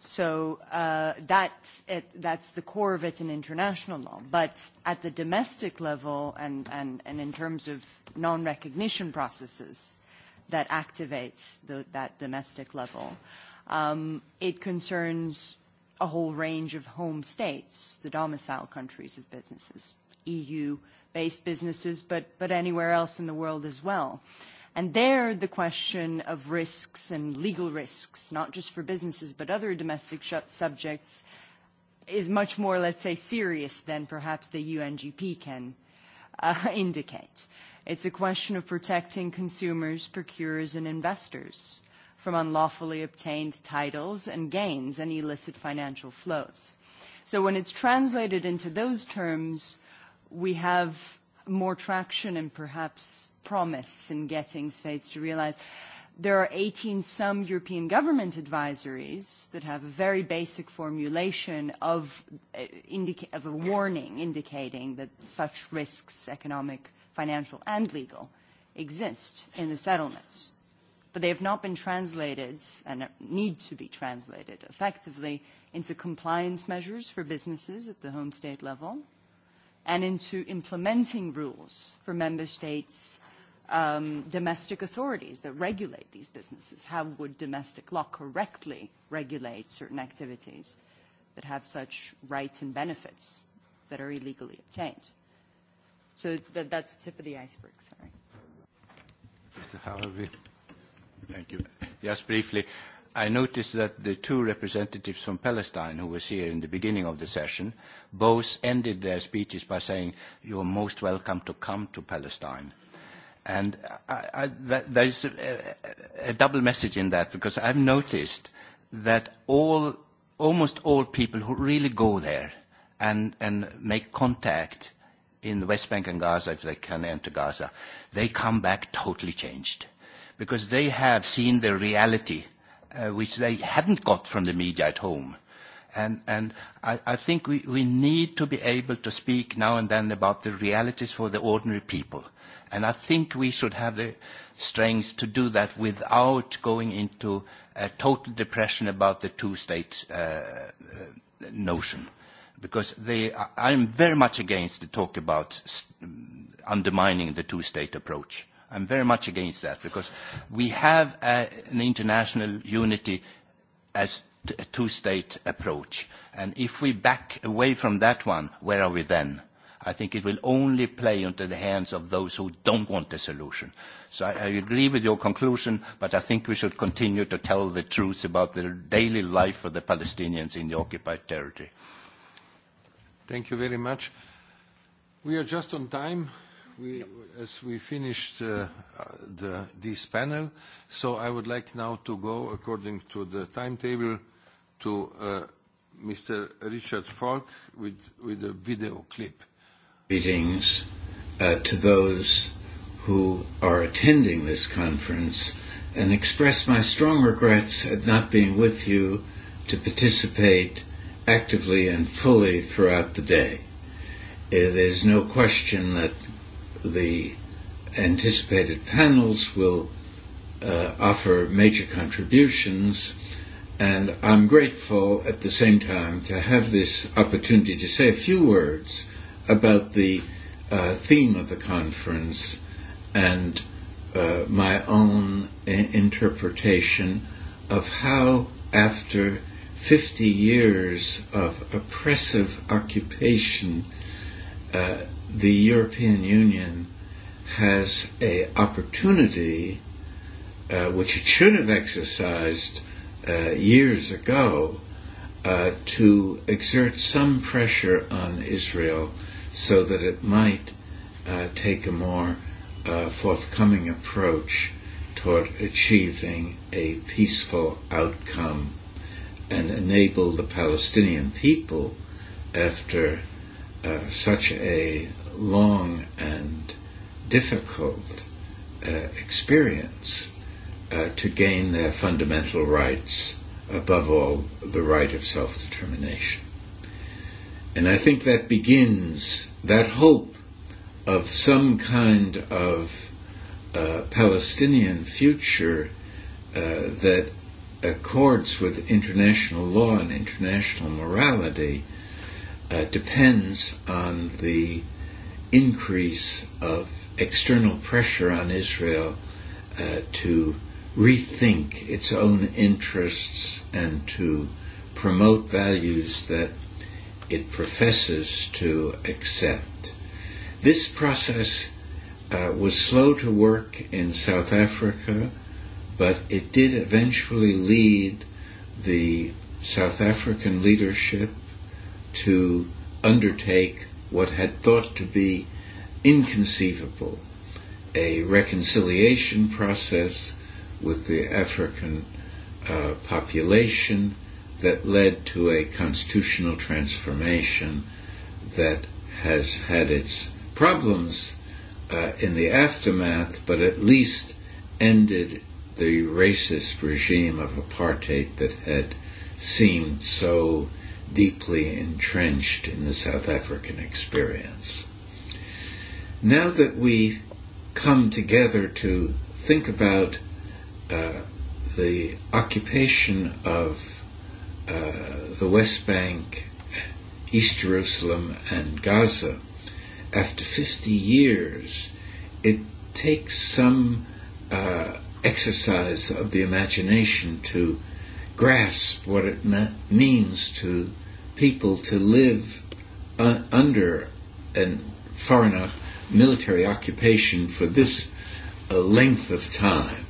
So uh, that's, the core of it in international law. But at the domestic level and, in terms of non-recognition processes that activate that domestic level, um, it concerns a whole range of home states, the domicile countries of businesses, EU-based businesses, but, but anywhere else in the world as well. And there, the question of risks and legal risks, not just for businesses, but other domestic subjects, is much more, let's say, serious than perhaps the UNGP can uh, *laughs* indicate. It's a question of protecting consumers, procurers, and investors from unlawfully obtained titles and gains and illicit financial flows. So when it's translated into those terms, we have more traction and perhaps promise in getting states to realize there are 18 some European government advisories that have a very basic formulation of, uh, of a warning indicating that such risks, economic, financial, and legal, exist in the settlements. But they have not been translated and need to be translated effectively into compliance measures for businesses at the home state level and into implementing rules for member states' um, domestic authorities that regulate these businesses. How would domestic law correctly regulate certain activities that have such rights and benefits that are illegally obtained? So that's the tip of the iceberg, sorry.
Mr. Thank you. Yes, briefly. I noticed that the two representatives from Palestine who was here in the beginning of the session both ended their speeches by saying, "You're most welcome to come to Palestine." And I, I, there is a, a double message in that because I've noticed that all, almost all people who really go there and, and make contact in the West Bank and Gaza, if they can enter Gaza, they come back totally changed because they have seen the reality uh, which they hadn't got from the media at home. And, and I, I think we, we need to be able to speak now and then about the realities for the ordinary people. And I think we should have the strength to do that without going into a total depression about the two-state uh, uh notion. Because they, I'm very much against the talk about undermining the two-state approach. I'm very much against that because we have a, uh, an international unity as a two-state approach. And if we back away from that one, where are we then? I think it will only play into the hands of those who don't want a solution. So I, I agree with your conclusion, but I think we should continue to tell the truth about the daily life of the Palestinians in the occupied territory.
Thank you very much. We are just on time as we finished uh, this panel, so I would like now to go according to the timetable to uh, Mr. Richard Falk with, a video clip.
Greetings uh, to those who are attending this conference and express my strong regrets at not being with you to participate actively and fully throughout the day. There there's no question that the anticipated panels will uh, offer major contributions and I'm grateful at the same time to have this opportunity to say a few words about the uh, theme of the conference and uh, my own uh, interpretation of how after 50 years of oppressive occupation uh, the European Union has a opportunity uh, which it should have exercised uh, years ago uh, to exert some pressure on Israel so that it might uh, take a more uh, forthcoming approach toward achieving a peaceful outcome and enable the Palestinian people after uh, such a long and difficult uh, experience uh, to gain their fundamental rights, above all, the right of self determination. And I think that begins that hope of some kind of uh, Palestinian future uh, that accords with international law and international morality uh, depends on the increase of external pressure on Israel uh, to rethink its own interests and to promote values that it professes to accept. This process uh, was slow to work in South Africa, but it did eventually lead the South African leadership to undertake what had thought to be inconceivable a reconciliation process with the African uh, population that led to a constitutional transformation that has had its problems uh, in the aftermath, but at least ended the racist regime of apartheid that had seemed so deeply entrenched in the South African experience. Now that we come together to think about uh, the occupation of uh, the West Bank, East Jerusalem, and Gaza, after 50 years, it takes some uh, exercise of the imagination to grasp what it means to people to live uh, under a foreign uh, military occupation for this uh, length of time.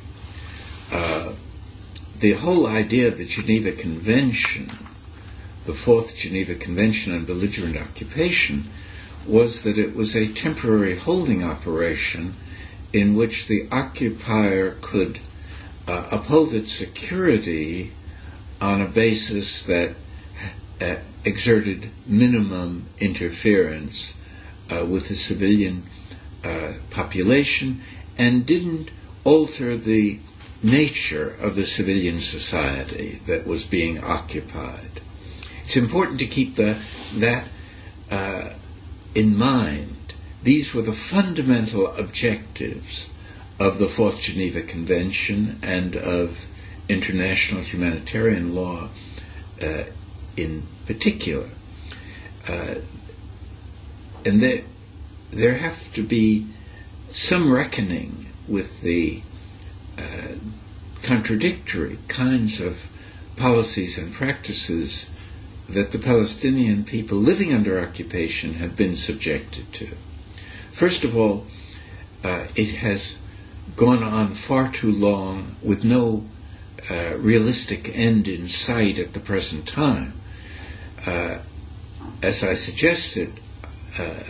Uh, the whole idea of the Geneva Convention, the Fourth Geneva Convention on Belligerent Occupation, was that it was a temporary holding operation in which the occupier could uh, uphold its security on a basis that uh, exerted minimum interference uh, with the civilian uh, population and didn't alter the nature of the civilian society that was being occupied. It's important to keep the, that uh, in mind. These were the fundamental objectives of the Fourth Geneva Convention and of international humanitarian law uh, in particular. Uh, and there, there have to be some reckoning with the uh, contradictory kinds of policies and practices that the Palestinian people living under occupation have been subjected to. First of all, uh, it has gone on far too long with no uh, realistic end in sight at the present time. Uh, as I suggested, uh,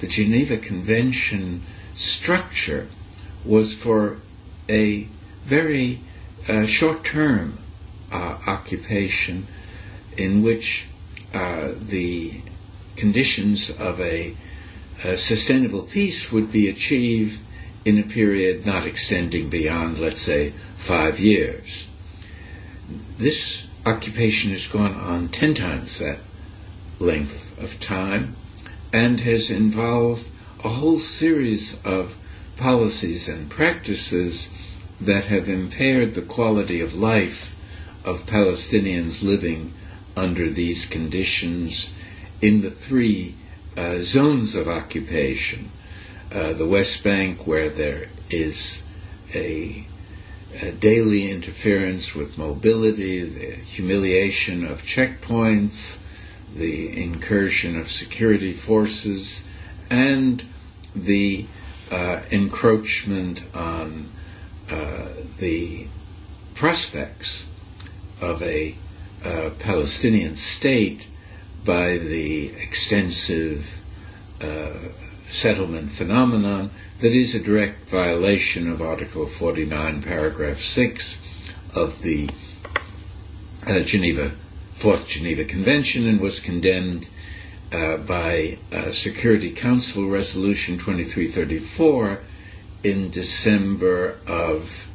the Geneva Convention structure was for a very uh, short-term uh, occupation in which uh, the conditions of a, a sustainable peace would be achieved in a period not extending beyond, let's say, five years. This occupation has gone on ten times that length of time and has involved a whole series of policies and practices that have impaired the quality of life of Palestinians living under these conditions in the three uh, zones of occupation. Uh, the West Bank, where there is a Uh, daily interference with mobility, the humiliation of checkpoints, the incursion of security forces, and the uh, encroachment on uh, the prospects of a uh, Palestinian state by the extensive uh, settlement phenomenon that is a direct violation of Article 49, Paragraph 6 of the uh, Geneva, Fourth Geneva Convention and was condemned uh, by uh, Security Council Resolution 2334 in December of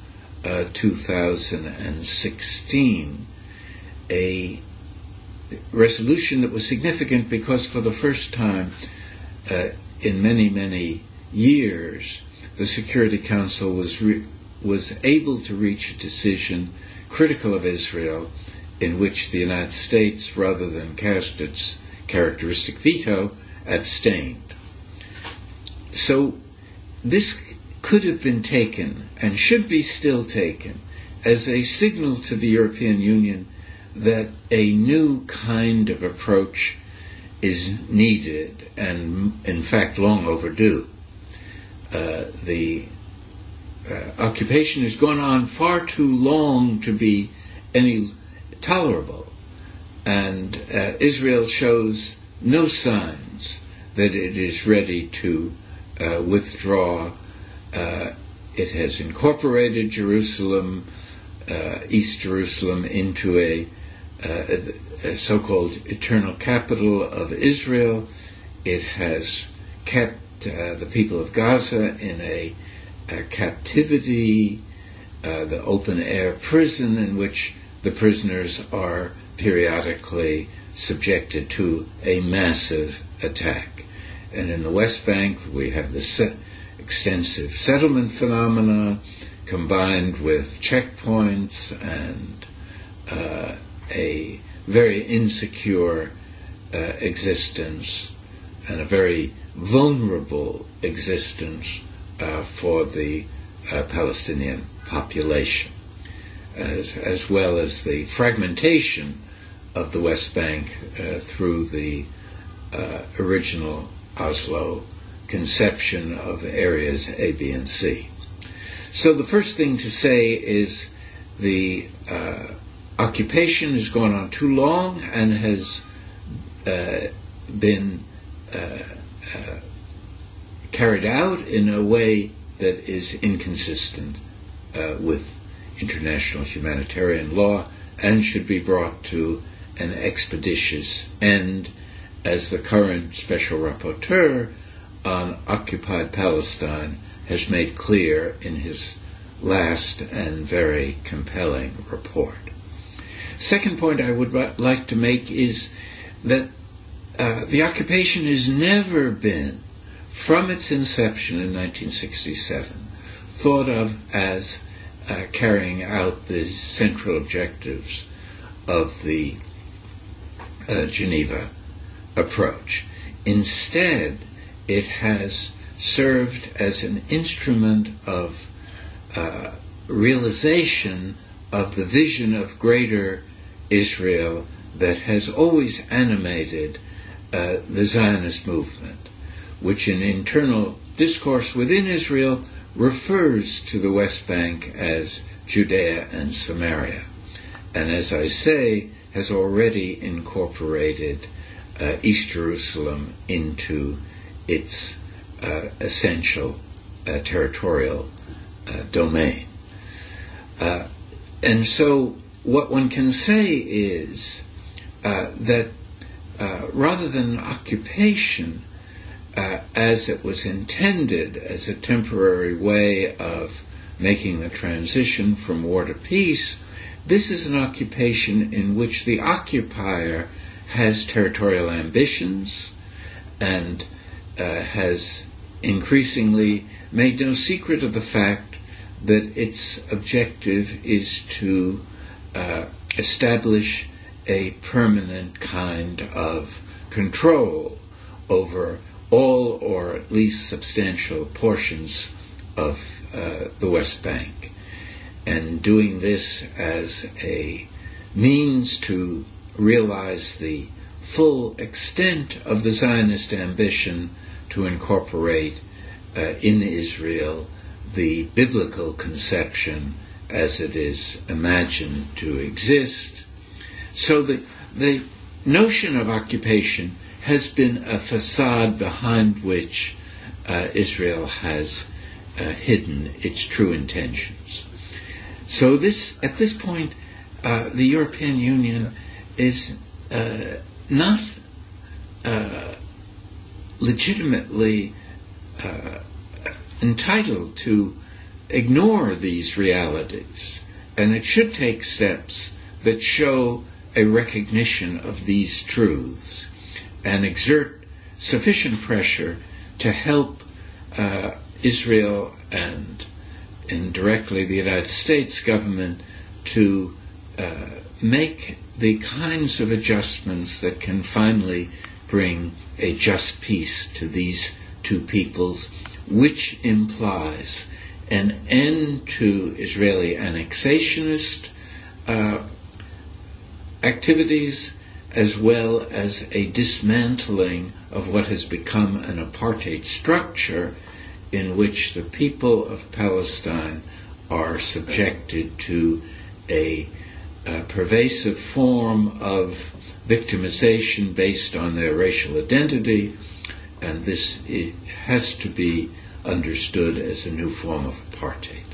uh, 2016. A resolution that was significant because for the first time uh, in many, many years, the Security Council was re- was able to reach a decision critical of Israel, in which the United States, rather than cast its characteristic veto, abstained. So, this could have been taken and should be still taken as a signal to the European Union that a new kind of approach is needed and, in fact, long overdue. Uh, the uh, occupation has gone on far too long to be any tolerable, and uh, Israel shows no signs that it is ready to uh, withdraw. Uh, it has incorporated Jerusalem, uh, East Jerusalem, into a, uh, a so called eternal capital of Israel. It has kept uh, the people of Gaza in a, a captivity, uh, the open air prison in which the prisoners are periodically subjected to a massive attack. And in the West Bank, we have the se- extensive settlement phenomena combined with checkpoints and uh, a very insecure uh, existence and a very vulnerable existence uh, for the uh, Palestinian population, as, as well as the fragmentation of the West Bank uh, through the uh, original Oslo conception of areas A, B, and C. So the first thing to say is the uh, occupation has gone on too long and has uh, been uh, uh, carried out in a way that is inconsistent uh, with international humanitarian law and should be brought to an expeditious end as the current special rapporteur on occupied Palestine has made clear in his last and very compelling report. Second point I would like to make is that Uh, the occupation has never been, from its inception in 1967, thought of as uh, carrying out the central objectives of the uh, Geneva approach. Instead, it has served as an instrument of uh, realization of the vision of greater Israel that has always animated uh, the Zionist movement, which in internal discourse within Israel refers to the West Bank as Judea and Samaria, and as I say, has already incorporated uh, East Jerusalem into its uh, essential uh, territorial uh, domain. Uh, and so what one can say is uh, that Uh, rather than an occupation uh, as it was intended as a temporary way of making the transition from war to peace, this is an occupation in which the occupier has territorial ambitions and uh, has increasingly made no secret of the fact that its objective is to uh, establish a permanent kind of control over all or at least substantial portions of uh, the West Bank. And doing this as a means to realize the full extent of the Zionist ambition to incorporate uh, in Israel the biblical conception as it is imagined to exist So the, the notion of occupation has been a facade behind which uh, Israel has uh, hidden its true intentions. So this, at this point, uh, the European Union is uh, not uh, legitimately uh, entitled to ignore these realities, and it should take steps that show a recognition of these truths and exert sufficient pressure to help uh, Israel and indirectly the United States government to uh, make the kinds of adjustments that can finally bring a just peace to these two peoples, which implies an end to Israeli annexationist uh, activities as well as a dismantling of what has become an apartheid structure in which the people of Palestine are subjected to a pervasive form of victimization based on their racial identity, and this has to be understood as a new form of apartheid.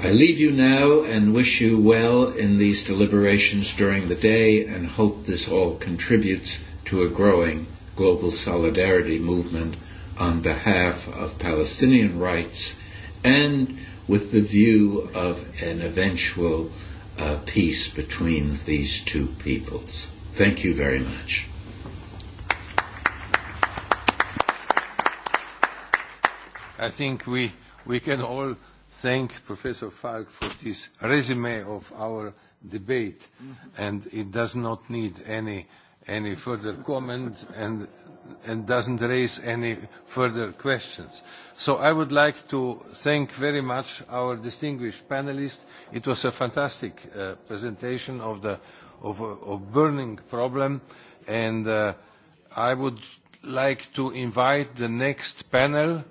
I leave you now and wish you well in these deliberations during the day and hope this all contributes to a growing global solidarity movement on behalf of Palestinian rights and with the view of an eventual uh, peace between these two peoples. Thank you very much.
I think we, we can all thank Professor Falk for this resume of our debate, mm-hmm. and it does not need any any further comment and and doesn't raise any further questions. So I would like to thank very much our distinguished panelists. It was a fantastic uh, presentation of the of a of burning problem, and uh, I would like to invite the next panel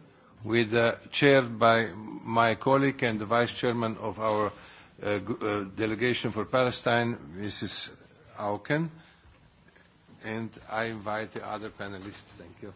with uh, chaired by my colleague and the vice chairman of our uh, uh delegation for Palestine, Mrs. Auken. And I invite the other panelists. Thank you.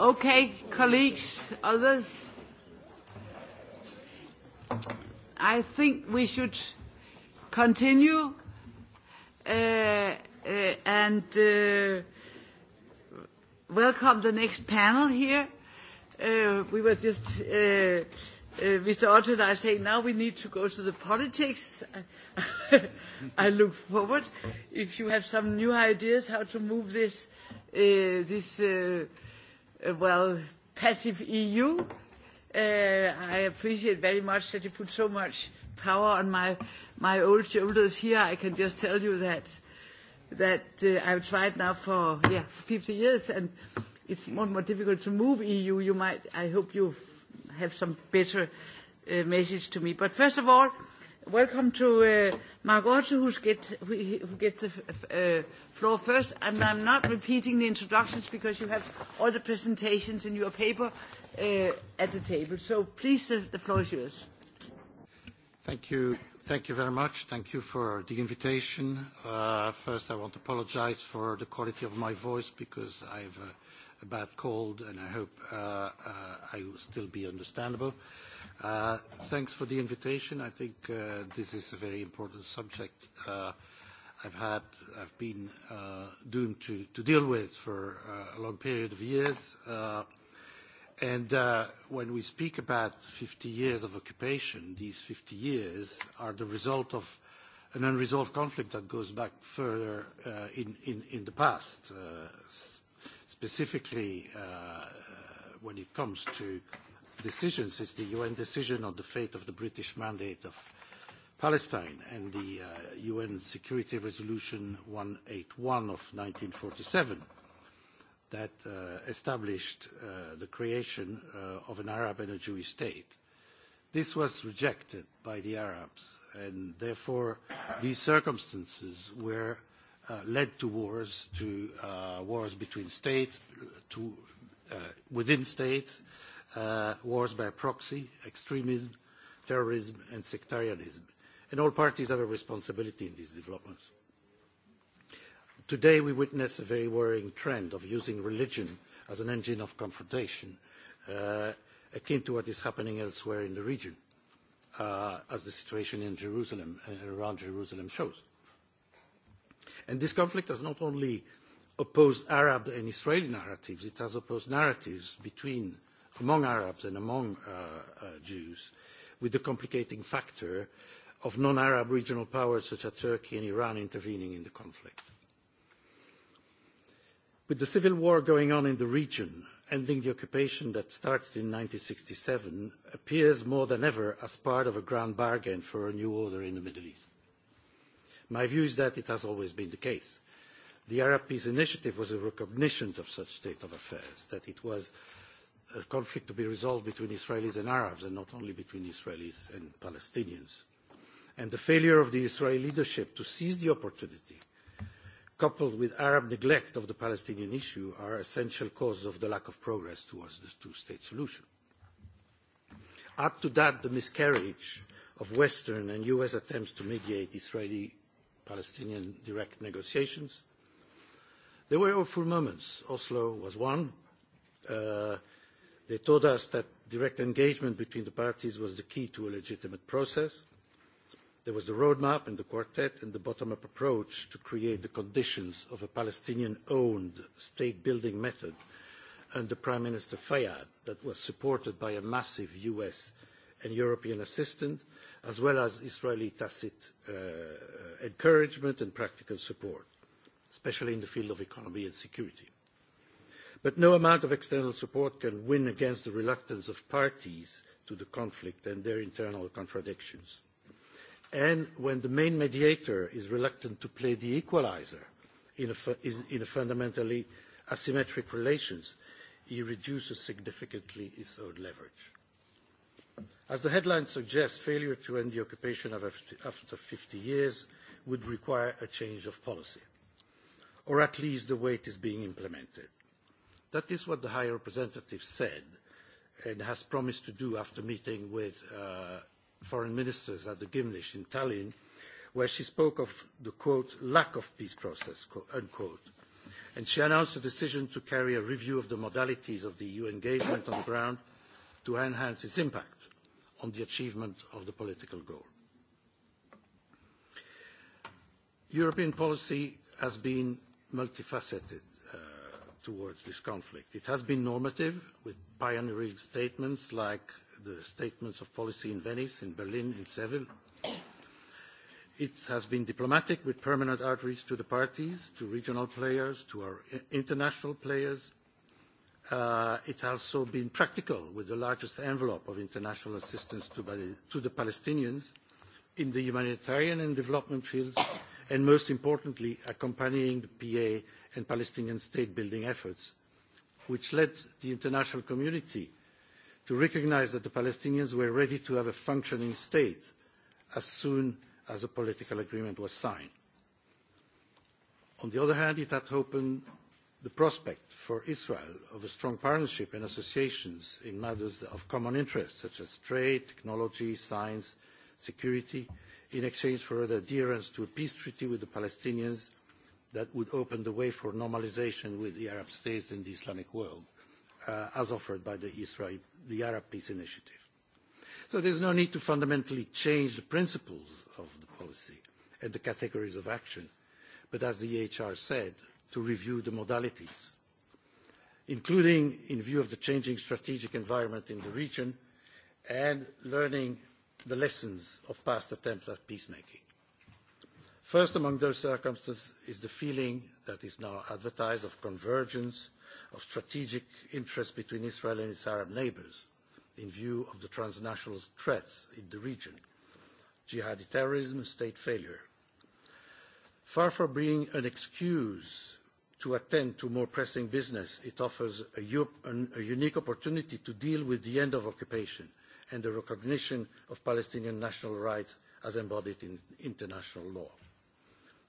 Okay, colleagues, others. I think we should continue uh, uh, and uh, welcome the next panel here. Uh, we were just, uh, uh, Mr. Otto and I say now we need to go to the politics. *laughs* I look forward if you have some new ideas how to move this, uh, this uh, Uh, well, passive EU. Uh, I appreciate very much that you put so much power on my, my old shoulders here. I can just tell you that, that uh, I've tried now for, yeah, 50 years, and it's more and more difficult to move EU. You might, I hope you have some better message to me. But first of all, Welcome to uh, Margot, who gets, the uh, floor first. And I'm not repeating the introductions because you have all the presentations in your paper uh, at the table. So please, the, floor is yours.
Thank you. Thank you very much. Thank you for the invitation. Uh, first, I want to apologize for the quality of my voice because I have a, bad cold, and I hope I will still be understandable. Uh, thanks for the invitation. I think uh, this is a very important subject uh, I've had, I've been doomed to, deal with for a long period of years. And when we speak about 50 years of occupation, these 50 years are the result of an unresolved conflict that goes back further in the past, specifically when it comes to decisions is the UN decision on the fate of the British Mandate of Palestine and the UN uh, Security Resolution 181 of 1947 that uh, established uh, the creation of an Arab and a Jewish state. This was rejected by the Arabs and therefore these circumstances were led to wars, to wars between states, to within states, uh, wars by proxy, extremism, terrorism and sectarianism. And all parties have a responsibility in these developments. Today we witness a very worrying trend of using religion as an engine of confrontation, uh, akin to what is happening elsewhere in the region, uh, as the situation in Jerusalem and around Jerusalem shows. And this conflict has not only opposed Arab and Israeli narratives, it has opposed narratives between among Arabs and among uh, uh, Jews, with the complicating factor of non-Arab regional powers such as Turkey and Iran intervening in the conflict. With the civil war going on in the region, ending the occupation that started in sixty seven appears more than ever as part of a grand bargain for a new order in the Middle East. My view is that it has always been the case. The Arab Peace Initiative was a recognition of such state of affairs, that it was conflict to be resolved between Israelis and Arabs and not only between Israelis and Palestinians. And the failure of the Israeli leadership to seize the opportunity, coupled with Arab neglect of the Palestinian issue, are essential causes of the lack of progress towards the two-state solution. Add to that the miscarriage of Western and U.S. attempts to mediate Israeli-Palestinian direct negotiations. There were awful moments. Oslo was one. Uh, They told us that direct engagement between the parties was the key to a legitimate process. There was the roadmap and the quartet and the bottom-up approach to create the conditions of a Palestinian-owned state-building method under Prime Minister Fayyad that was supported by a massive US and European assistance as well as Israeli tacit uh, encouragement and practical support, especially in the field of economy and security. But no amount of external support can win against the reluctance of parties to the conflict and their internal contradictions. And when the main mediator is reluctant to play the equalizer in fundamentally asymmetric relations, he reduces significantly his own leverage. As the headline suggests, failure to end the occupation after 50 years would require a change of policy, or at least the way it is being implemented That is what the High Representative said and has promised to do after meeting with uh, foreign ministers at the Gimlish in Tallinn, where she spoke of the lack of peace process, And she announced a decision to carry a review of the modalities of the EU engagement on the ground to enhance its impact on the achievement of the political goal. European policy has been multifaceted towards this conflict. It has been normative, with pioneering statements like the statements of policy in Venice, in Berlin, in Seville. It has been diplomatic, with permanent outreach to the parties, to regional players, to our international players. Uh, it has also been practical, with the largest envelope of international assistance to, to the Palestinians in the humanitarian and development fields, and most importantly, accompanying the PA and Palestinian state building efforts, which led the international community to recognise that the Palestinians were ready to have a functioning state as soon as a political agreement was signed. On the other hand, it had opened the prospect for Israel of a strong partnership and associations in matters of common interest, such as trade, technology, science, security, in exchange for adherence to a peace treaty with the Palestinians that would open the way for normalization with the Arab states in the Islamic world, uh, as offered by the Israel, the Arab Peace Initiative. So there is no need to fundamentally change the principles of the policy and the categories of action, but as the EHR said, to review the modalities, including in view of the changing strategic environment in the region and learning the lessons of past attempts at peacemaking. First among those circumstances is the feeling that is now advertised of convergence of strategic interests between Israel and its Arab neighbours in view of the transnational threats in the region, jihadi terrorism, state failure. Far from being an excuse to attend to more pressing business, it offers a unique opportunity to deal with the end of occupation and the recognition of Palestinian national rights as embodied in international law.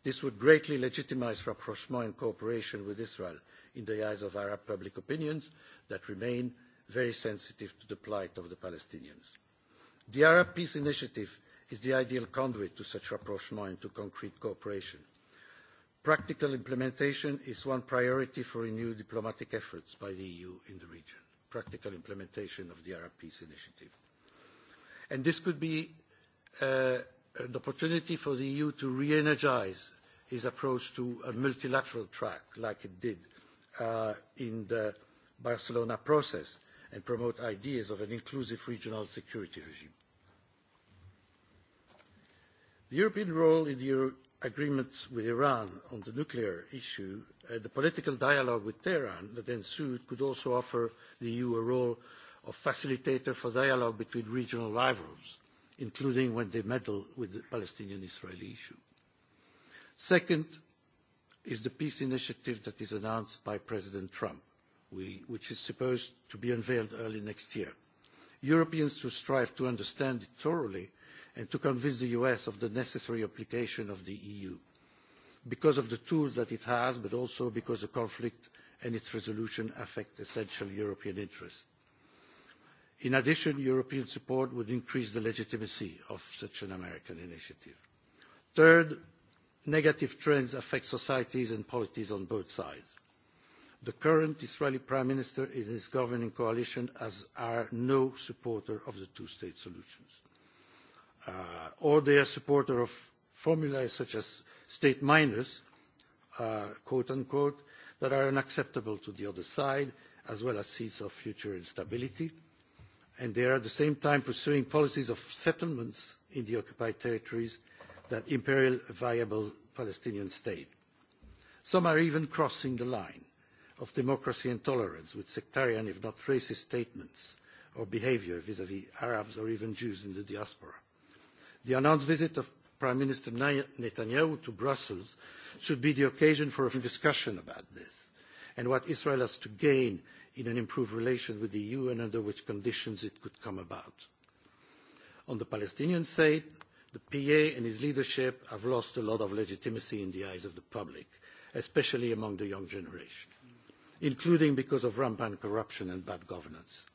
This would greatly legitimise rapprochement and cooperation with Israel in the eyes of Arab public opinions that remain very sensitive to the plight of the Palestinians. The Arab Peace Initiative is the ideal conduit to such rapprochement and to concrete cooperation. Practical implementation is one priority for renewed diplomatic efforts by the EU in the region, practical implementation of the Arab Peace Initiative. And this could be uh, an uh, opportunity for the EU to re-energize its approach to a multilateral track like it did uh, in the Barcelona process and promote ideas of an inclusive regional security regime. The European role in the agreement with Iran on the nuclear issue and uh, the political dialogue with Tehran that ensued could also offer the EU a role of facilitator for dialogue between regional rivals including when they meddle with the Palestinian-Israeli issue. Second is the peace initiative that is announced by President Trump, which is supposed to be unveiled early next year. Europeans should strive to understand it thoroughly and to convince the US of the necessary application of the EU because of the tools that it has, but also because the conflict and its resolution affect essential European interests. In addition, European support would increase the legitimacy of such an American initiative. Third, negative trends affect societies and polities on both sides. The current Israeli Prime Minister and his governing coalition as are no supporter of the two-state solutions. Uh, or they are supporter of formulas such as state minors, uh, quote unquote, that are unacceptable to the other side, as well as seeds of future instability and they are at the same time pursuing policies of settlements in the occupied territories that imperil a viable Palestinian state. Some are even crossing the line of democracy and tolerance with sectarian, if not racist, statements or behaviour vis-à-vis Arabs or even Jews in the diaspora. The announced visit of Prime Minister Netanyahu to Brussels should be the occasion for a discussion about this and what Israel has to gain in an improved relation with the EU and under which conditions it could come about. On the Palestinian side, the PA and his leadership have lost a lot of legitimacy in the eyes of the public, especially among the young generation, including because of rampant corruption and bad governance.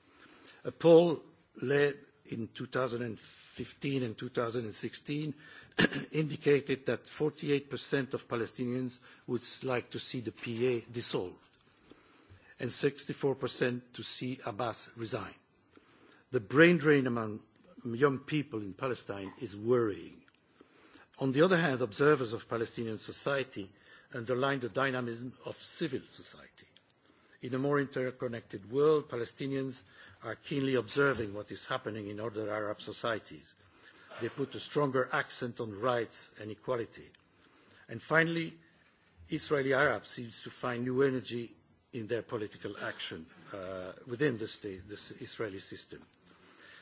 A poll led in 2015 and 2016 *clears throat* indicated that 48% of Palestinians would like to see the PA dissolved and 64% to see Abbas resign. The brain drain among young people in Palestine is worrying. On the other hand, observers of Palestinian society underline the dynamism of civil society. In a more interconnected world, Palestinians are keenly observing what is happening in other Arab societies. They put a stronger accent on rights and equality. And finally, Israeli Arabs seems to find new energy in their political action uh, within the, state, the Israeli system.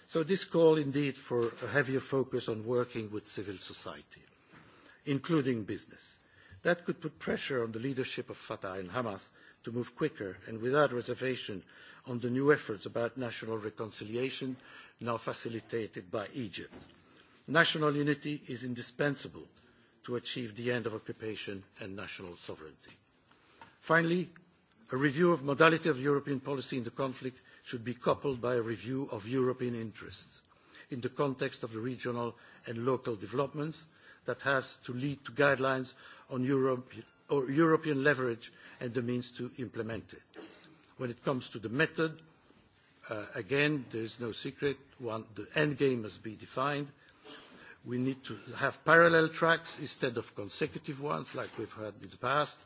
So this call indeed for a heavier focus on working with civil society, including business. That could put pressure on the leadership of Fatah and Hamas to move quicker and without reservation on the new efforts about national reconciliation now facilitated by Egypt. National unity is indispensable to achieve the end of occupation and national sovereignty. Finally, a review of modality of european policy in the conflict should be coupled by a review of european interests in the context of the regional and local developments that has to lead to guidelines on or european leverage and the means to implement it. when it comes to the method uh, again there is no secret One, the end game must be defined we need to have parallel tracks instead of consecutive ones like we've had in the past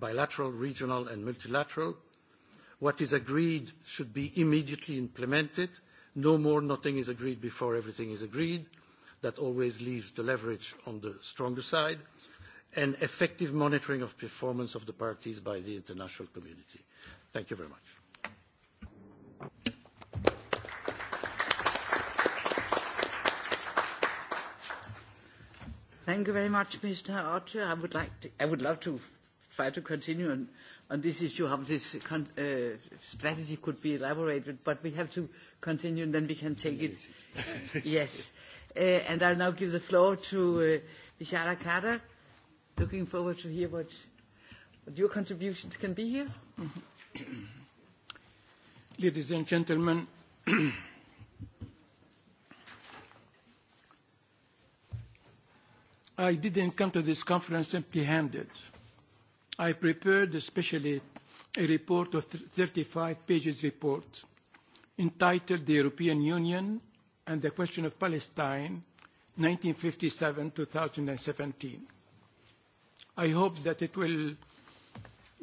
bilateral, regional and multilateral. What is agreed should be immediately implemented. No more nothing is agreed before everything is agreed. That always leaves the leverage on the stronger side. And effective monitoring of performance of the parties by the international community. Thank you very much. Thank you very much,
Mr. Archer. I would would love to try to continue on, on this issue, how this con uh, strategy could be elaborated, but we have to continue and then we can take it. *laughs* yes. Uh, and I'll now give the floor to uh, Kada. Looking forward to hear what, what your contributions can be here. Mm-hmm.
Ladies and gentlemen, *clears throat* I didn't come to this conference empty-handed. I prepared especially a report of 35 pages report entitled The European Union and the Question of Palestine, 1957-2017. I hope that it will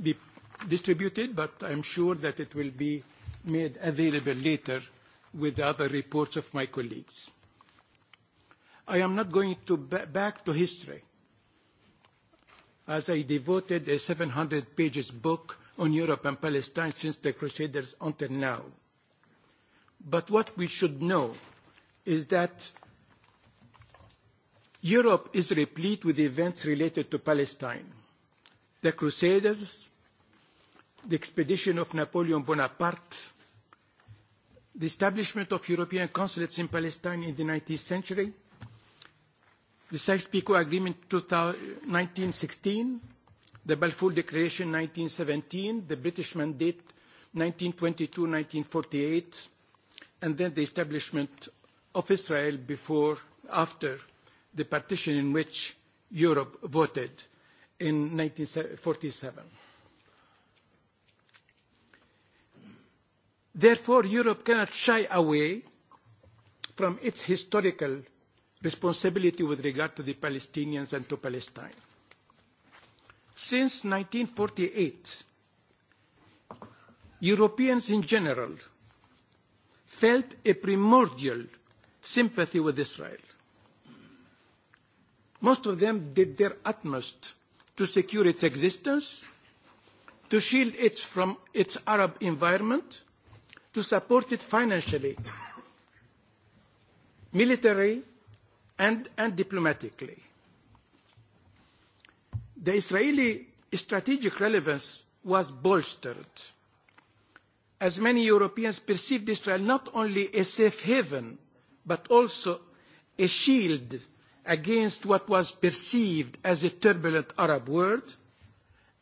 be distributed, but I am sure that it will be made available later with the other reports of my colleagues. I am not going to back to history as I devoted a uh, 700 pages book on Europe and Palestine since the Crusaders until now. But what we should know is that Europe is replete with events related to Palestine. The Crusaders, the expedition of Napoleon Bonaparte, the establishment of European consulates in Palestine in the 19th century, the Sykes-Picot Agreement 1916, the Balfour Declaration 1917, the British Mandate 1922-1948, and then the establishment of Israel before, after the partition in which Europe voted in 1947. Therefore, Europe cannot shy away from its historical responsibility with regard to the Palestinians and to Palestine. Since 1948, Europeans in general felt a primordial sympathy with Israel. Most of them did their utmost to secure its existence, to shield it from its Arab environment, to support it financially, military, and, and diplomatically. The Israeli strategic relevance was bolstered as many Europeans perceived Israel not only a safe haven, but also a shield against what was perceived as a turbulent Arab world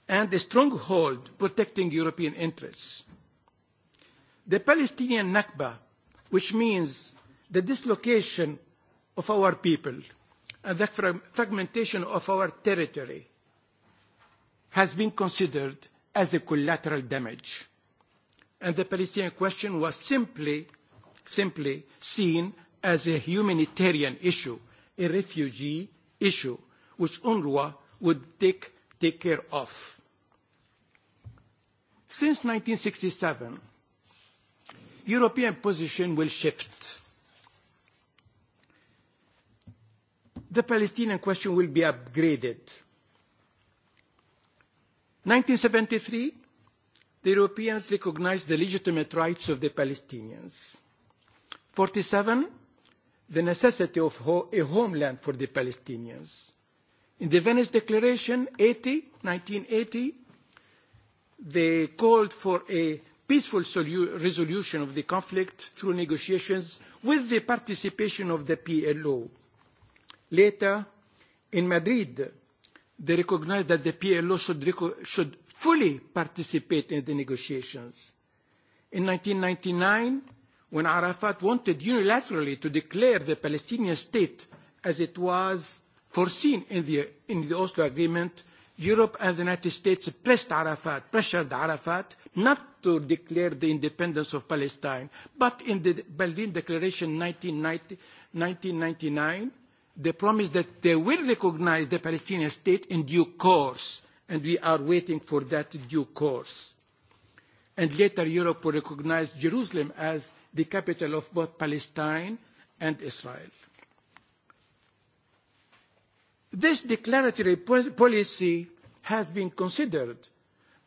and a stronghold protecting European interests. The Palestinian Nakba, which means the dislocation of our people and the fragmentation of our territory has been considered as a collateral damage. And the Palestinian question was simply, simply seen as a humanitarian issue, a refugee issue, which UNRWA would take, take care of. Since 1967, European position will shift the Palestinian question will be upgraded. 1973, the Europeans recognized the legitimate rights of the Palestinians. 47, the necessity of ho a homeland for the Palestinians. In the Venice Declaration 80, 1980, they called for a peaceful resolution of the conflict through negotiations with the participation of the PLO. Later, in Madrid, they recognized that the PLO should, should fully participate in the negotiations. In 1999, when Arafat wanted unilaterally to declare the Palestinian state as it was foreseen in the, in the Oslo Agreement, Europe and the United States pressed Arafat, pressured Arafat not to declare the independence of Palestine. But in the Berlin Declaration 1990, 1999, They promise that they will recognize the Palestinian state in due course, and we are waiting for that due course. And later Europe will recognize Jerusalem as the capital of both Palestine and Israel. This declaratory policy has been considered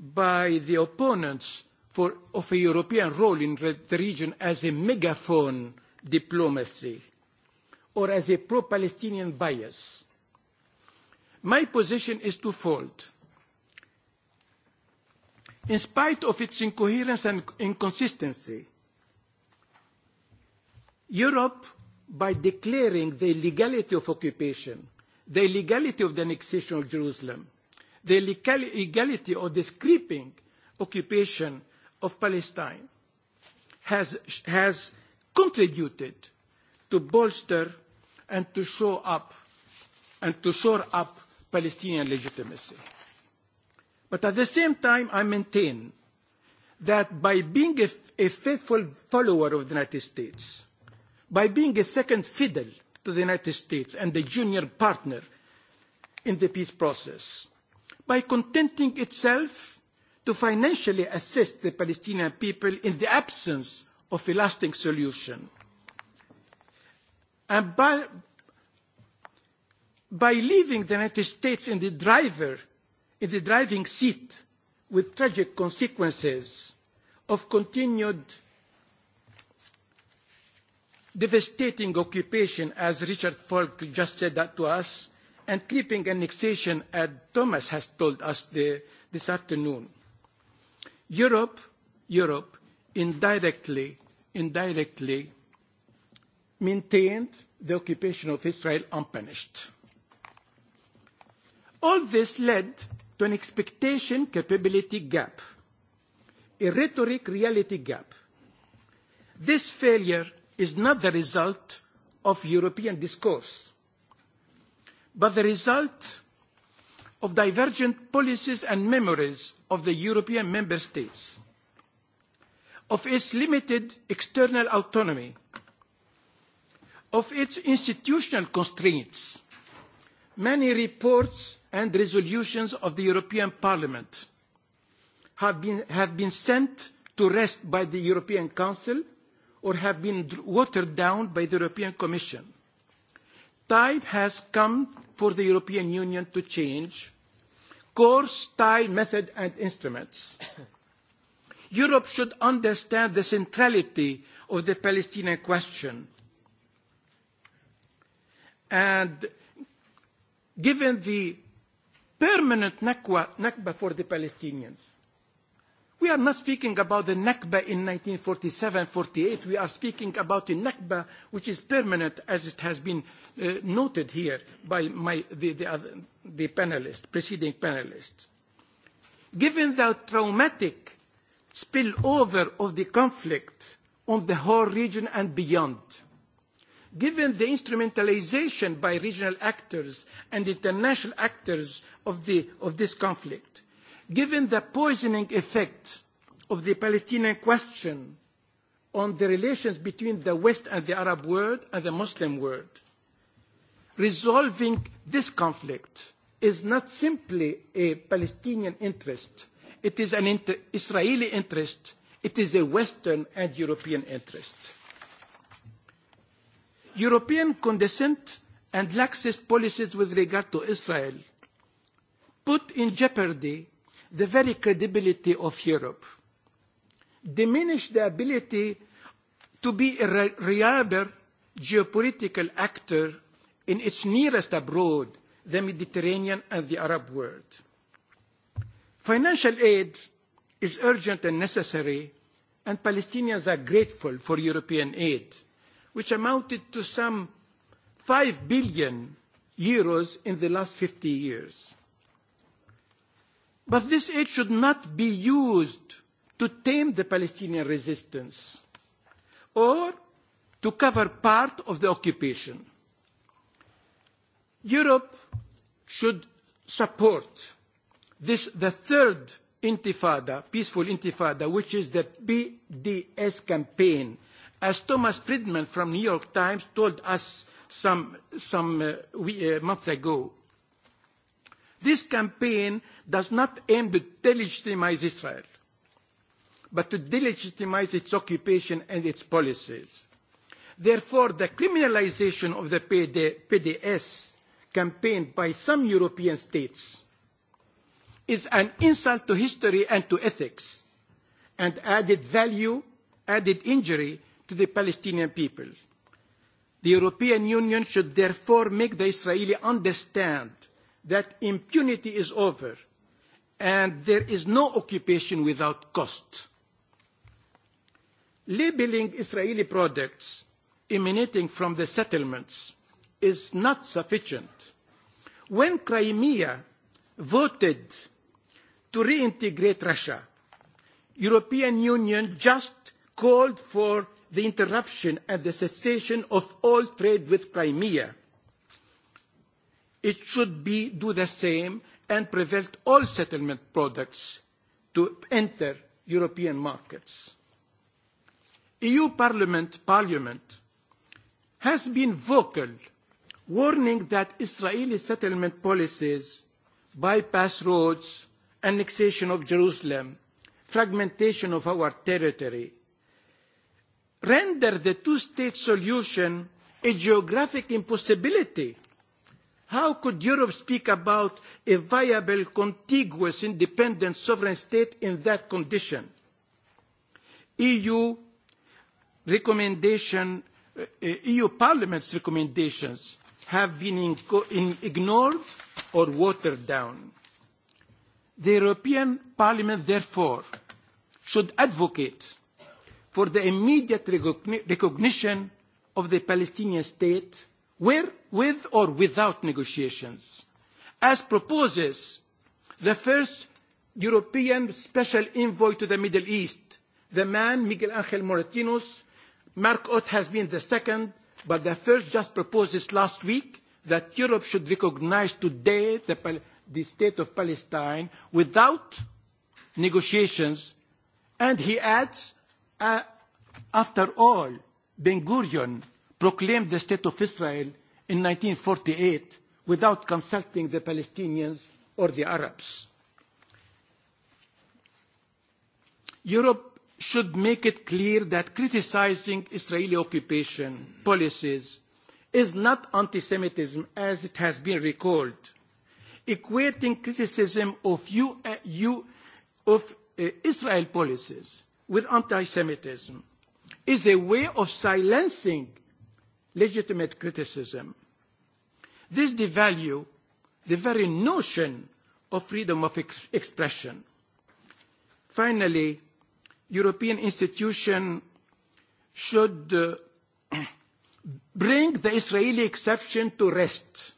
by the opponents for, of a European role in the region as a megaphone diplomacy or as a pro-Palestinian bias. My position is twofold. In spite of its incoherence and inconsistency, Europe, by declaring the illegality of occupation, the illegality of the annexation of Jerusalem, the legality of the creeping occupation of Palestine has, has contributed to bolster and to show up and to shore up Palestinian legitimacy. But at the same time, I maintain that by being a, faithful follower of the United States, by being a second fiddle to the United States and a junior partner in the peace process, by contenting itself to financially assist the Palestinian people in the absence of a lasting solution, And by, leaving the United States in the driver, in the driving seat, with tragic consequences of continued devastating occupation, as Richard Falk just said that to us, and creeping annexation, as Thomas has told us this afternoon. Europe, Europe indirectly, indirectly maintained the occupation of Israel unpunished. All this led to an expectation capability gap, a rhetoric reality gap. This failure is not the result of European discourse, but the result of divergent policies and memories of the European member states, of its limited external autonomy of its institutional constraints. Many reports and resolutions of the European Parliament have been, have been sent to rest by the European Council or have been watered down by the European Commission. Time has come for the European Union to change course, style, method and instruments. Europe should understand the centrality of the Palestinian question And given the permanent Nakba, Nakba for the Palestinians, we are not speaking about the Nakba in 1947-48. We are speaking about a Nakba which is permanent, as it has been uh, noted here by my, the, the, other, the panelist, preceding panelists. Given the traumatic spillover of the conflict on the whole region and beyond, Given the instrumentalization by regional actors and international actors of, the, of this conflict, given the poisoning effect of the Palestinian question on the relations between the West and the Arab world and the Muslim world, resolving this conflict is not simply a Palestinian interest, it is an Israeli interest, it is a Western and European interest. European condescent and laxist policies with regard to Israel put in jeopardy the very credibility of Europe, diminish the ability to be a reliable geopolitical actor in its nearest abroad, the Mediterranean and the Arab world. Financial aid is urgent and necessary, and Palestinians are grateful for European aid which amounted to some 5 billion euros in the last 50 years. But this aid should not be used to tame the Palestinian resistance or to cover part of the occupation. Europe should support this, the third intifada, peaceful intifada, which is the BDS campaign As Thomas Friedman from New York Times told us some, some uh, uh, months ago, this campaign does not aim to delegitimize Israel, but to delegitimize its occupation and its policies. Therefore, the criminalization of the PDS campaign by some European states is an insult to history and to ethics, and added value, added injury to the Palestinian people. The European Union should therefore make the Israeli understand that impunity is over and there is no occupation without cost. Labelling Israeli products emanating from the settlements is not sufficient. When Crimea voted to reintegrate Russia, European Union just called for the interruption and the cessation of all trade with Crimea. It should do the same and prevent all settlement products to enter European markets. EU Parliament, Parliament has been vocal warning that Israeli settlement policies, bypass roads, annexation of Jerusalem, fragmentation of our territory, render the two-state solution a geographic impossibility. How could Europe speak about a viable, contiguous, independent sovereign state in that condition? EU uh, e Parliament's recommendations have been ignored or watered down. The European Parliament, therefore, should advocate for the immediate recognition of the Palestinian state, where, with or without negotiations, as proposes the first European Special Envoy to the Middle East, the man Miguel Angel Moratinos. Mark Ott has been the second, but the first just proposed this last week that Europe should recognise today the, the state of Palestine without negotiations. And he adds Uh, after all, Ben Gurion proclaimed the state of Israel in 1948 without consulting the Palestinians or the Arabs. Europe should make it clear that criticizing Israeli occupation policies is not anti-Semitism as it has been recalled. Equating criticism of, U, uh, of uh, Israel policies with anti-Semitism is a way of silencing legitimate criticism. This devalues the very notion of freedom of expression. Finally, European institutions should uh, *clears throat* bring the Israeli exception to rest.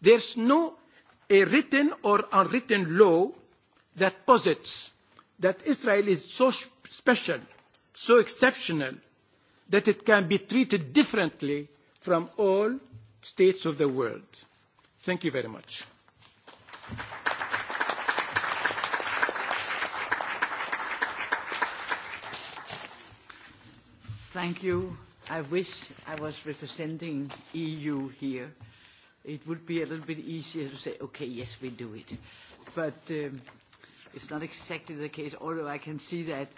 There's no written or unwritten law that posits that Israel is so special, so exceptional, that it can be treated differently from all states of the world. Thank you very much.
Thank you. I wish I was representing EU here. It would be a little bit easier to say, okay, yes, we do it. But um, It's not exactly the case, although I can see that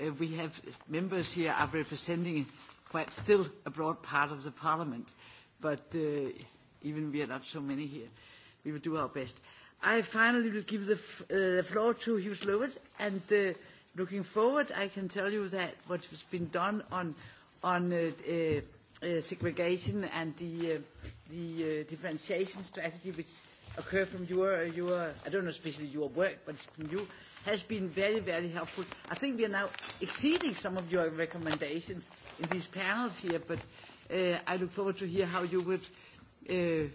uh, we have members here are representing quite still a broad part of the parliament, but uh, even we are not so many here. We will do our best. I finally will give the, f uh, floor to Hugh Slowett, and uh, looking forward, I can tell you that what has been done on, on uh, uh, uh segregation and the, the differentiation strategy, which occur from your, your, I don't know, especially your work, but from you, has been very, very helpful. I think we are now exceeding some of your recommendations in these panels here, but uh, I look forward to hear how you would, uh,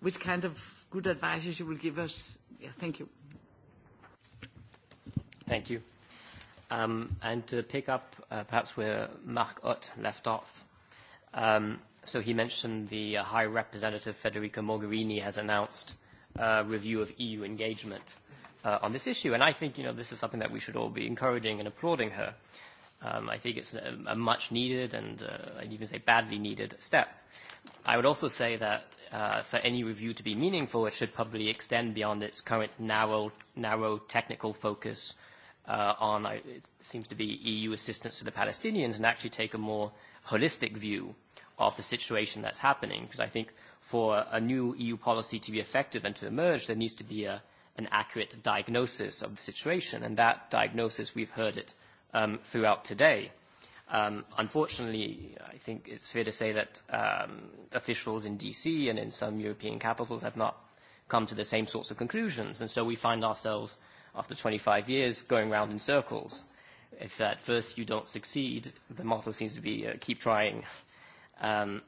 which kind of good advices you will give us. Yeah, thank you.
Thank you. Um, and to pick up uh, perhaps where Mark Ott left off, um, so he mentioned the uh, High Representative Federica Mogherini has announced uh, review of EU engagement uh, on this issue. And I think, you know, this is something that we should all be encouraging and applauding her. Um, I think it's a, a much needed and uh, I'd even say badly needed step. I would also say that uh, for any review to be meaningful, it should probably extend beyond its current narrow, narrow technical focus uh, on, uh, it seems to be EU assistance to the Palestinians and actually take a more holistic view of the situation that's happening. Because I think for a new EU policy to be effective and to emerge, there needs to be a, an accurate diagnosis of the situation. And that diagnosis, we've heard it um, throughout today. Um, unfortunately, I think it's fair to say that um, officials in DC and in some European capitals have not come to the same sorts of conclusions. And so we find ourselves, after 25 years, going round in circles. If at first you don't succeed, the motto seems to be uh, keep trying Um,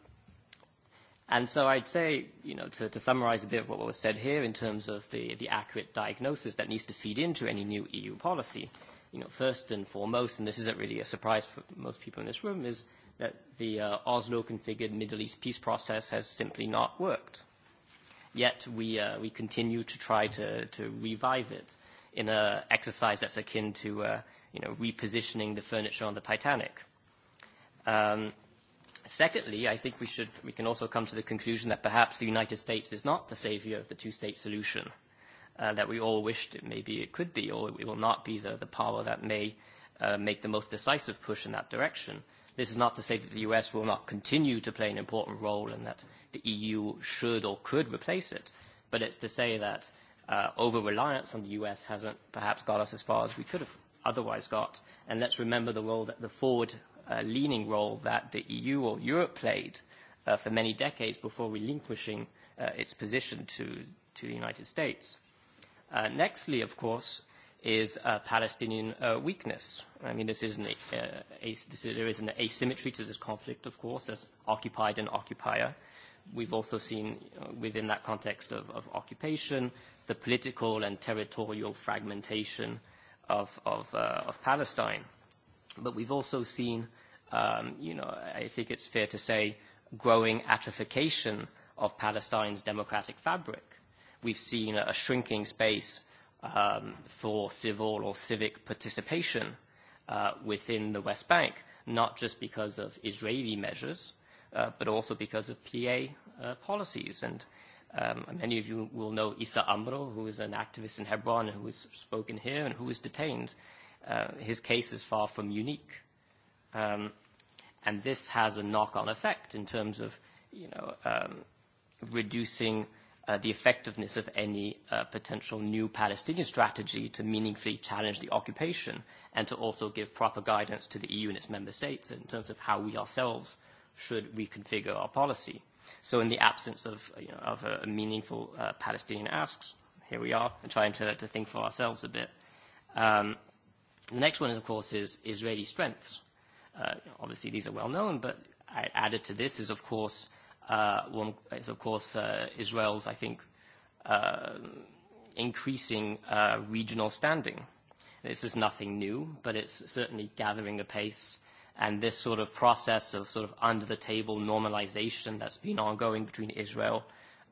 and so I'd say, you know, to, to summarize a bit of what was said here in terms of the, the accurate diagnosis that needs to feed into any new EU policy, you know, first and foremost, and this isn't really a surprise for most people in this room, is that the uh, Oslo-configured Middle East peace process has simply not worked. Yet we, uh, we continue to try to, to revive it in an exercise that's akin to, uh, you know, repositioning the furniture on the Titanic. Um, Secondly, I think we, should, we can also come to the conclusion that perhaps the United States is not the savior of the two-state solution uh, that we all wished it maybe it could be, or it will not be the, the power that may uh, make the most decisive push in that direction. This is not to say that the U.S. will not continue to play an important role and that the EU should or could replace it, but it's to say that uh, over-reliance on the U.S. hasn't perhaps got us as far as we could have otherwise got. And let's remember the role that the forward a leaning role that the EU or Europe played uh, for many decades before relinquishing uh, its position to, to the United States. Uh, nextly, of course, is uh, Palestinian weakness. I mean, this isn't a, is, there is an asymmetry to this conflict, of course, as occupied and occupier. We've also seen within that context of, of occupation the political and territorial fragmentation of, of, of Palestine. But we've also seen, um, you know, I think it's fair to say, growing atrophication of Palestine's democratic fabric. We've seen a shrinking space um, for civil or civic participation uh, within the West Bank, not just because of Israeli measures, uh, but also because of PA policies. And um, many of you will know Issa Amro, who is an activist in Hebron, who has spoken here and who was detained. Uh, his case is far from unique. Um, and this has a knock-on effect in terms of, you know, um, reducing uh, the effectiveness of any uh, potential new Palestinian strategy to meaningfully challenge the occupation and to also give proper guidance to the EU and its member states in terms of how we ourselves should reconfigure our policy. So in the absence of, you know, of a meaningful uh, Palestinian asks, here we are, and trying to, to think for ourselves a bit. Um, The next one, of course, is Israeli strengths. Uh, obviously, these are well known, but added to this is, of course, uh, one, is of course uh, Israel's, I think, uh, increasing regional standing. This is nothing new, but it's certainly gathering a pace. And this sort of process of sort of under the table normalization that's been ongoing between Israel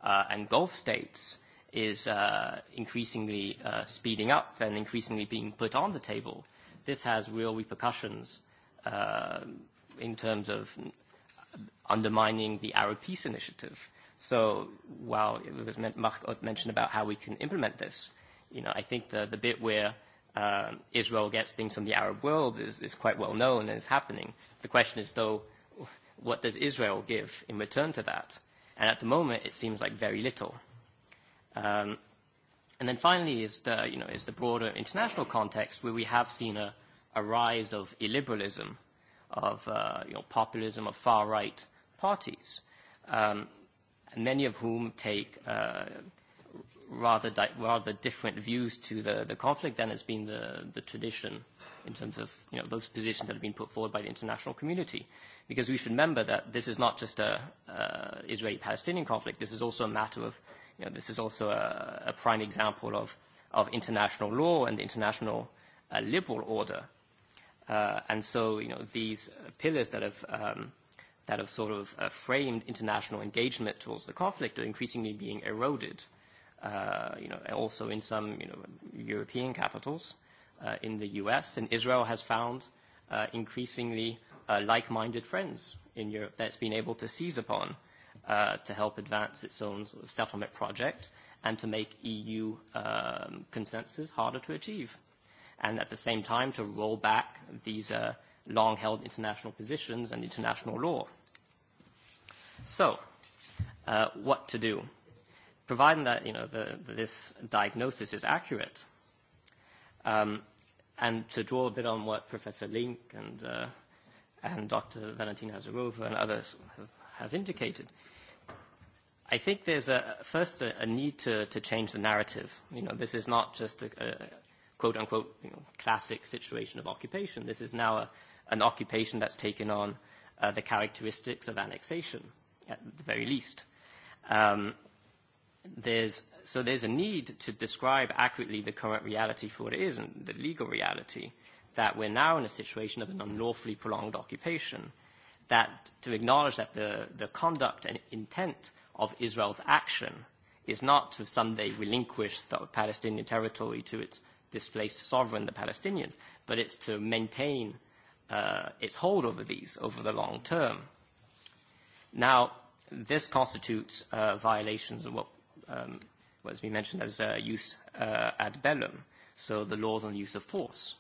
uh, and Gulf states is uh, increasingly uh, speeding up and increasingly being put on the table, this has real repercussions uh, in terms of undermining the Arab peace initiative. So while it was mentioned about how we can implement this, you know, I think the, the bit where uh, Israel gets things from the Arab world is, is quite well known and is happening. The question is, though, what does Israel give in return to that? And at the moment, it seems like very little. Um, and then finally is the, you know, is the broader international context where we have seen a, rise of illiberalism, of uh, you know, populism, of far-right parties, um, many of whom take uh, rather, different views to the, conflict than has been the, tradition in terms of you know, those positions that have been put forward by the international community. Because we should remember that this is not just a uh, Israeli-Palestinian conflict, this is also a matter of You this is also a, prime example of, of international law and the international uh, liberal order. Uh, and so, you know, these pillars that have, um, that have sort of uh, framed international engagement towards the conflict are increasingly being eroded, uh, you know, also in some, you know, European capitals, uh, in the US, and Israel has found uh, increasingly uh, like-minded friends in Europe that's been able to seize upon Uh, to help advance its own sort of settlement project and to make EU um, consensus harder to achieve. And at the same time, to roll back these uh, long-held international positions and international law. So, uh, what to do? Providing that you know the, the, this diagnosis is accurate, um, and to draw a bit on what Professor Link and, uh, and Dr. Valentina Zarova and others have, have indicated, i think there's a, first a, need to, to change the narrative. You know, this is not just a, a quote unquote you know, classic situation of occupation. This is now a, an occupation that's taken on uh, the characteristics of annexation, at the very least. Um, there's, so there's a need to describe accurately the current reality for what it is, and the legal reality, that we're now in a situation of an unlawfully prolonged occupation, that to acknowledge that the, the conduct and intent of Israel's action is not to someday relinquish the Palestinian territory to its displaced sovereign, the Palestinians, but it's to maintain uh, its hold over these over the long term. Now, this constitutes uh, violations of what, um, what has been mentioned as uh, use uh, ad bellum, so the laws on the use of force.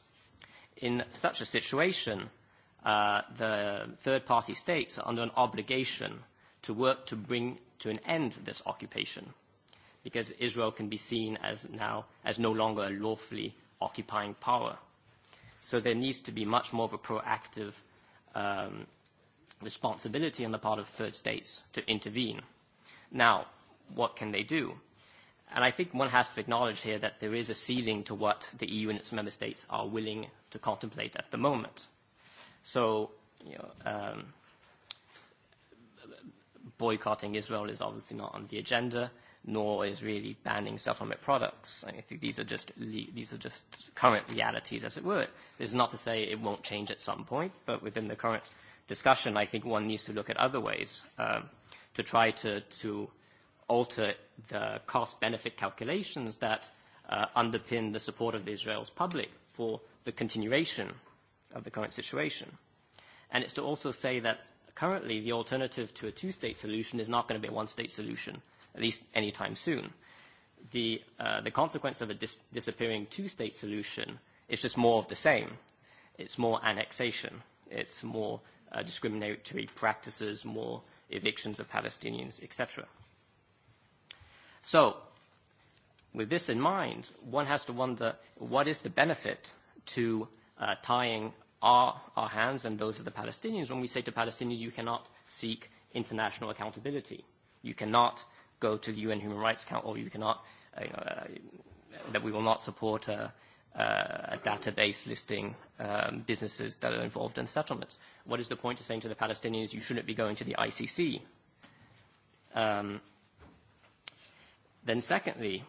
In such a situation, uh, the third-party states are under an obligation to work to bring to an end this occupation because Israel can be seen as now as no longer a lawfully occupying power. So there needs to be much more of a proactive um, responsibility on the part of third states to intervene. Now, what can they do? And I think one has to acknowledge here that there is a ceiling to what the EU and its member states are willing to contemplate at the moment. So, you know, um, boycotting Israel is obviously not on the agenda, nor is really banning settlement products. I think these are just these are just current realities, as it were. This is not to say it won't change at some point, but within the current discussion, I think one needs to look at other ways um, to try to, to alter the cost-benefit calculations that uh, underpin the support of Israel's public for the continuation of the current situation. And it's to also say that currently the alternative to a two-state solution is not going to be a one-state solution, at least anytime soon. The, uh, the consequence of a dis disappearing two-state solution is just more of the same. It's more annexation. It's more uh, discriminatory practices, more evictions of Palestinians, etc. So, with this in mind, one has to wonder what is the benefit to uh, tying our our hands and those of the Palestinians when we say to Palestinians, you cannot seek international accountability. You cannot go to the UN Human Rights Council, or you cannot, you uh, know, uh, that we will not support a, uh, a database listing um, businesses that are involved in settlements. What is the point of saying to the Palestinians, you shouldn't be going to the ICC? Um, then secondly,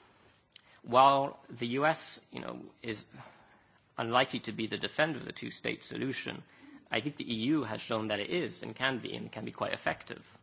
while the US, you know, is unlikely to be the defender of the two-state solution, I think the EU has shown that it is and can be and can be quite effective.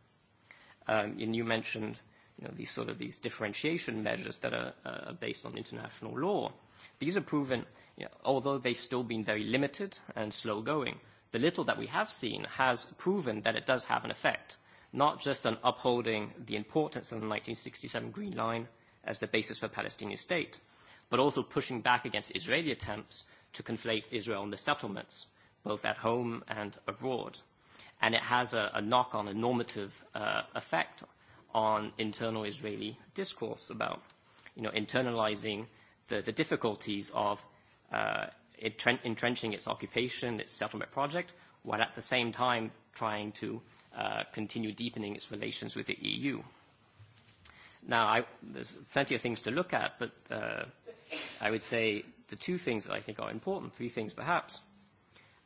Um, and you mentioned you know, these sort of these differentiation measures that are uh, based on international law. These are proven, you know, although they've still been very limited and slow going, the little that we have seen has proven that it does have an effect, not just on upholding the importance of the 1967 Green Line as the basis for Palestinian state, but also pushing back against Israeli attempts to conflate Israel and the settlements, both at home and abroad. And it has a, a knock-on, a normative uh, effect on internal Israeli discourse about, you know, internalizing the, the difficulties of uh, entrenching its occupation, its settlement project, while at the same time trying to uh, continue deepening its relations with the EU. Now, I, there's plenty of things to look at, but uh, I would say the two things that I think are important, three things perhaps.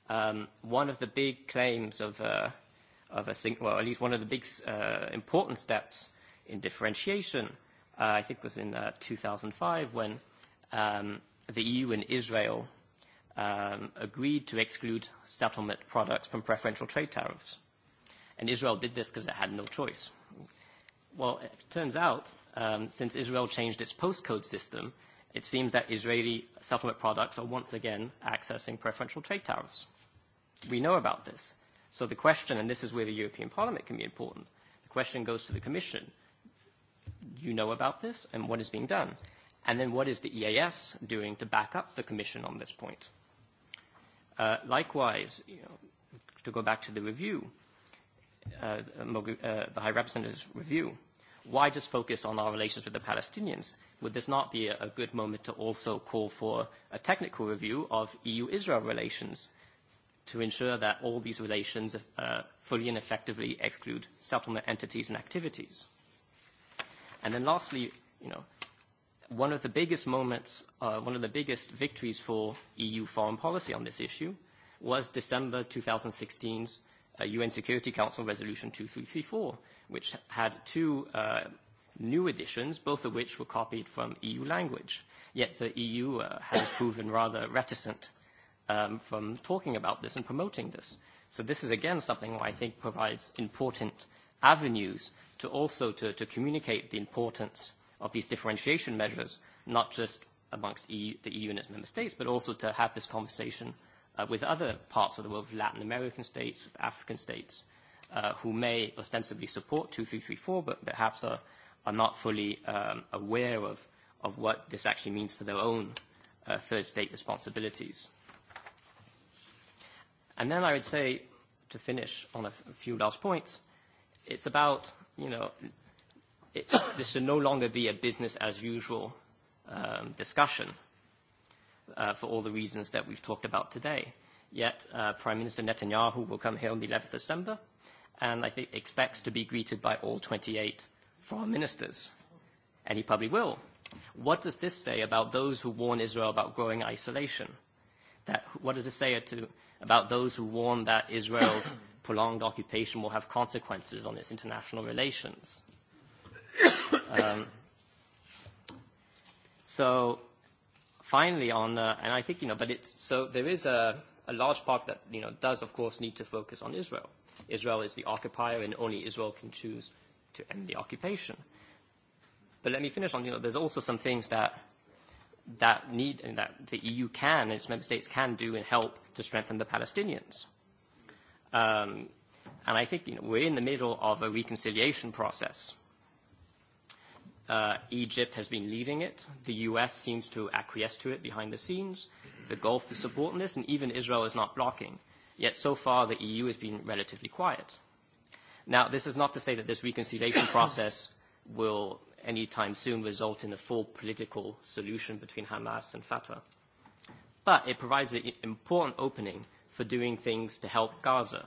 Um, one of the big claims of, uh, of a single, well, at least one of the big uh, important steps in differentiation, uh, I think was in uh, 2005 when um, the EU and Israel um, agreed to exclude settlement products from preferential trade tariffs. And Israel did this because it had no choice. Well, it turns out, um, since Israel changed its postcode system, it seems that Israeli settlement products are once again accessing preferential trade tariffs. We know about this. So the question, and this is where the European Parliament can be important, the question goes to the Commission. You know about this, and what is being done? And then what is the EAS doing to back up the Commission on this point? Uh, likewise, you know, to go back to the review, uh, uh, the High Representative's review, why just focus on our relations with the Palestinians? Would this not be a, good moment to also call for a technical review of EU-Israel relations to ensure that all these relations uh, fully and effectively exclude settlement entities and activities? And then lastly, you know, one of the biggest moments, uh, one of the biggest victories for EU foreign policy on this issue was December 2016's UN Security Council Resolution 2334, which had two uh, new additions, both of which were copied from EU language. Yet the EU uh, has proven rather reticent um, from talking about this and promoting this. So this is again something I think provides important avenues to also to, to communicate the importance of these differentiation measures, not just amongst EU, the EU and its member states, but also to have this conversation – Uh, with other parts of the world, Latin American states, African states, uh, who may ostensibly support 2334, but perhaps are, are not fully um, aware of, of what this actually means for their own uh, third state responsibilities. And then I would say, to finish on a few last points, it's about, you know, it, this should no longer be a business as usual um, discussion uh, for all the reasons that we've talked about today. Yet uh, Prime Minister Netanyahu will come here on the 11th of December and I think expects to be greeted by all 28 foreign ministers. And he probably will. What does this say about those who warn Israel about growing isolation? That, what does it say to, about those who warn that Israel's *coughs* prolonged occupation will have consequences on its international relations? *coughs* Um, so finally on, uh, and I think, you know, but it's, so there is a, a large part that, you know, does of course need to focus on Israel. Israel is the occupier and only Israel can choose to end the occupation. But let me finish on, you know, there's also some things that, that need and that the EU can and its member states can do and help to strengthen the Palestinians. Um, and I think, you know, we're in the middle of a reconciliation process Uh, Egypt has been leading it. The U.S. seems to acquiesce to it behind the scenes. The Gulf is supporting this, and even Israel is not blocking. Yet so far, the EU has been relatively quiet. Now, this is not to say that this reconciliation *coughs* process will anytime soon result in a full political solution between Hamas and Fatah. But it provides an important opening for doing things to help Gaza,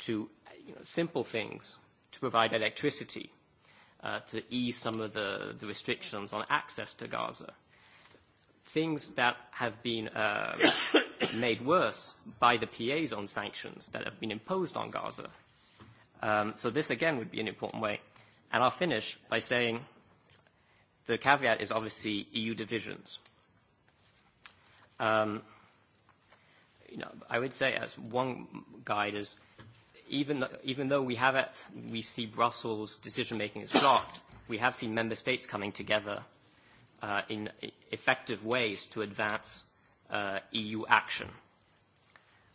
to you know, simple things, to provide electricity, Uh, to ease some of the, restrictions on access to Gaza. Things that have been uh, *coughs* made worse by the PA's on sanctions that have been imposed on Gaza. Um, so this, again, would be an important way. And I'll finish by saying the caveat is obviously EU divisions. Um, I would say as one guide is – even, even though we have it, we see Brussels decision-making is blocked, we have seen member states coming together uh, in effective ways to advance uh, EU action,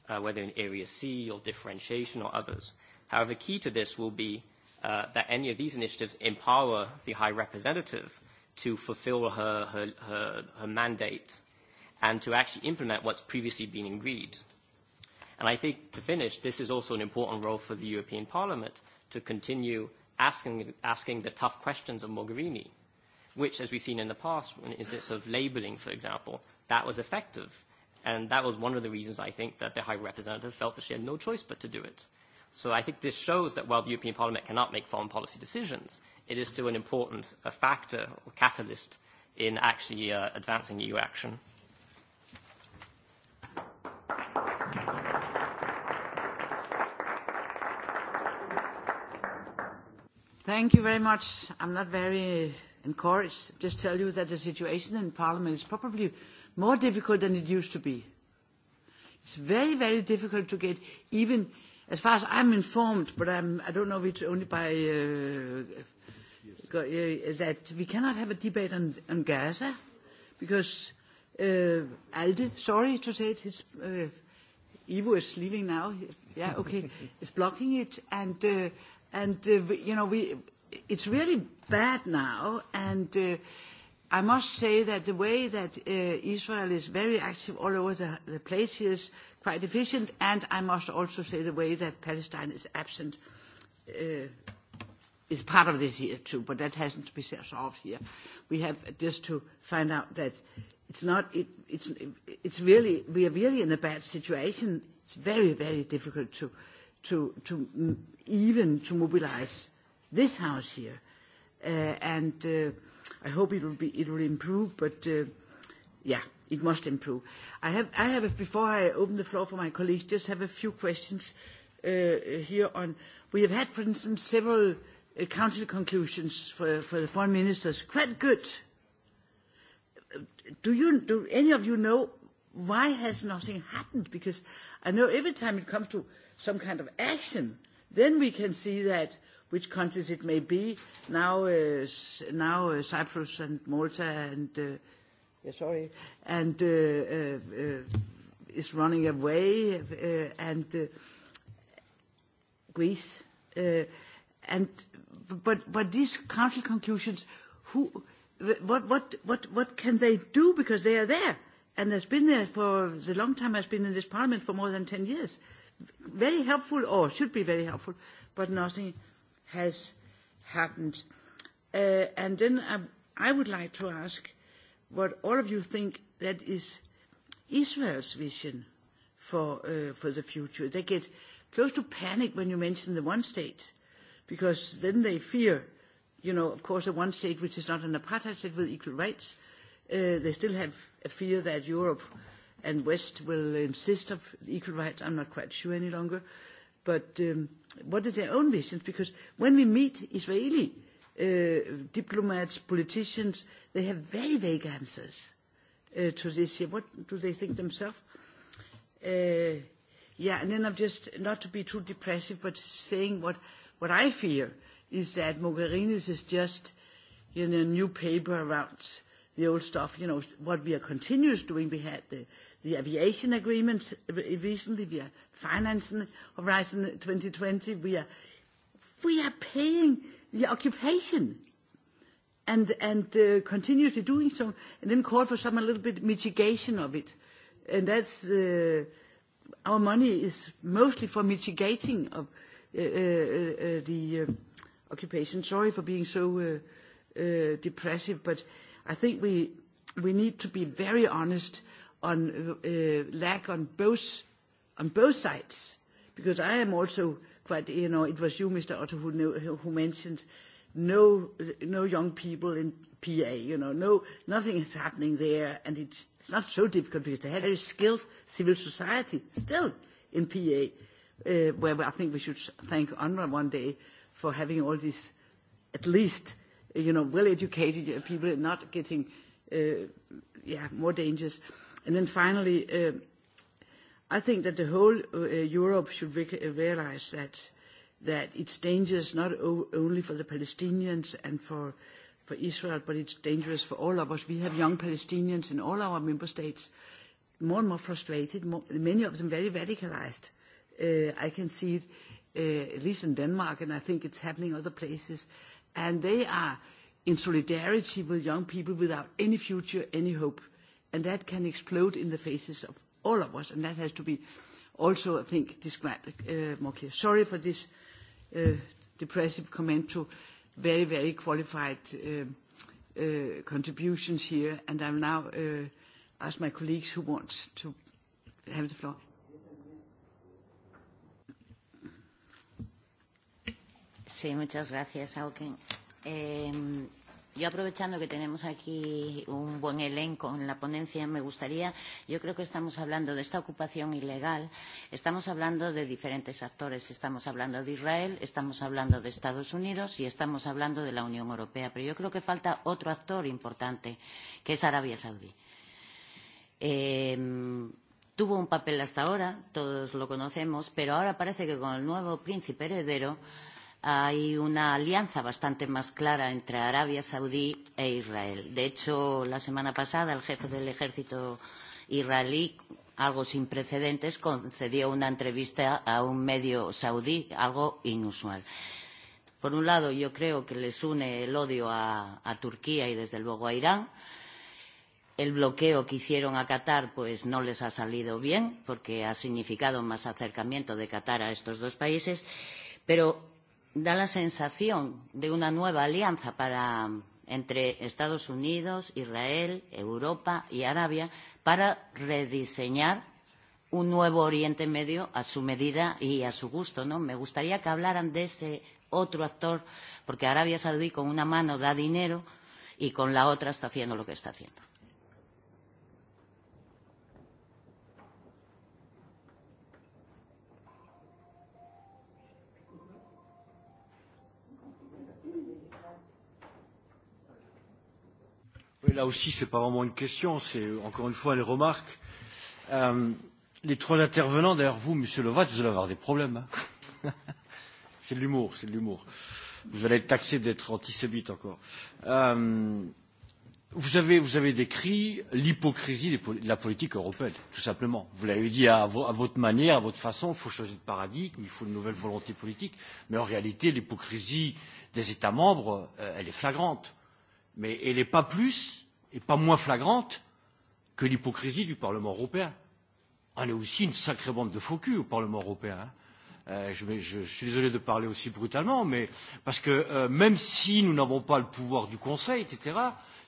uh, whether in Area C or differentiation or others. However, key to this will be that any of these initiatives empower the High Representative to fulfill her, her, her, mandate and to actually implement what's previously been agreed. And I think, to finish, this is also an important role for the European Parliament to continue asking, asking the tough questions of Mogherini, which, as we've seen in the past, in instance of labelling, for example, that was effective. And that was one of the reasons, I think, that the High Representative felt that she had no choice but to do it. So I think this shows that while the European Parliament cannot make foreign policy decisions, it is still an important a factor or catalyst in actually uh, advancing EU action.
Thank you very much. I'm not very encouraged. Just tell you that the situation in Parliament is probably more difficult than it used to be. It's very, very difficult to get even, as far as I'm informed, but I don't know if it's only by, uh, uh, that we cannot have a debate on, Gaza because uh, ALDE, sorry to say it, uh, Ivo is leaving now. Yeah, okay. is blocking it and... And, uh, you know, we, it's really bad now. And uh, I must say that the way that uh, Israel is very active all over the, place is quite efficient. And I must also say the way that Palestine is absent uh, is part of this here too, but that hasn't be solved here. We have just to find out that it's not, it, it's, it's really, we are really in a bad situation. It's very, very difficult to, to, to even to mobilize this house here. Uh, and uh, I hope it will, be, it will improve, but uh, yeah, it must improve. I have, I have, before I open the floor for my colleagues, just have a few questions uh, here on, we have had, for instance, several uh, council conclusions for, for the foreign ministers, quite good. Do, you, do any of you know why has nothing happened? Because I know every time it comes to some kind of action, then we can see that which countries it may be. Now, uh, now uh, Cyprus and Malta and, uh, yeah, sorry, and uh, uh, uh, is running away, and Greece. And but but these council conclusions, who, what what what what can they do because they are there, and has been there for the long time, has been in this parliament for more than 10 years very helpful or should be very helpful, but nothing has happened. Uh, and then I, I would like to ask what all of you think that is Israel's vision for, uh, for the future. They get close to panic when you mention the one state, because then they fear, you know, of course, a one state which is not an apartheid state with equal rights. Uh, they still have a fear that Europe and West will insist of equal rights. I'm not quite sure any longer. But um, what is their own vision? Because when we meet Israeli uh, diplomats, politicians, they have very vague answers uh, to this. What do they think themselves? Uh, yeah, and then I'm just, not to be too depressive, but saying what, what I fear is that Mogherini's is just, in a new paper around the old stuff, you know, what we are continuously doing. We had the the aviation agreement recently, we are financing Horizon 2020, we are, we are paying the occupation and, and uh, to doing so, and then call for some a little bit mitigation of it. And that's, uh, our money is mostly for mitigating of uh, uh, uh, the uh, occupation. Sorry for being so uh, uh, depressive, but I think we, we need to be very honest on uh, lack on both on both sides because I am also quite you know it was you Mr Otto who knew, who mentioned no no young people in PA you know no nothing is happening there and it's, it's not so difficult because they have very skilled civil society still in PA uh, where I think we should thank UNRWA one day for having all these at least you know well educated people not getting uh, yeah more dangerous. And finally, uh, I think that the whole uh, Europe should uh, realize that that it's dangerous not only for the Palestinians and for for Israel, but it's dangerous for all of us. We have young Palestinians in all our member states, more and more frustrated, many of them very radicalized. Uh, I can see it, at least in Denmark, and I think it's happening other places. And they are in solidarity with young people without any future, any hope and that can explode in the faces of all of us, and that has to be also, I think, described uh, more Sorry for this uh, depressive comment to very, very qualified uh, uh, contributions here, and I will now uh, ask my colleagues who want to have the floor.
Sí, muchas gracias, Auken. Eh, Yo aprovechando que tenemos aquí un buen elenco en la ponencia, me gustaría, yo creo que estamos hablando de esta ocupación ilegal, estamos hablando de diferentes actores, estamos hablando de Israel, estamos hablando de Estados Unidos y estamos hablando de la Unión Europea, pero yo creo que falta otro actor importante, que es Arabia Saudí. Eh, tuvo un papel hasta ahora, todos lo conocemos, pero ahora parece que con el nuevo príncipe heredero hay una alianza bastante más clara entre Arabia Saudí e Israel. De hecho, la semana pasada el jefe del ejército israelí, algo sin precedentes, concedió una entrevista a un medio saudí, algo inusual. Por un lado, yo creo que les une el odio a, Turquía y, desde luego, a Irán. El bloqueo que hicieron a Qatar pues, no les ha salido bien, porque ha significado más acercamiento de Qatar a estos dos países. Pero da la sensación de una nueva alianza para, entre Estados Unidos, Israel, Europa y Arabia para rediseñar un nuevo Oriente Medio a su medida y a su gusto. ¿no? Me gustaría que hablaran de ese otro actor, porque Arabia Saudí con una mano da dinero y con la otra está haciendo lo que está haciendo.
là aussi, ce n'est pas vraiment une question, c'est encore une fois les remarques. Euh, les trois intervenants, d'ailleurs vous, Monsieur Lovat, vous allez avoir des problèmes. Hein *laughs* c'est de l'humour, c'est de l'humour. Vous allez être taxé d'être antisémite encore. Euh, vous, avez, vous avez décrit l'hypocrisie de la politique européenne, tout simplement. Vous l'avez dit à, à votre manière, à votre façon, il faut changer de paradigme, il faut une nouvelle volonté politique. Mais en réalité, l'hypocrisie des États membres, euh, elle est flagrante. Mais elle n'est pas plus et pas moins flagrante que l'hypocrisie du Parlement européen. On est aussi une sacrée bande de faux culs au Parlement européen. Euh, je, je, je suis désolé de parler aussi brutalement, mais parce que euh, même si nous n'avons pas le pouvoir du Conseil, etc.,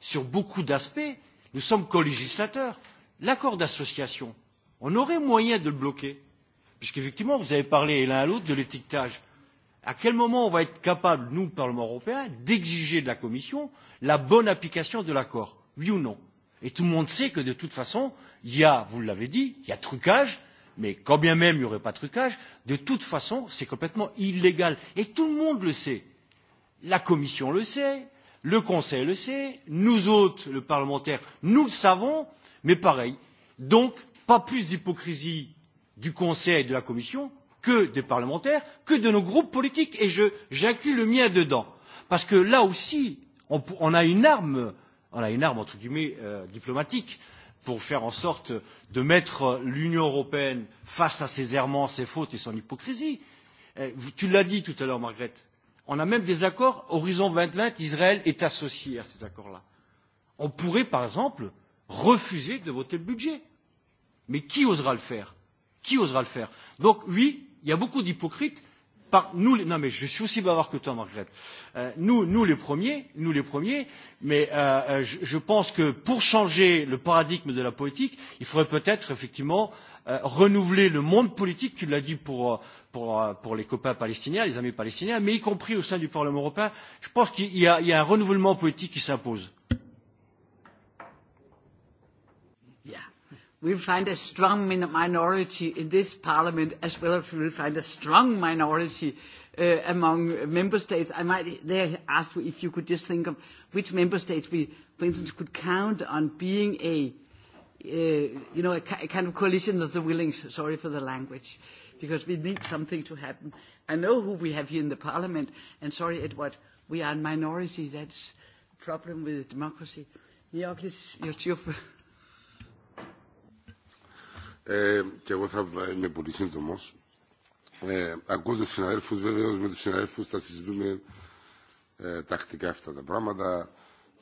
sur beaucoup d'aspects, nous sommes co-législateurs. L'accord d'association, on aurait moyen de le bloquer, puisqu'effectivement, vous avez parlé l'un à l'autre de l'étiquetage. À quel moment on va être capable, nous, Parlement européen, d'exiger de la Commission la bonne application de l'accord oui ou non? Et tout le monde sait que de toute façon, il y a, vous l'avez dit, il y a trucage, mais quand bien même il n'y aurait pas de trucage, de toute façon, c'est complètement illégal. Et tout le monde le sait. La Commission le sait, le Conseil le sait, nous autres, le parlementaire, nous le savons, mais pareil. Donc, pas plus d'hypocrisie du Conseil et de la Commission que des parlementaires, que de nos groupes politiques. Et j'inclus le mien dedans. Parce que là aussi, on, on a une arme on a une arme, entre guillemets, euh, diplomatique pour faire en sorte de mettre l'Union européenne face à ses errements, ses fautes et son hypocrisie. Euh, tu l'as dit tout à l'heure, Margaret. On a même des accords. Horizon 2020, Israël est associé à ces accords-là. On pourrait, par exemple, refuser de voter le budget. Mais qui osera le faire Qui osera le faire Donc oui, il y a beaucoup d'hypocrites par nous non mais je suis aussi bavard que toi Margaret euh, nous nous les premiers nous les premiers mais euh, euh, je, je pense que pour changer le paradigme de la politique il faudrait peut-être effectivement euh, renouveler le monde politique tu l'as dit pour euh, pour euh, pour les copains palestiniens les amis palestiniens mais y compris au sein du Parlement européen je pense qu'il y y a un renouvellement politique qui s'impose
we'll find a strong minority in this parliament as well as we'll find a strong minority uh, among member states. I might there ask you if you could just think of which member states we, for instance, could count on being a, uh, you know, a, kind of coalition of the willing. Sorry for the language, because we need something to happen. I know who we have here in the parliament, and sorry, Edward, we are a minority. That's a problem with democracy. you're
Ε, και εγώ θα είμαι πολύ σύντομο. Ε, ακούω του συναδέλφου, βεβαίω με του συναδέλφου θα συζητούμε ε, τακτικά αυτά τα πράγματα.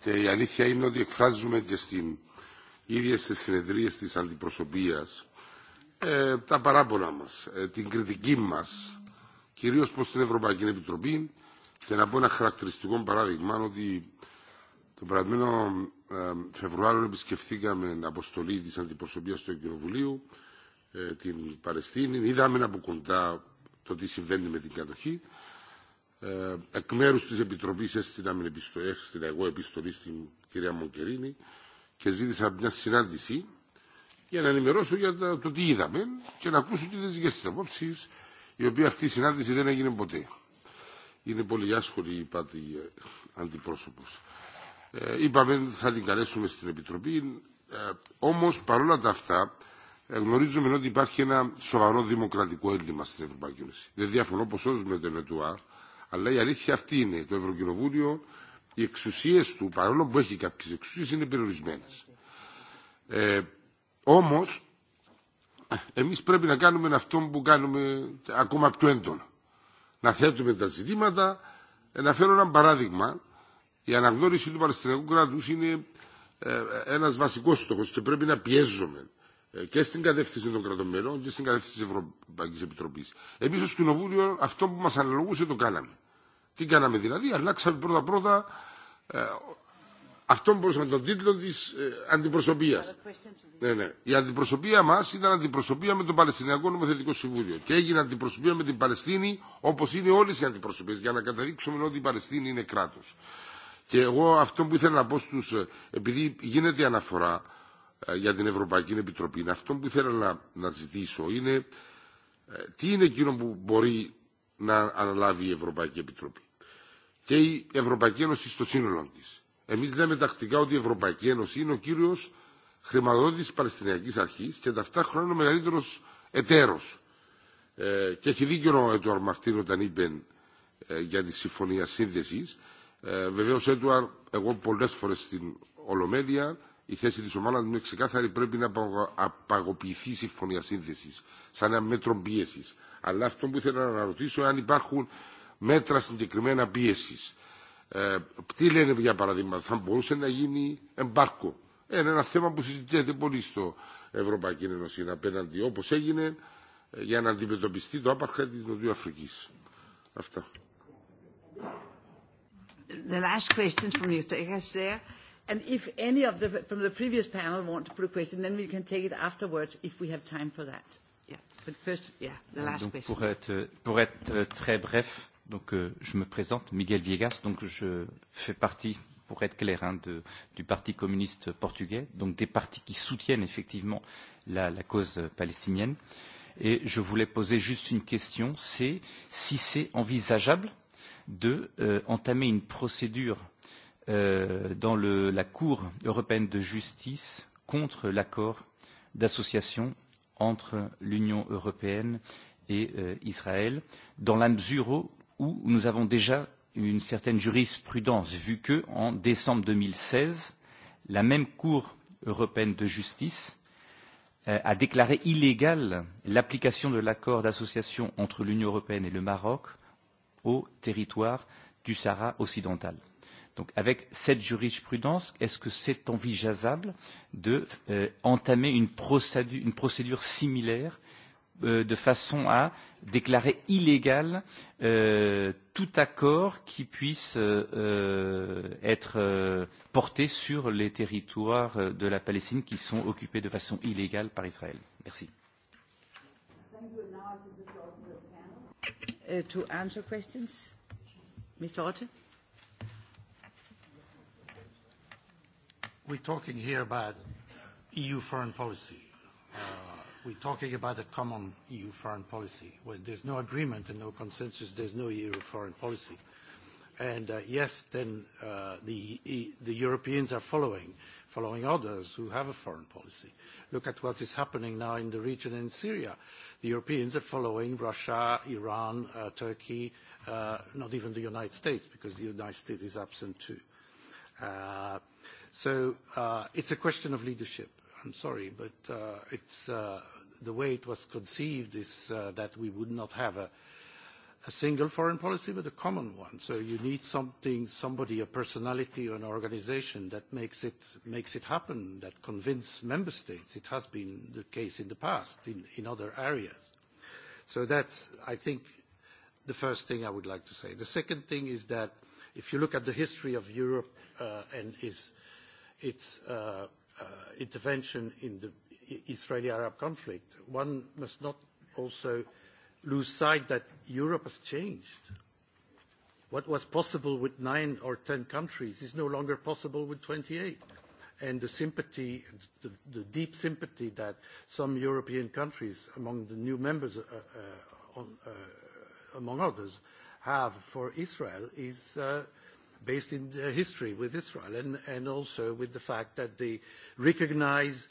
Και η αλήθεια είναι ότι εκφράζουμε και στην ίδια στι συνεδρίε τη αντιπροσωπεία ε, τα παράπονα μα, ε, την κριτική μα, κυρίω προ την Ευρωπαϊκή Επιτροπή. Και να πω ένα χαρακτηριστικό παράδειγμα ότι το περασμένο Φεβρουάριο επισκεφθήκαμε αποστολή της αντιπροσωπείας του Κοινοβουλίου, την Παλαιστίνη. Είδαμε από κοντά το τι συμβαίνει με την κατοχή. Εκ μέρους της Επιτροπής έστειλα εγώ επιστολή στην κυρία Μονκερίνη και ζήτησα μια συνάντηση για να ενημερώσω για το τι είδαμε και να ακούσω και τις δικές της απόψεις, η οποία αυτή η συνάντηση δεν έγινε ποτέ. Είναι πολύ άσχολη, πάτη αντιπρόσωπος. Είπαμε θα την καλέσουμε στην Επιτροπή, όμως παρόλα τα αυτά γνωρίζουμε ότι υπάρχει ένα σοβαρό δημοκρατικό έλλειμμα στην Ευρωπαϊκή Ένωση. Δεν διαφωνώ ποσό με τον ΕΤΟΑ, αλλά η αλήθεια αυτή είναι. Το Ευρωκοινοβούλιο, οι εξουσίε του, παρόλο που έχει κάποιε εξουσίε, είναι περιορισμένε. Ε, Όμω, εμεί πρέπει να κάνουμε αυτό που κάνουμε ακόμα πιο έντονο. Να θέτουμε τα ζητήματα. Ε, να φέρω ένα παράδειγμα. Η αναγνώριση του Παλαιστινιακού κράτου είναι ένα βασικό στόχο και πρέπει να πιέζουμε και στην κατεύθυνση των κρατών και στην κατεύθυνση τη Ευρωπαϊκή Επιτροπή. Εμεί το Κοινοβούλιο αυτό που μα αναλογούσε το κάναμε. Τι κάναμε δηλαδή, αλλάξαμε πρώτα-πρώτα αυτό που μπορούσαμε τον τίτλο τη ε, αντιπροσωπεία. Ναι, ναι. Η αντιπροσωπεία μα ήταν αντιπροσωπεία με το Παλαιστινιακό Νομοθετικό Συμβούλιο. Και έγινε αντιπροσωπεία με την Παλαιστίνη, όπω είναι όλε οι αντιπροσωπείε, για να καταδείξουμε ότι η Παλαιστίνη είναι κράτο. Και εγώ αυτό που ήθελα να πω στου, επειδή γίνεται αναφορά για την Ευρωπαϊκή Επιτροπή, αυτό που ήθελα να, να ζητήσω είναι τι είναι εκείνο που μπορεί να αναλάβει η Ευρωπαϊκή Επιτροπή και η Ευρωπαϊκή Ένωση στο σύνολο τη. Εμεί λέμε τακτικά ότι η Ευρωπαϊκή Ένωση είναι ο κύριο χρηματοδότη τη Παλαιστινιακή Αρχή και ταυτόχρονα ο μεγαλύτερο εταίρο. και έχει δίκιο ο Ετουαρ Μαρτίν όταν είπε για τη συμφωνία σύνδεση Βεβαίω Έντουαρ, εγώ πολλέ φορέ στην Ολομέλεια η θέση τη ομάδα μου είναι ξεκάθαρη πρέπει να απαγοποιηθεί η συμφωνία σύνδεση σαν ένα μέτρο πίεση. Αλλά αυτό που ήθελα να αναρωτήσω αν υπάρχουν μέτρα συγκεκριμένα πίεση. Ε, τι λένε για παράδειγμα, θα μπορούσε να γίνει εμπάρκο. Ε, είναι ένα θέμα που συζητιέται πολύ στο Ευρωπαϊκή Ένωση απέναντι όπω έγινε για να αντιμετωπιστεί το άπαρχα τη Νοτιού Αφρική. Αυτά
the last question from Nils there. if any of the from the previous panel want to put a question, then we can take it afterwards if we have time for that. Yeah. first, yeah, the last question. Pour
être, pour être euh, très bref, donc, euh, je me présente, Miguel Viegas, donc je fais partie, pour être clair, hein, du Parti communiste portugais, donc des partis qui soutiennent effectivement la, cause palestinienne. Et je voulais poser juste une question, c'est si c'est envisageable, de euh, entamer une procédure euh, dans la Cour européenne de justice contre l'accord d'association entre l'Union européenne et euh, Israël, dans la mesure où nous avons déjà une certaine jurisprudence, vu que, en décembre 2016, la même Cour européenne de justice a déclaré illégale l'application de l'accord d'association entre l'Union européenne et le Maroc au territoire du Sahara occidental. Donc avec cette jurisprudence, est-ce que c'est envisageable d'entamer de, euh, une, procédure, une procédure similaire euh, de façon à déclarer illégal euh, tout accord qui puisse euh, euh être euh, porté sur les territoires de la Palestine qui sont occupés de façon illégale par Israël Merci.
Uh, to answer questions? Mr. Otte? We're talking here about EU foreign policy. Uh, we're talking about a common EU foreign policy. When there's no agreement and no consensus, there's no EU foreign policy. And uh, yes, then uh, the, e, the Europeans are following, following others who have a foreign policy. Look at what is happening now in the region in Syria. The Europeans are following Russia, Iran, uh, Turkey, uh, not even the United States, because the United States is absent too. So it's a question of leadership. I'm sorry, but it's the way it was conceived is that we would not have a a single foreign policy, but a common one. So you need something, somebody, a personality or an organization that makes it, makes it happen, that convince member states. It has been the case in the past in, in other areas. So that's, I think, the first thing I would like to say. The second thing is that if you look at the history of Europe uh, and is, its uh, uh, intervention in the Israeli-Arab conflict, one must not also lose sight that Europe has changed. What was possible with nine or ten countries is no longer possible with 28. And the sympathy, the, the deep sympathy that some European countries, among the new members, uh, uh, uh among others, have for Israel is uh, based in their history with Israel and, and also with the fact that they recognize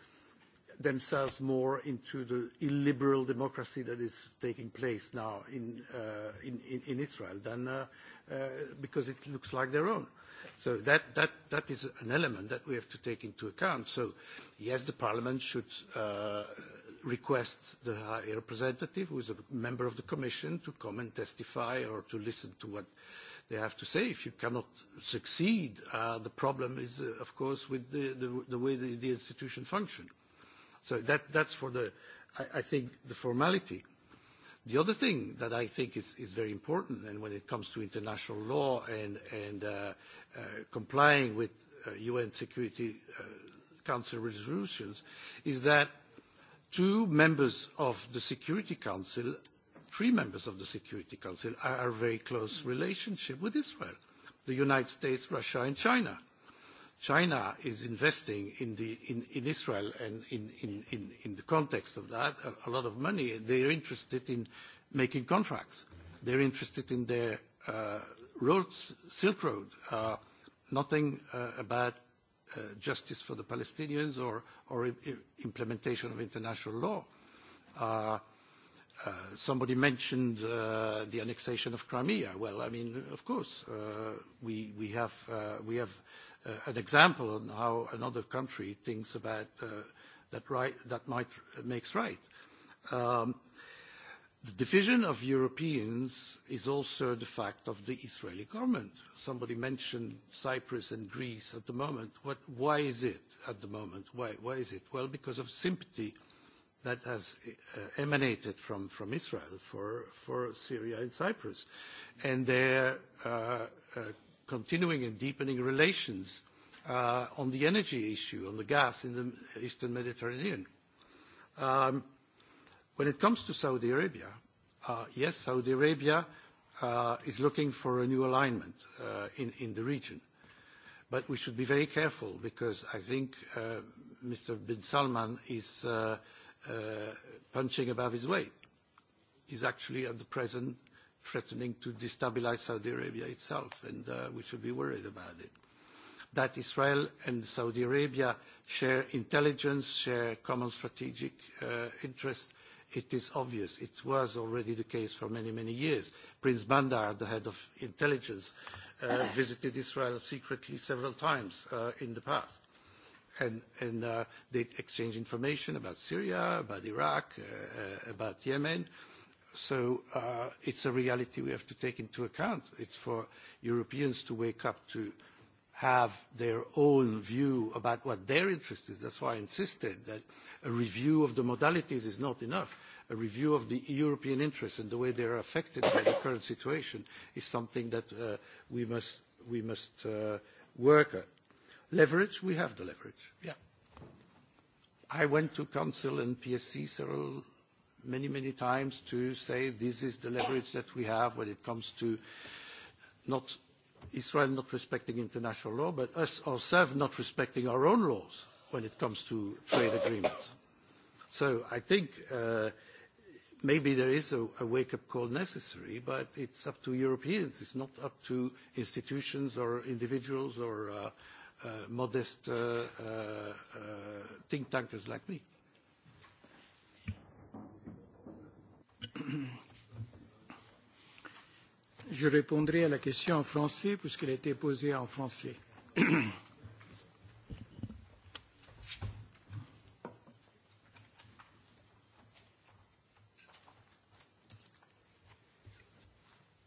themselves more into the illiberal democracy that is taking place now in, uh, in, Israel than uh, uh, because it looks like their own. So that, that, that is an element that we have to take into account. So yes, the parliament should request the high representative, who is a member of the commission, to come and testify or to listen to what they have to say. If you cannot succeed, the problem is, of course, with the, the, way the institution functions. So that, that's for the, I, I think, the formality. The other thing that I think is, is very important, and when it comes to international law and, and uh, uh complying with uh, UN Security uh, Council resolutions, is that two members of the Security Council, three members of the Security Council, are a very close relationship with Israel, the United States, Russia, and China. China is investing in, the, in, in Israel and in, in, in, the context of that, a, lot of money. They're interested in making contracts. They're interested in their uh, roads, Silk Road. Uh, nothing uh, about uh, justice for the Palestinians or, or implementation of international law. Uh, uh, somebody mentioned the annexation of Crimea. Well, I mean, of course, we, we have, we have Uh, an example on how another country thinks about uh, that that might makes right. Um, the division of Europeans is also the fact of the Israeli government. Somebody mentioned Cyprus and Greece at the moment. why is it at the moment? Why, is it? Well, because of sympathy that has uh, emanated from, Israel for, Syria and Cyprus. And their continuing and deepening relations uh, on the energy issue, on the gas in the Eastern Mediterranean. Um, when it comes to Saudi Arabia, uh, yes, Saudi Arabia uh, is looking for a new alignment uh, in, in the region. But we should be very careful because I think uh, Mr. bin Salman is uh, punching above his weight. He's actually at the present threatening to destabilize Saudi Arabia itself, and uh, we should be worried about it. That Israel and Saudi Arabia share intelligence, share common strategic uh, interests, it is obvious. It was already the case for many, many years. Prince Bandar, the head of intelligence, uh, *coughs* visited Israel secretly several times uh, in the past. And, and they exchanged information about Syria, about Iraq, about Yemen. So uh, it's a reality we have to take into account. It's for Europeans to wake up to have their own view about what their interest is. That's why I insisted that a review of the modalities is not enough. A review of the European interests and the way they are affected by the current situation is something that uh, we must, we must uh, work on. Leverage, we have the leverage. Yeah. I went to Council and PSC several many, many times to say this is the leverage that we have when it comes to not Israel not respecting international law, but us ourselves not respecting our own laws when it comes to trade agreements. So I think uh, maybe there is a, wake-up call necessary, but it's up to Europeans. It's not up to institutions or individuals or uh, uh, modest
think tankers like me. Je répondrai à la question en français puisqu'elle a été posée en français.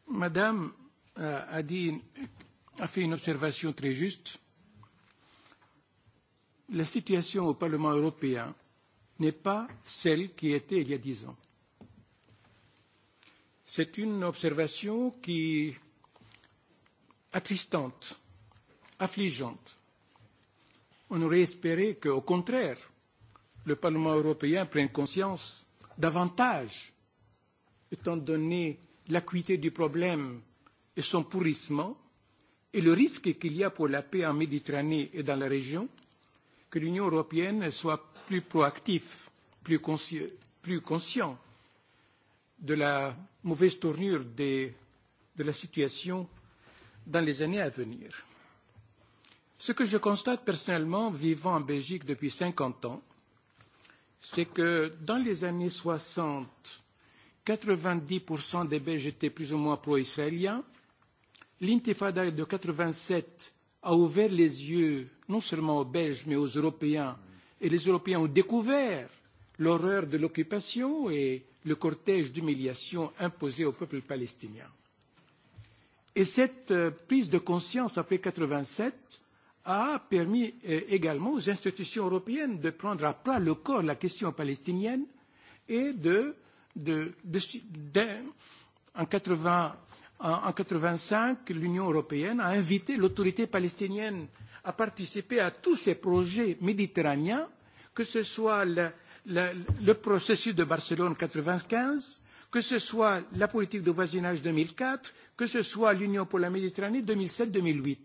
Madame euh, a, dit, a fait une observation très juste. La situation au Parlement européen n'est pas celle qui était il y a dix ans. C'est une observation qui est attristante, affligeante. On aurait espéré qu'au contraire, le Parlement européen prenne conscience davantage, étant donné l'acuité du problème et son pourrissement, et le risque qu'il y a pour la paix en Méditerranée et dans la région, que l'Union européenne soit plus proactive, plus, consci plus consciente de la mauvaise tournure des, de la situation dans les années à venir. Ce que je constate personnellement, vivant en Belgique depuis 50 ans, c'est que dans les années 60, 90% des Belges étaient plus ou moins pro-israéliens. L'intifada de 87 a ouvert les yeux non seulement aux Belges, mais aux Européens. Et les Européens ont découvert l'horreur de l'occupation et le cortège d'humiliation imposé au peuple palestinien. Et cette euh, prise de conscience après 87 a permis euh, également aux institutions européennes de prendre à plat le corps la question palestinienne et de, de, de, de en 80, en 85, l'Union européenne a invité l'autorité palestinienne à participer à tous ces projets méditerranéens, que ce soit la, le, processus de Barcelone 95, que ce soit la politique de voisinage 2004, que ce soit l'Union pour la Méditerranée 2007-2008.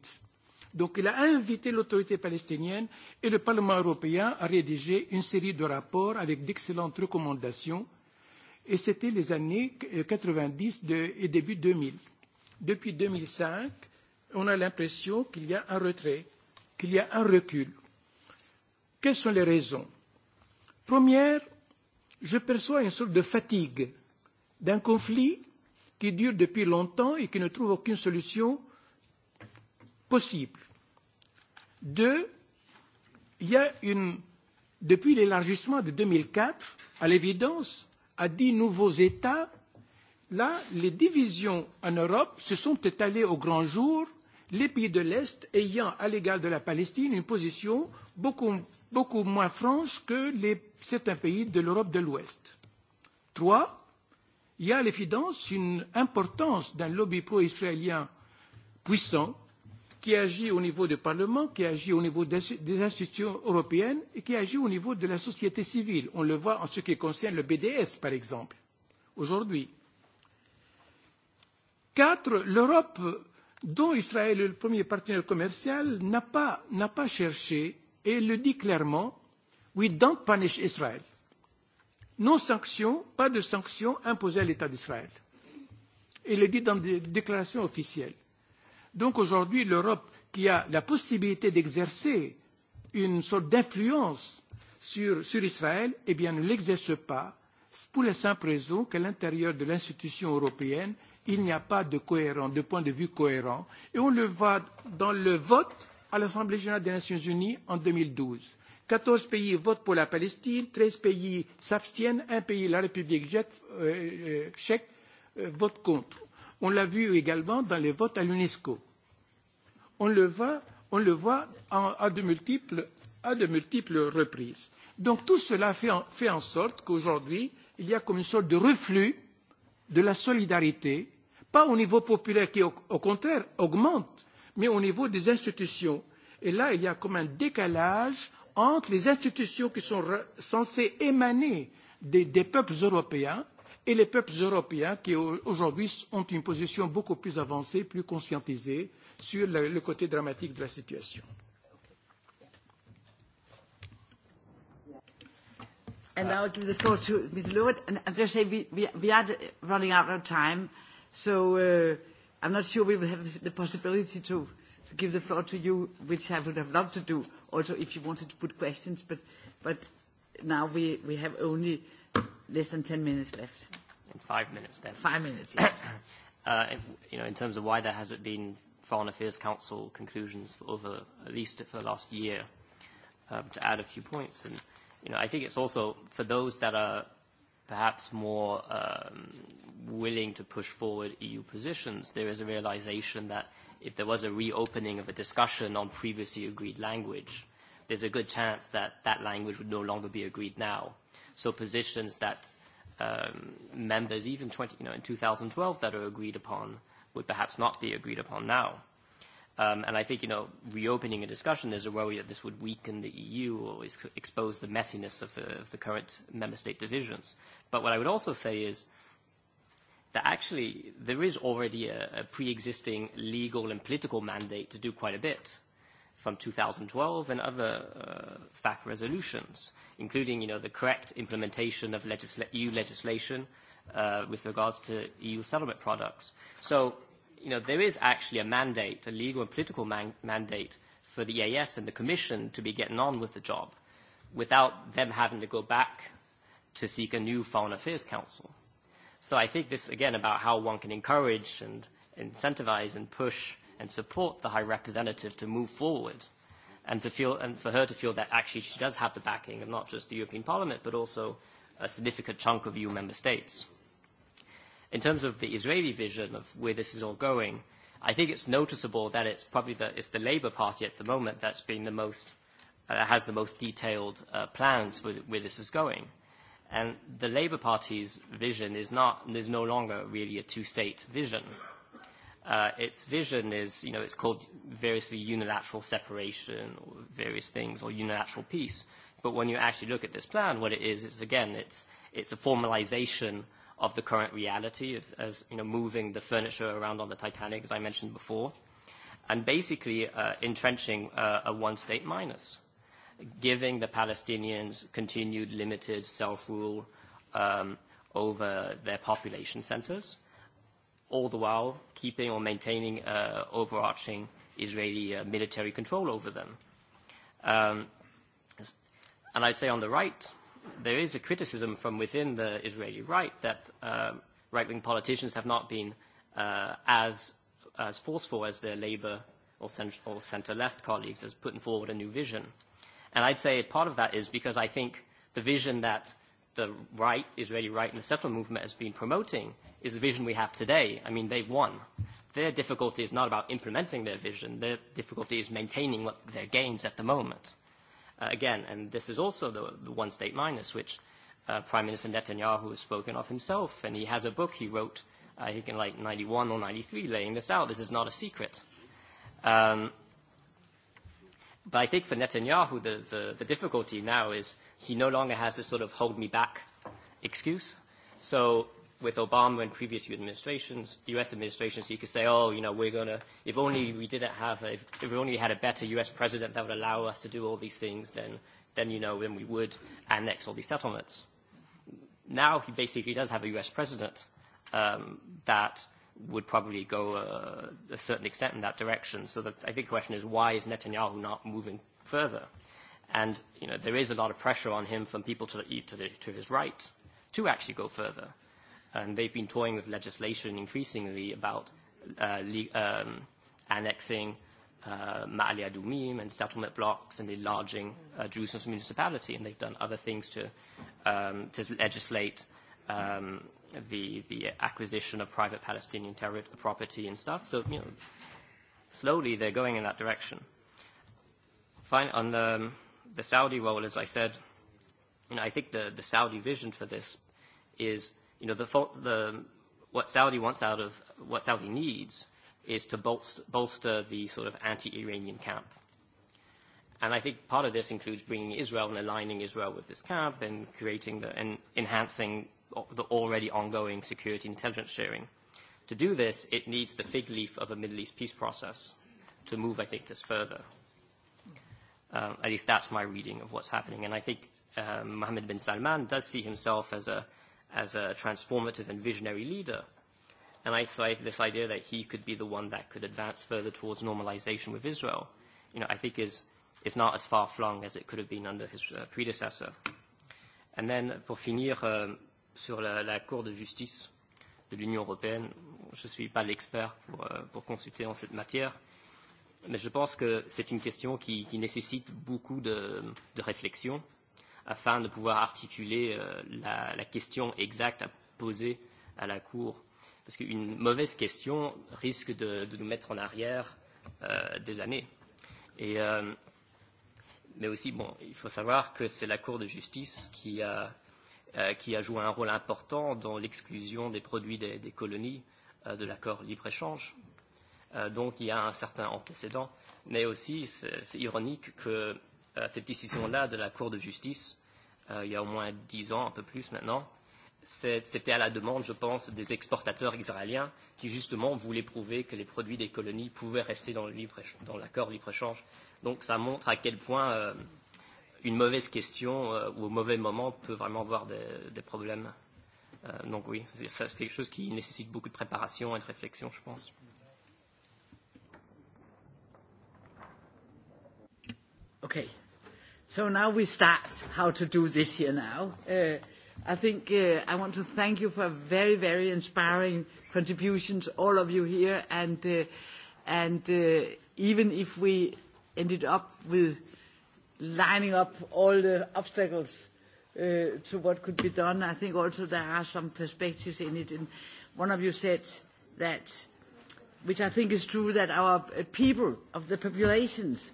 Donc il a invité l'autorité palestinienne et le Parlement européen à rédiger une série de rapports avec d'excellentes recommandations. Et c'était les années 90 dix et début 2000. Depuis 2005, on a l'impression qu'il y a un retrait, qu'il y a un recul. Quelles sont les raisons Première, je perçois une sorte de fatigue d'un conflit qui dure depuis longtemps et qui ne trouve aucune solution possible. Deux, il y a une, depuis l'élargissement de 2004, à l'évidence, à dix nouveaux États, là, les divisions en Europe se sont étalées au grand jour, les pays de l'Est ayant à l'égard de la Palestine une position beaucoup, beaucoup moins franche que les certains pays de l'Europe de l'Ouest. Trois, il y a à l'évidence une importance d'un lobby pro-israélien puissant qui agit au niveau du Parlement, qui agit au niveau des institutions européennes et qui agit au niveau de la société civile. On le voit en ce qui concerne le BDS, par exemple, aujourd'hui. Quatre, l'Europe, dont Israël est le premier partenaire commercial, n'a pas, pas cherché, et le dit clairement, We don't punish Israel. No sanctions, pas de sanctions imposées à l'État d'Israël. Il est dit dans des déclarations officielles. Donc aujourd'hui, l'Europe, qui a la possibilité d'exercer une sorte d'influence sur, sur Israël, eh bien, ne l'exerce pas pour la simple raison qu'à l'intérieur de l'institution européenne, il n'y a pas de cohérent, de point de vue cohérent. Et on le voit dans le vote à l'Assemblée générale des Nations unies en 2012 14 pays votent pour la Palestine, 13 pays s'abstiennent, un pays, la République tchèque, euh, euh, vote contre. On l'a vu également dans les votes à l'UNESCO. On le voit, on le voit en, à, de multiples, de multiples reprises. Donc tout cela fait en, fait en sorte qu'aujourd'hui, il y a comme une sorte de reflux de la solidarité, pas au niveau populaire qui au contraire augmente, mais au niveau des institutions. Et là, il y a comme un décalage entre les institutions qui sont censées émaner des, des peuples européens et les peuples européens qui aujourd'hui ont une position beaucoup plus avancée, plus conscientisée sur le, le côté dramatique de la situation. And now I'll give the floor to Mr. Lord. And as I say, we, we, we are
running out of time, so uh, I'm not sure we will have the possibility to give the floor to you, which I would have loved to do, also if you wanted to put questions, but, now we, have only less than 10 minutes left.
In five minutes then. Five minutes, *coughs* yeah. Uh, you know, in terms of why there hasn't been Foreign Affairs Council conclusions for over, at least for the last year, um, to add a few points. And, you know, I think it's also for those that are perhaps more um, willing to push forward EU positions, there is a realization that – if there was a reopening of a discussion on previously agreed language, there's a good chance that that language would no longer be agreed now. So positions that um, members, even 20, you know, in 2012, that are agreed upon would perhaps not be agreed upon now. Um, and I think, you know, reopening a discussion, there's a worry that this would weaken the EU or expose the messiness of the, of the current member state divisions. But what I would also say is that actually there is already a, a pre-existing legal and political mandate to do quite a bit from 2012 and other uh, FAC resolutions, including you know, the correct implementation of EU e legislation uh, with regards to EU settlement products. So you know, there is actually a mandate, a legal and political mandate for the EAS and the Commission to be getting on with the job without them having to go back to seek a new Foreign Affairs Council. So I think this, again, about how one can encourage and incentivize and push and support the High Representative to move forward and, to feel, and for her to feel that actually she does have the backing of not just the European Parliament, but also a significant chunk of EU member states. In terms of the Israeli vision of where this is all going, I think it's noticeable that it's probably the, it's the Labour Party at the moment that's been the most, uh, has the most detailed uh, plans for where this is going And the Labour Party's vision is not is no longer really a two-state vision. Uh, its vision is, you know, it's called variously unilateral separation or various things or unilateral peace. But when you actually look at this plan, what it is, it's again, it's, it's a formalization of the current reality of, as, you know, moving the furniture around on the Titanic, as I mentioned before, and basically uh, entrenching uh, a one-state minus giving the Palestinians continued limited self-rule um, over their population centers, all the while keeping or maintaining uh, overarching Israeli uh, military control over them. Um, and I'd say on the right, there is a criticism from within the Israeli right that uh, right-wing politicians have not been uh, as, as forceful as their labor or, cent or center-left colleagues as putting forward a new vision. And I'd say part of that is because I think the vision that the right, Israeli right and the settler movement has been promoting is the vision we have today. I mean, they've won. Their difficulty is not about implementing their vision. Their difficulty is maintaining what their gains at the moment. Uh, again, and this is also the, the one state minus, which uh, Prime Minister Netanyahu has spoken of himself, and he has a book he wrote, uh, I think in like 91 or 93, laying this out. This is not a secret. Um, But I think for Netanyahu, the, the, the difficulty now is he no longer has this sort of hold me back excuse. So with Obama and previous administrations, U.S. administrations, he could say, oh, you know, we're going to, if only we didn't have, a, if we only had a better U.S. president that would allow us to do all these things, then, then you know, then we would annex all these settlements. Now he basically does have a U.S. president um, that would probably go uh, a certain extent in that direction. So that I think the question is, why is Netanyahu not moving further? And you know, there is a lot of pressure on him from people to, the, e, to, the, to his right to actually go further. And they've been toying with legislation increasingly about uh, um, annexing uh, Ma'ali Adumim and settlement blocks and enlarging uh, Jerusalem's municipality. And they've done other things to, um, to legislate – um, the, the acquisition of private Palestinian terri- property and stuff. So, you know, slowly they're going in that direction. Fine, on the, um, the Saudi role, as I said, you know, I think the, the Saudi vision for this is, you know, the, the, what Saudi wants out of, what Saudi needs is to bolster, bolster the sort of anti-Iranian camp. And I think part of this includes bringing Israel and aligning Israel with this camp and creating the, and enhancing the already ongoing security intelligence sharing. To do this, it needs the fig leaf of a Middle East peace process to move, I think, this further. Um, at least that's my reading of what's happening. And I think um, Mohammed bin Salman does see himself as a, as a transformative and visionary leader. And I think this idea that he could be the one that could advance further towards normalization with Israel, you know, I think is, is not as far-flung as it could have been under his uh, predecessor. And then, for finir, uh, um, sur la, la Cour de justice de l'Union européenne. Je ne suis pas l'expert pour, euh, pour consulter en cette matière, mais je pense que c'est une question qui, qui nécessite beaucoup de, de réflexion afin de pouvoir articuler euh, la, la question exacte à poser à la Cour. Parce qu'une mauvaise question risque de, de nous mettre en arrière euh, des années. Et, euh, mais aussi, bon, il faut savoir que c'est la Cour de justice qui a Euh, qui a joué un rôle important dans l'exclusion des produits des, des colonies euh, de l'accord libre-échange. Euh, donc il y a un certain antécédent, mais aussi c'est ironique que cette décision-là de la Cour de justice, il y a au moins dix ans, un peu plus maintenant, c'était à la demande, je pense, des exportateurs israéliens qui justement voulaient prouver que les produits des colonies pouvaient rester dans l'accord libre, libre-échange. Donc ça montre à quel point une mauvaise question euh, ou au mauvais moment peut vraiment avoir des, des problèmes. Euh, donc oui, c'est quelque chose qui nécessite beaucoup de préparation et de réflexion, je pense. OK.
So now we start how to do this here now. Uh, I think uh, I want to thank you for very, very inspiring contributions, all of you here. And, uh, and uh even if we ended up with lining up all the obstacles uh, to what could be done. I think also there are some perspectives in it. And one of you said that, which I think is true, that our uh, people of the populations,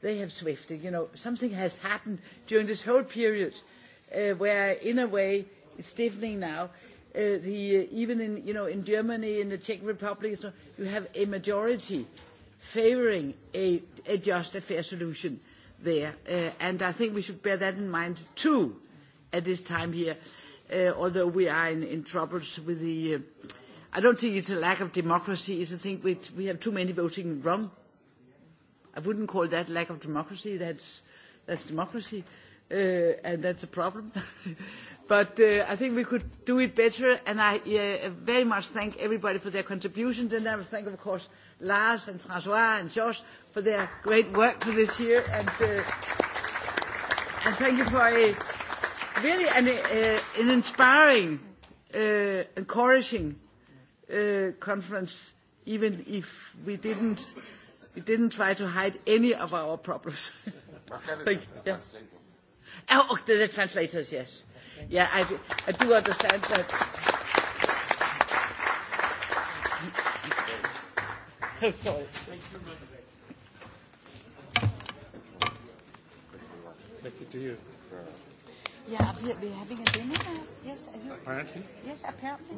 they have swifted. You know, something has happened during this whole period uh, where, in a way, it's stiffening now. the, even in, you know, in Germany, in the Czech Republic, you have a majority favoring a, just, and fair solution there. Uh, and I think we should bear that in mind too at this time here, uh, although we are in, in troubles with the... Uh, I don't think it's a lack of democracy. It's a thing which we have too many voting wrong. I wouldn't call that lack of democracy. That's, that's democracy, and that's a problem. *laughs* But uh, I think we could do it better, and I uh, very much thank everybody for their contributions, and I thank, of course, Lars and Francois and Josh for their great work for this year, and, uh, and thank you for a really an, uh, an inspiring, uh, encouraging uh, conference, even if we didn't, we didn't try to hide any of our problems.
*laughs* thank you.
Oh, oh, the translators, yes yeah, I do, I do understand that. Sorry.
Thank you to you. Yeah, we're having a dinner. Yes, are you? Apparently. Yes, apparently.